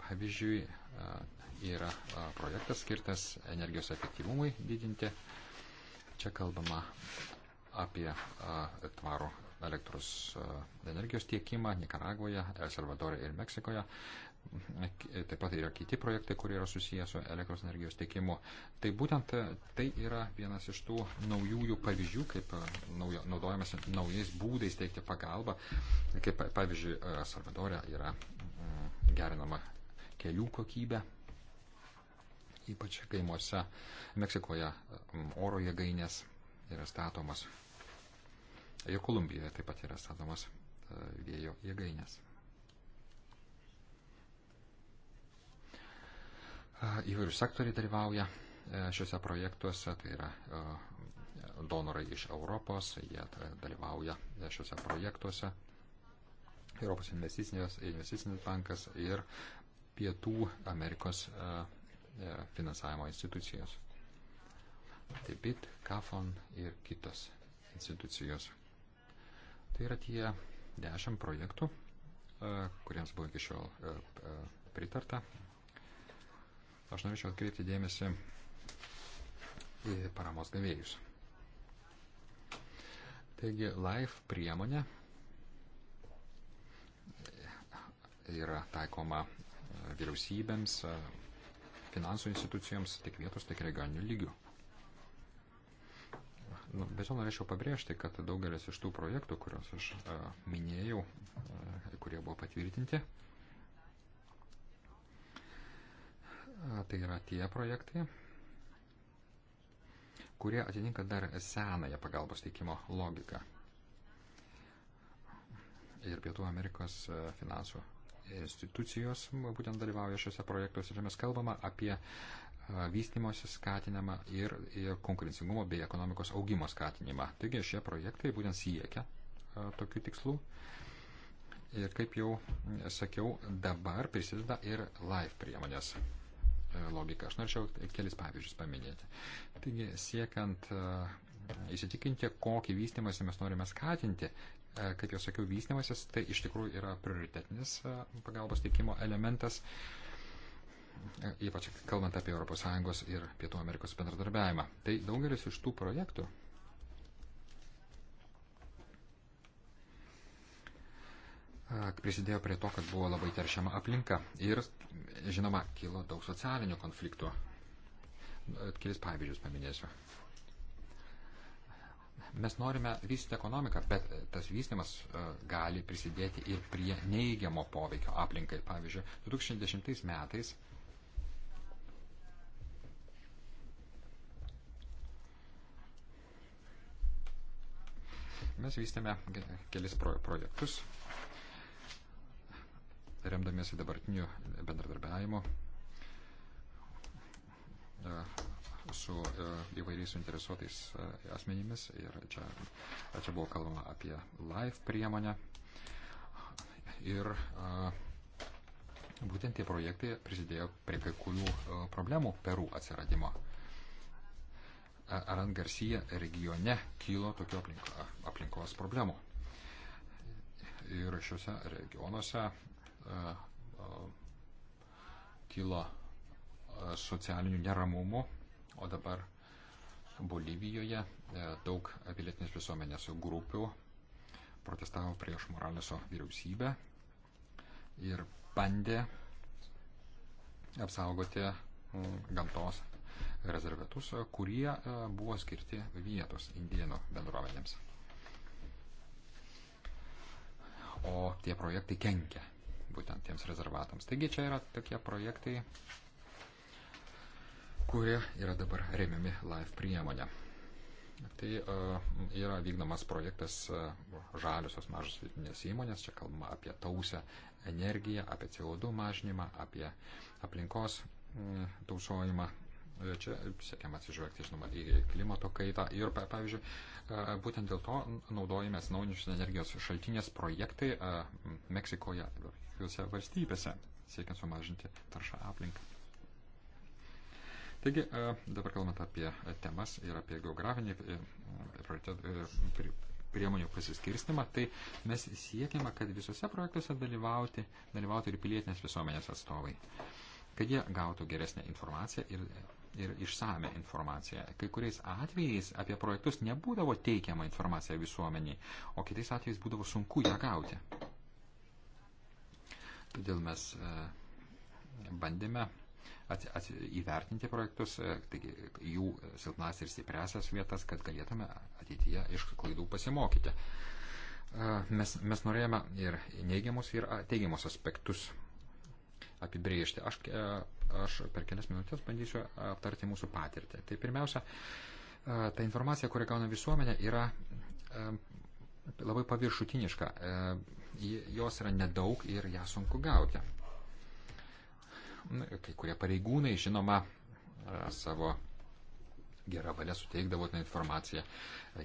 Pavyzdžiui, yra projektas skirtas energijos efektyvumui didinti. Čia kalbama apie tvarų elektros e, energijos tiekimą Nikaragvoje, El Salvadore ir Meksikoje. Taip pat yra kiti projektai, kurie yra susijęs su elektros energijos tiekimu. Tai būtent e, tai yra vienas iš tų naujųjų pavyzdžių, kaip e, naujo, naudojamas naujais būdais teikti pagalbą. Kaip pavyzdžiui, Salvadorė yra mm, gerinama kelių kokybė, ypač kaimuose, Meksikoje oro jėgainės yra statomas Jo Kolumbijoje taip pat yra statomos e, vėjo jėgainės. E, Įvairių sektoriai dalyvauja e, šiuose projektuose, tai yra donorai iš Europos, jie dalyvauja šiuose projektuose. Europos investicinės, investicinis bankas ir Pietų Amerikos finansavimo institucijos. Taip pat KAFON ir kitos institucijos. Tai yra tie dešimt projektų, e, kuriems buvo iki šiol e, e, pritarta. Aš norėčiau atkreipti dėmesį į paramos gavėjus. Taigi, LIFE priemonė yra taikoma vyriausybėms, finansų institucijoms tiek vietos, tiek regioninių lygių. Nu, bet to norėčiau pabrėžti, kad daugelis iš tų projektų, kuriuos aš a, e, minėjau, a, e, kurie buvo patvirtinti, a, e, tai yra tie projektai, kurie atitinka dar senąją pagalbos teikimo logiką. Ir Pietų Amerikos finansų institucijos būtent dalyvauja šiuose projektuose ir mes kalbama apie a, vystimosi skatinimą ir, ir konkurencingumo bei ekonomikos augimo skatinimą. Taigi šie projektai būtent siekia tokių tikslų. Ir kaip jau sakiau, dabar prisideda ir live priemonės e, logika. Aš norėčiau kelis pavyzdžius paminėti. Taigi, siekiant įsitikinti, kokį vystimąsi mes norime skatinti, e, kaip jau sakiau, vystimasis tai iš tikrųjų yra prioritetinis pagalbos teikimo elementas ypač kalbant apie ES ir Pietų Amerikos bendradarbiavimą. Tai daugelis iš tų projektų prisidėjo prie to, kad buvo labai teršiama aplinka ir, žinoma, kilo daug socialinių konfliktų. Kelis pavyzdžius paminėsiu. Mes norime vystyti ekonomiką, bet tas vystimas gali prisidėti ir prie neįgiamo poveikio aplinkai. Pavyzdžiui, 2010 metais Mes vystėme kelis projektus, remdamiesi dabartiniu bendradarbiavimu e, su e, įvairiais suinteresuotais e, asmenimis. Ir čia, čia buvo kalbama apie live priemonę. Ir būtent tie projektai prisidėjo prie kai kurių problemų Perų atsiradimo. Arangarsija regione kylo tokio aplinko, aplinkos problemų. Ir šiuose regionuose e, e, kilo e, socialinių neramumų, o dabar Bolivijoje daug pilietinės visuomenės grupių protestavo prieš Moraleso vyriausybę ir bandė apsaugoti gamtos rezervatus, kurie e, buvo skirti vietos indėnų bendruomenėms. O tie projektai kenkia būtent tiems rezervatams. Taigi čia yra tokie projektai, kurie yra dabar remiami live priemonė. Tai uh, yra vykdomas projektas uh, žaliosios mažos vidinės įmonės, čia kalbama apie tausią energiją, apie CO2 mažinimą, apie aplinkos mm, tausojimą, E, čia siekiam atsižvelgti, žinoma, į klimato kaitą. Ir, pavyzdžiui, e, būtent dėl to naudojame atsinaujinančios energijos šaltinės projektai e, Meksikoje ir visose valstybėse, siekiant sumažinti taršą aplinką. Taigi, dabar kalbant apie temas ir apie geografinį priemonių pasiskirstimą, tai mes siekiame, kad visose projektuose dalyvauti, dalyvauti ir pilietinės visuomenės atstovai kad jie gautų geresnę informaciją ir ir išsame informacija. Kai kuriais atvejais apie projektus nebūdavo teikiama informacija visuomeniai, o kitais atvejais būdavo sunku ją gauti. Todėl mes e, bandėme at, at, įvertinti projektus, e, taigi jų silpnas ir stipresias vietas, kad galėtume ateityje iš klaidų pasimokyti. E, mes, mes norėjome ir neigiamus, ir teigiamus aspektus apibrėžti. Aš, e, aš per kelias minutės bandysiu aptarti mūsų patirtį. Tai pirmiausia, e, ta informacija, kurią gauna visuomenė, yra e, labai paviršutiniška. Jos yra nedaug ir ją sunku gauti. Kai kurie pareigūnai, žinoma, savo gerą valią suteikdavo tą informaciją,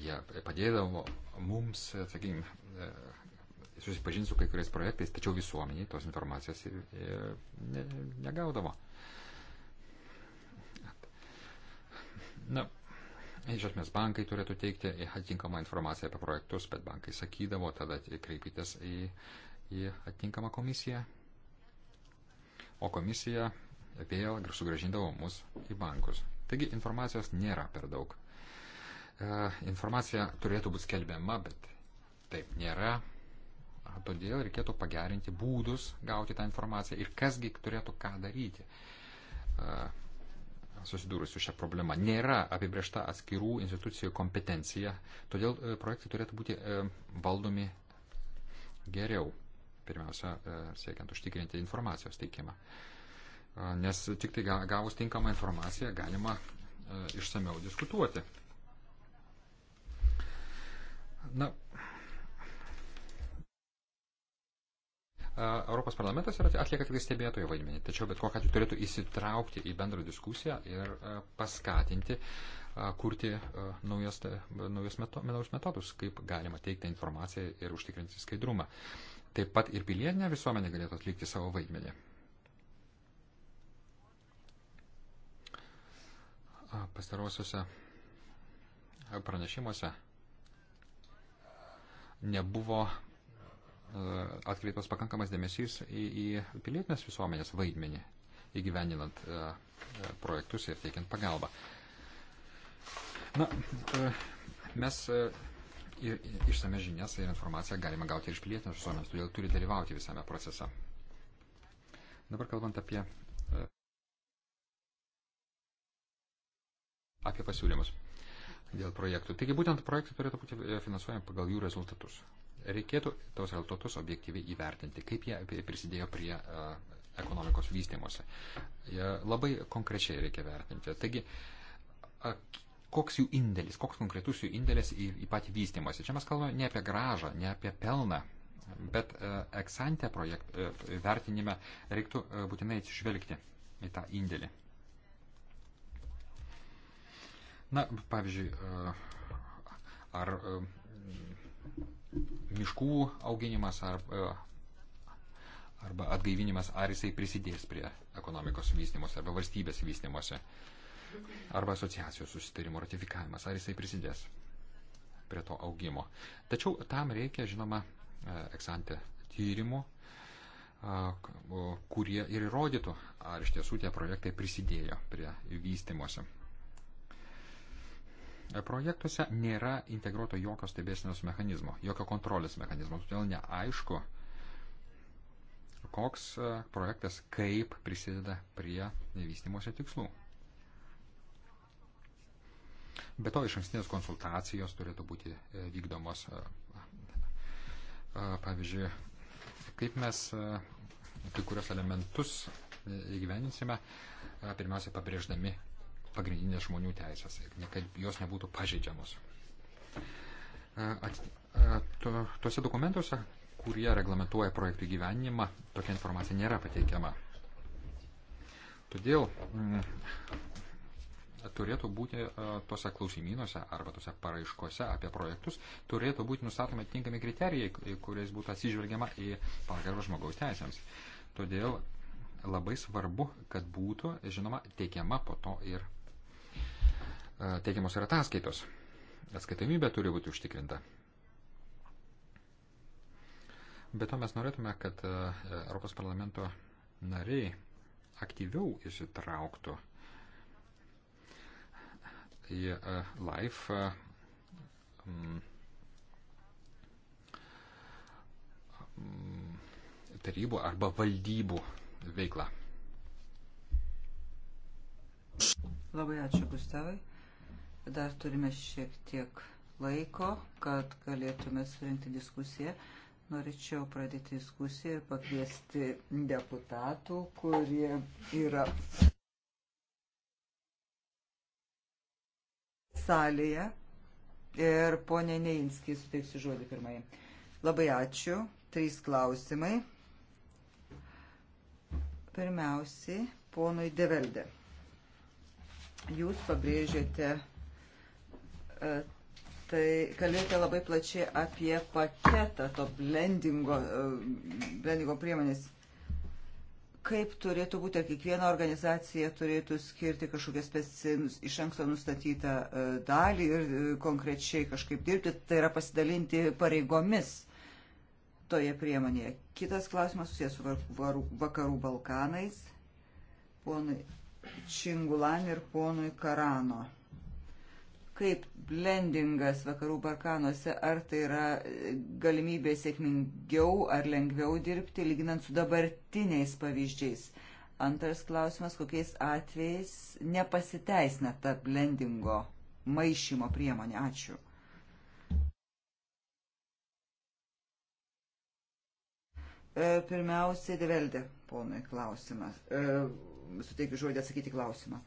jie padėdavo mums, sakykime, susipažinti su kai kuriais projektais, tačiau visuomeniai tos informacijos ne, negaudavo. Na, iš esmės bankai turėtų teikti atitinkamą informaciją apie projektus, bet bankai sakydavo, tada kreipytis į, į atitinkamą komisiją. O komisija vėl sugražindavo mus į bankus. Taigi informacijos nėra per daug. E, informacija turėtų būti skelbiama, bet taip nėra. Todėl reikėtų pagerinti būdus gauti tą informaciją ir kasgi turėtų ką daryti susidūrus su šią problemą. Nėra apibriešta atskirų institucijų kompetencija, todėl e, projektai turėtų būti e, valdomi geriau, pirmiausia, e, siekiant užtikrinti informacijos teikimą. Nes tik tai gavus tinkamą informaciją galima išsameu diskutuoti. Na, Europos parlamentas atlieka tik stebėtojų vaidmenį, tačiau bet kokią atveju turėtų įsitraukti į bendrą diskusiją ir paskatinti kurti naujas, naujas meto, naujus metodus, kaip galima teikti informaciją ir užtikrinti skaidrumą. Taip pat ir pilietinė visuomenė galėtų atlikti savo vaidmenį. Pastarosiuose pranešimuose nebuvo E, atkreiptas pakankamas dėmesys į, į pilietinės visuomenės vaidmenį įgyveninant e, e, projektus ir teikiant pagalbą. Na, mes ir išsame žinias ir informaciją galime gauti ir iš pilietinės visuomenės, todėl turi dalyvauti visame procese. Dabar kalbant apie, apie pasiūlymus dėl projektų. Taigi būtent projektai turėtų būti finansuojami pagal jų rezultatus. Reikėtų tos rezultatus objektyviai įvertinti, kaip jie prisidėjo prie ekonomikos vystimuose. Labai konkrečiai reikia vertinti. Taigi, koks jų indėlis, koks konkretus jų indėlis į, į patį vystimąsi. Čia mes kalbame ne apie gražą, ne apie pelną, bet eksantę projekt, vertinime reiktų būtinai atsižvelgti į tą indėlį. Na, pavyzdžiui, ar miškų auginimas arba, e, arba atgaivinimas, ar jisai prisidės prie ekonomikos vystimuose arba valstybės vystimuose, arba asociacijos susitarimo ratifikavimas, ar jisai prisidės prie to augimo. Tačiau tam reikia, žinoma, e, eksantė tyrimų, kurie ir įrodytų, ar iš tiesų tie projektai prisidėjo prie vystimuose projektuose nėra integruoto jokio stebėsinos mechanizmo, jokio kontrolės mechanizmo, todėl neaišku, koks e, projektas kaip prisideda prie vystimuose tikslų. Be to, iš ankstinės konsultacijos turėtų būti e, vykdomos, e, pavyzdžiui, kaip mes kai kurios elementus įgyvendinsime, pirmiausia, pabrėždami pagrindinės žmonių teisės ir kad jos nebūtų pažeidžiamos. At, at, tuose dokumentuose, kurie reglamentuoja projektų gyvenimą, tokia informacija nėra pateikiama. Todėl m, mm, turėtų būti tose klausimynuose arba tose paraiškose apie projektus, turėtų būti nustatomi atitinkami kriterijai, kuriais būtų atsižvelgiama į pagarbą žmogaus teisėms. Todėl labai svarbu, kad būtų, žinoma, teikiama po to ir teikiamos ir ataskaitos. Atskaitomybė turi būti užtikrinta. Bet to mes norėtume, kad Europos parlamento nariai aktyviau įsitrauktų į LIFE tarybų arba valdybų veiklą. Labai ačiū, Gustavai. Dar turime šiek tiek laiko, kad galėtume surinkti diskusiją. Norėčiau pradėti diskusiją ir pakviesti deputatų, kurie yra salėje. Ir ponė Neinskį suteiksiu žodį pirmai. Labai ačiū. Trys klausimai. Pirmiausiai, ponui Develdė. Jūs pabrėžėte E, tai kalbėjote labai plačiai apie paketą to blendingo, e, blendingo priemonės. Kaip turėtų būti, ar kiekviena organizacija turėtų skirti kažkokią specifinus, iš anksto nustatytą e, dalį ir konkrečiai kažkaip dirbti, tai yra pasidalinti pareigomis toje priemonėje. Kitas klausimas susijęs su vakarų Balkanais, ponui Čingulan ir ponui Karano kaip blendingas vakarų Barkanuose, ar tai yra e, galimybė sėkmingiau ar lengviau dirbti, lyginant su dabartiniais pavyzdžiais. Antras klausimas, kokiais atvejais nepasiteisina ta blendingo maišymo priemonė. Ačiū. E, pirmiausia, Develdė, ponui klausimas. E, suteikiu žodį atsakyti klausimą.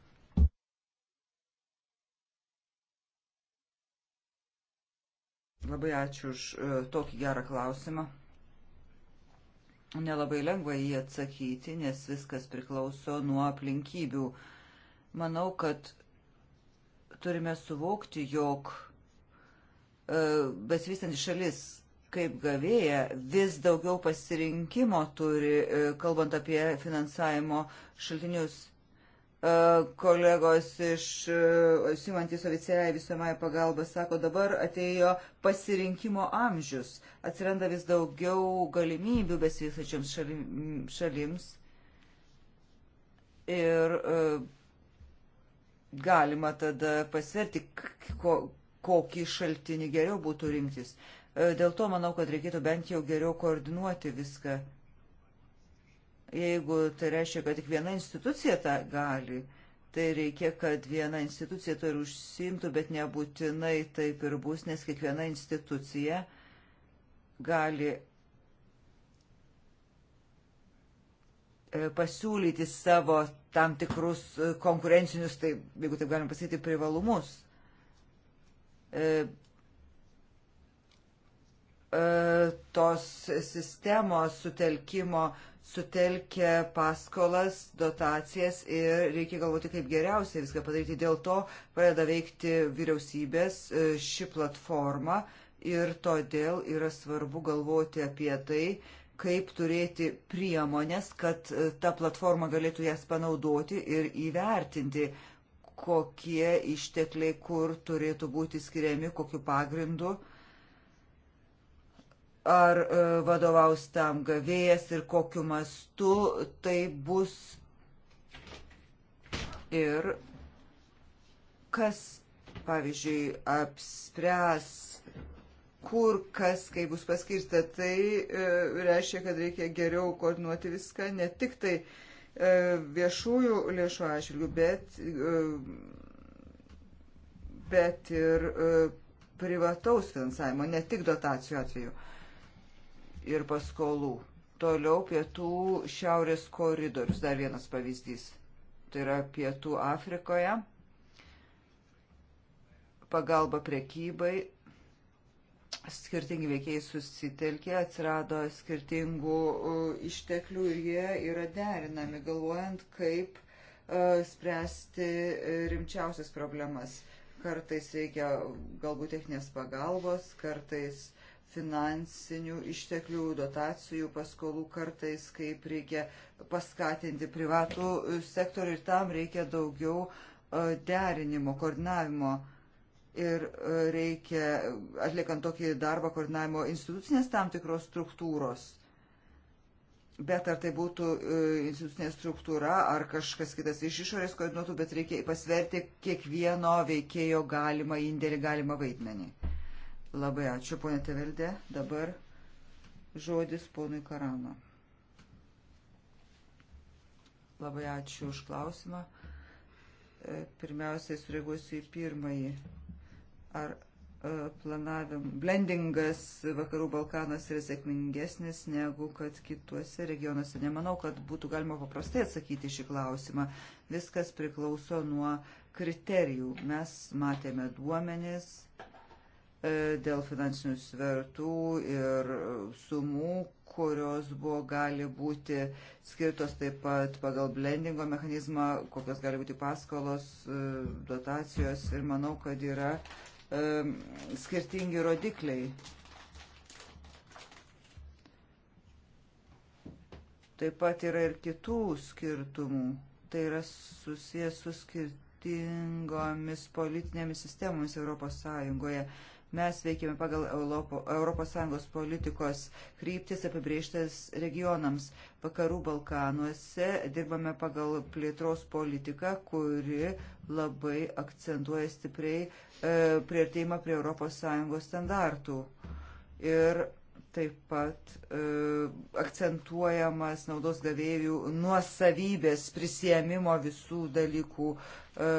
Labai ačiū už e, tokį gerą klausimą. Nelabai lengva jį atsakyti, nes viskas priklauso nuo aplinkybių. Manau, kad turime suvokti, jog e, besivystanti šalis kaip gavėja vis daugiau pasirinkimo turi, e, kalbant apie finansavimo šaltinius E, kolegos iš e, simantis oficialiai visuomai pagalba sako, dabar atėjo pasirinkimo amžius, atsiranda vis daugiau galimybių besivysačiams šalims ir e, galima tada pasverti, kokį šaltinį geriau būtų rinktis. Dėl to manau, kad reikėtų bent jau geriau koordinuoti viską Jeigu tai reiškia, kad tik viena institucija tą gali, tai reikia, kad viena institucija to ir užsimtų, bet nebūtinai taip ir bus, nes kiekviena institucija gali e, pasiūlyti savo tam tikrus e, konkurencinius, tai, jeigu taip galim pasakyti, privalumus. E, tos sistemos sutelkimo sutelkia paskolas, dotacijas ir reikia galvoti, kaip geriausiai viską padaryti. Dėl to pradeda veikti vyriausybės e, ši platforma ir todėl yra svarbu galvoti apie tai, kaip turėti priemonės, kad e, ta platforma galėtų jas panaudoti ir įvertinti, kokie ištekliai kur turėtų būti skiriami, kokiu pagrindu. Uh, ar e, vadovaus tam gavėjas ir kokiu mastu tai bus ir kas, pavyzdžiui, apspręs, kur kas, kai bus paskirsta, tai e, reiškia, kad reikia geriau koordinuoti viską, ne tik tai e, viešųjų lėšų atžvilgių, bet, e, bet ir e, privataus finansavimo, ne tik dotacijų atveju. E, ir paskolų. Toliau pietų šiaurės koridorius, dar vienas pavyzdys. Tai yra pietų Afrikoje, pagalba prekybai, skirtingi veikiai susitelkė, atsirado skirtingų išteklių ir jie yra derinami, galvojant, kaip e, spręsti e, rimčiausias problemas kartais reikia galbūt techninės pagalbos, kartais finansinių išteklių, dotacijų, paskolų kartais, kaip reikia paskatinti privatų sektorių ir tam reikia daugiau e, derinimo, koordinavimo ir e, reikia, atliekant tokį darbą koordinavimo institucinės tam tikros struktūros. Bet ar tai būtų e, institucinė struktūra ar kažkas kitas iš išorės koordinuotų, bet reikia pasverti kiekvieno veikėjo galimą indėlį, galimą vaidmenį. Labai ačiū, ponė Teveldė. Dabar žodis ponui Karano. Labai ačiū už klausimą. E, pirmiausiai sureaguosiu į pirmąjį. Ar E, planavim, blendingas vakarų Balkanas yra sėkmingesnis negu kad kituose regionuose. Nemanau, kad būtų galima paprastai atsakyti šį klausimą. Viskas priklauso nuo kriterijų. Mes matėme duomenis e, dėl finansinių svertų ir sumų, kurios buvo gali būti skirtos taip pat pagal blendingo mechanizmą, kokios gali būti paskolos, e, dotacijos ir manau, kad yra uh, skirtingi rodikliai. Taip pat yra ir kitų skirtumų. Tai yra susijęs su skirtingomis politinėmis sistemomis Europos Sąjungoje. Mes veikime pagal ES politikos kryptis apibrieštas regionams. Vakarų Balkanuose dirbame pagal plėtros politiką, kuri labai akcentuoja stipriai e, prieartėjimą prie ES standartų. Ir taip pat e, akcentuojamas naudos gavėjų nuosavybės prisėmimo visų dalykų e,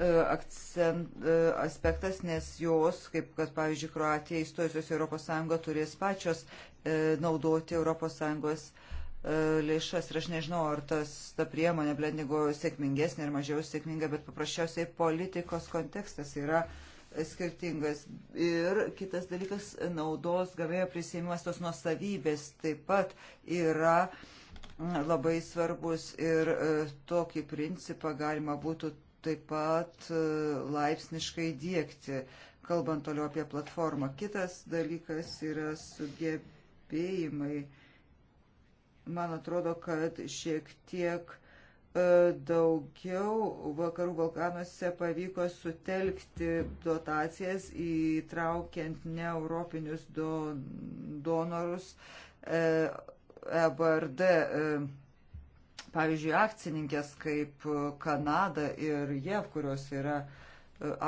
E, akcent, e, aspektas, nes jos, kaip kad pavyzdžiui Kroatija įstojusios Europos Sąjungą, turės pačios e, naudoti Europos Sąjungos lėšas ir aš nežinau, ar tas, ta priemonė blendingo sėkmingesnė ar mažiau sėkminga, bet paprasčiausiai politikos kontekstas yra skirtingas. Ir kitas dalykas, naudos gavėjo prisėmimas tos nuosavybės taip pat yra labai svarbus ir tokį principą galima būtų taip pat e, laipsniškai dėkti, kalbant toliau apie platformą. Kitas dalykas yra sugebėjimai. Man atrodo, kad šiek tiek e, daugiau vakarų Balkanuose pavyko sutelkti dotacijas įtraukiant ne europinius do, donorus EBRD e pavyzdžiui, akcininkės kaip e, Kanada ir JAV, e kurios yra e,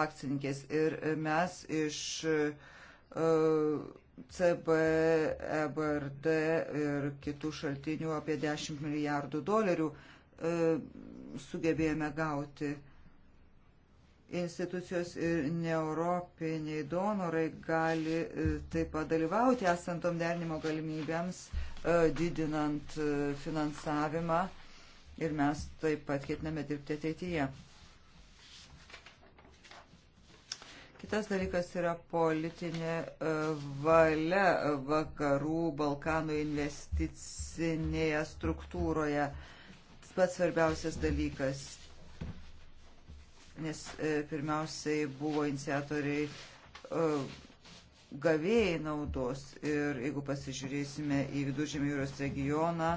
akcininkės. Ir mes iš CB, EBRD ir kitų šaltinių apie 10 milijardų dolerių sugebėjome gauti institucijos ir neeuropiniai donorai gali taip pat dalyvauti esantom dernimo galimybėms, didinant finansavimą ir mes taip pat ketiname dirbti ateityje. Kitas dalykas yra politinė e, valia vakarų Balkanų investicinėje struktūroje. Pats svarbiausias dalykas, nes e, pirmiausiai buvo iniciatoriai e, gavėjai naudos ir jeigu pasižiūrėsime į Vidužėmio jūros regioną,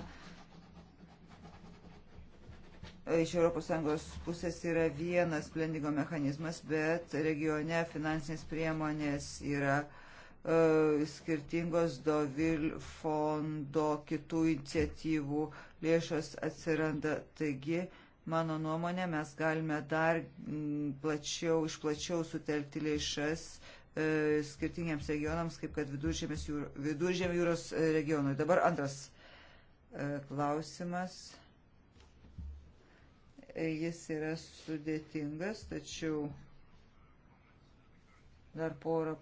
iš ES pusės yra vienas blendingo mechanizmas, bet regione finansinės priemonės yra uh, skirtingos dovil fondo kitų iniciatyvų lėšos atsiranda. Taigi, mano nuomonė, mes galime dar plačiau, išplačiau sutelkti lėšas uh, e, skirtingiams regionams, kaip kad viduržėmės jūros, viduržėmės jūros regionui. Dabar antras uh, klausimas jis yra sudėtingas, tačiau dar porą,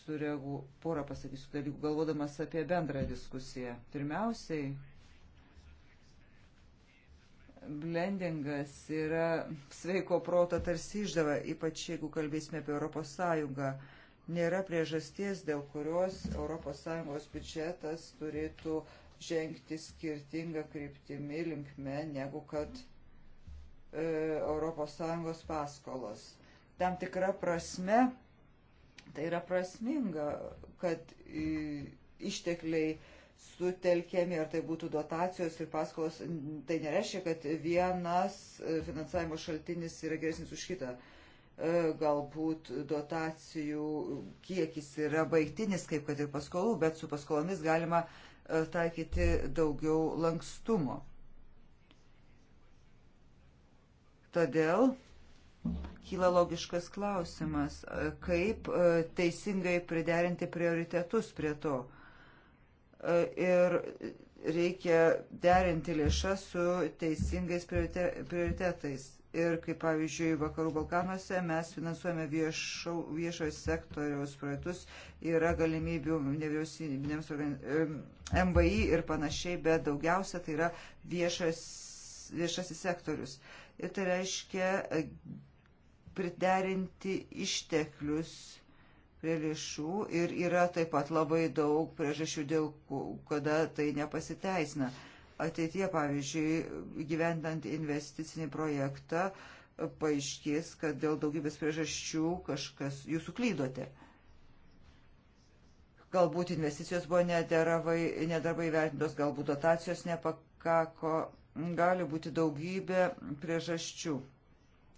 suregu, porą pasakysiu dalykų, galvodamas apie bendrą diskusiją. Pirmiausiai, blendingas yra sveiko proto tarsi išdava, ypač jeigu kalbėsime apie Europos Sąjungą. Nėra priežasties, dėl kurios ES biudžetas turėtų žengti skirtingą kryptimį linkme, negu kad ES paskolos. Tam tikra prasme, tai yra prasminga, kad ištekliai sutelkėmi, ar tai būtų dotacijos ir paskolos, tai nereiškia, kad vienas e, finansavimo šaltinis yra geresnis už kitą. E, galbūt dotacijų kiekis yra baigtinis, kaip kad ir paskolų, bet su paskolomis galima e, taikyti daugiau lankstumo. Todėl kyla logiškas klausimas, kaip teisingai priderinti prioritetus prie to. Ir reikia derinti lėšas su teisingais prioritetais. Ir kaip pavyzdžiui, Vakarų Balkanuose mes finansuojame viešo, viešojo sektoriaus projektus, yra galimybių nevyriausybinėms MVI ir panašiai, bet daugiausia tai yra viešas, viešasis sektorius ir tai reiškia e, priderinti išteklius prie lėšų ir yra taip pat labai daug priežasčių, dėl kada tai nepasiteisina. Ateitie, pavyzdžiui, gyvendant investicinį projektą, e, paaiškės, kad dėl daugybės priežasčių kažkas jūs suklydote. Galbūt investicijos buvo nedarbai, nedarbai vertintos, galbūt dotacijos nepakako gali būti daugybė priežasčių.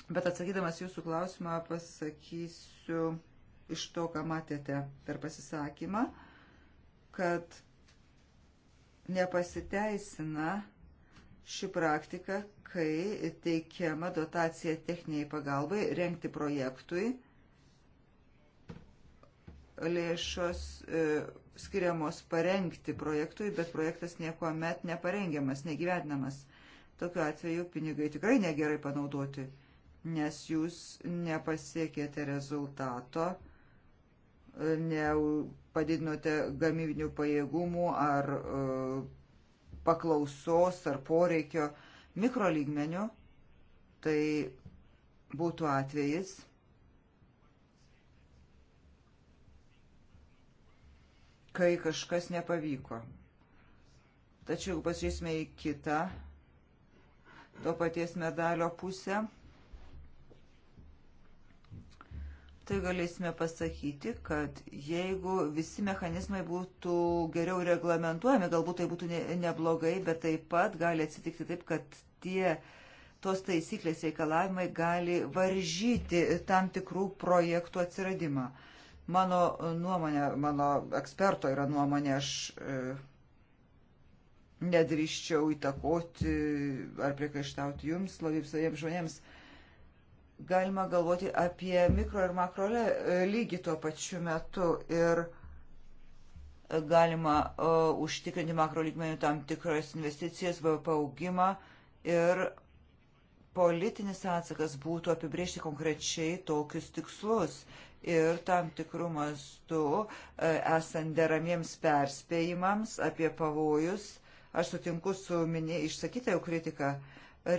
Bet atsakydamas jūsų klausimą pasakysiu iš to, ką matėte per pasisakymą, kad nepasiteisina ši praktika, kai teikiama dotacija techniniai pagalbai renkti projektui lėšos. E, skiriamos parengti projektui, bet projektas nieko met neparengiamas, negyvendinamas. Tokiu atveju pinigai tikrai negerai panaudoti, nes jūs nepasiekėte rezultato, e, nepadidinote gamybinių pajėgumų ar e, paklausos ar poreikio mikrolygmenio. Tai būtų atvejis, kai kažkas nepavyko. Tačiau jeigu pasižiūrėsime į kitą to paties medalio pusę, tai galėsime pasakyti, kad jeigu visi mechanizmai būtų geriau reglamentuojami, galbūt tai būtų neblogai, bet taip pat gali atsitikti taip, kad tie tos taisyklės reikalavimai gali varžyti tam tikrų projektų atsiradimą. Mano nuomonė, mano eksperto yra nuomonė, aš e, nedrįščiau įtakoti ar priekaištauti jums, slovipsaviems žmonėms. Galima galvoti apie mikro ir makro e, lygį tuo pačiu metu ir galima uh, užtikrinti makro lygmenių tam tikras investicijas, BVP augimą ir uh, politinis atsakas būtų apibriežti konkrečiai tokius tikslus ir tam tikrų mastų e, esant deramiems perspėjimams apie pavojus, aš sutinku su minė išsakyta jau kritika,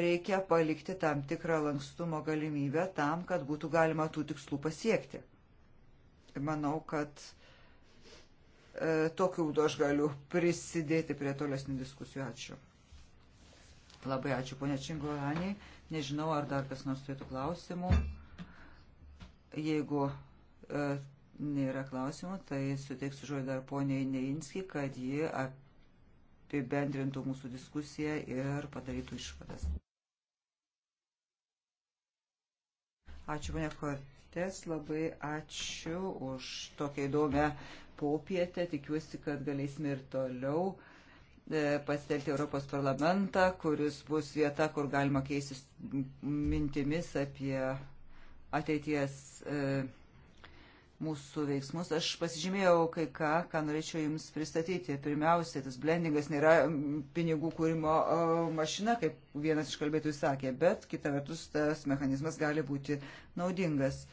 reikia palikti tam tikrą lankstumo galimybę tam, kad būtų galima tų tikslų pasiekti. Manau, kad e, tokiu būdu aš galiu prisidėti prie tolesnių diskusijų. Ačiū. Labai ačiū, ponia Čingolaniai. Nežinau, ar dar kas nors turėtų klausimų. Jeigu e, nėra klausimų, tai suteiksiu žodį dar poniai Neinski, kad ji apibendrintų mūsų diskusiją ir padarytų išvadas. Ačiū, ponia Kortes, labai ačiū už tokią įdomią popietę. Tikiuosi, kad galėsime ir toliau E, pasitelkti Europos parlamentą, kuris bus vieta, kur galima keistis mintimis apie ateities e, mūsų veiksmus. Aš pasižymėjau kai ką, ką norėčiau Jums pristatyti. Pirmiausia, tas blendingas nėra pinigų kūrimo mašina, kaip vienas iš kalbėtojų sakė, bet kita vertus tas mechanizmas gali būti naudingas.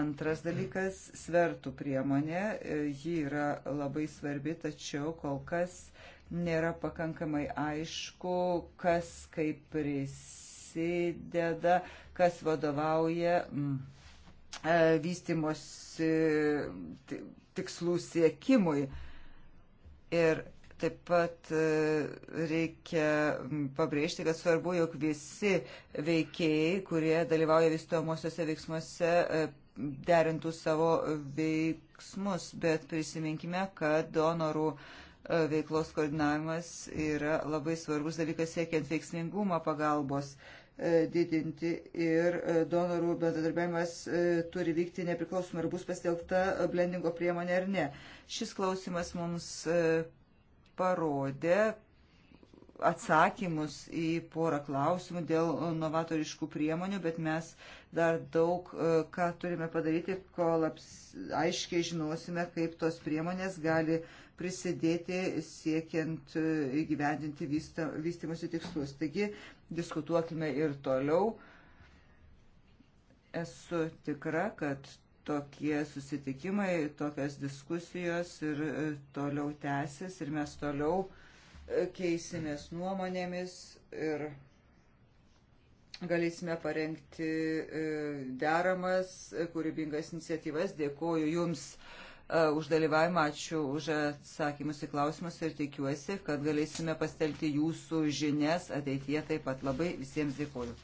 Antras dalykas - svertų priemonė. E, ji yra labai svarbi, tačiau kol kas nėra pakankamai aišku, kas kaip prisideda, kas vadovauja mm, e, vystimosi tikslų siekimui. Ir Taip pat e, reikia mm, pabrėžti, kad svarbu, jog visi veikėjai, kurie dalyvauja vystomosiuose veiksmuose, e, derintų savo veiksmus, bet prisiminkime, kad donorų uh, veiklos koordinavimas yra labai svarbus dalykas siekiant veiksmingumą pagalbos e, didinti ir e, donorų bendradarbiavimas e, turi vykti nepriklausomai ar bus pasitelkta blendingo priemonė ar ne. Šis klausimas mums parodė atsakymus į porą klausimų dėl novatoriškų priemonių, bet mes dar daug ką turime padaryti, kol aiškiai žinosime, kaip tos priemonės gali uh, prisidėti siekiant e, įgyvendinti vystimosi tikslus. Taigi diskutuokime ir toliau. Esu tikra, kad tokie susitikimai, tokios diskusijos ir e, toliau tęsis ir mes toliau e, keisimės nuomonėmis ir galėsime parengti deramas, kūrybingas iniciatyvas. Dėkoju Jums E, už dalyvavimą, ačiū už atsakymus į klausimus ir tikiuosi, kad galėsime pastelti jūsų žinias ateityje taip pat labai visiems dėkoju.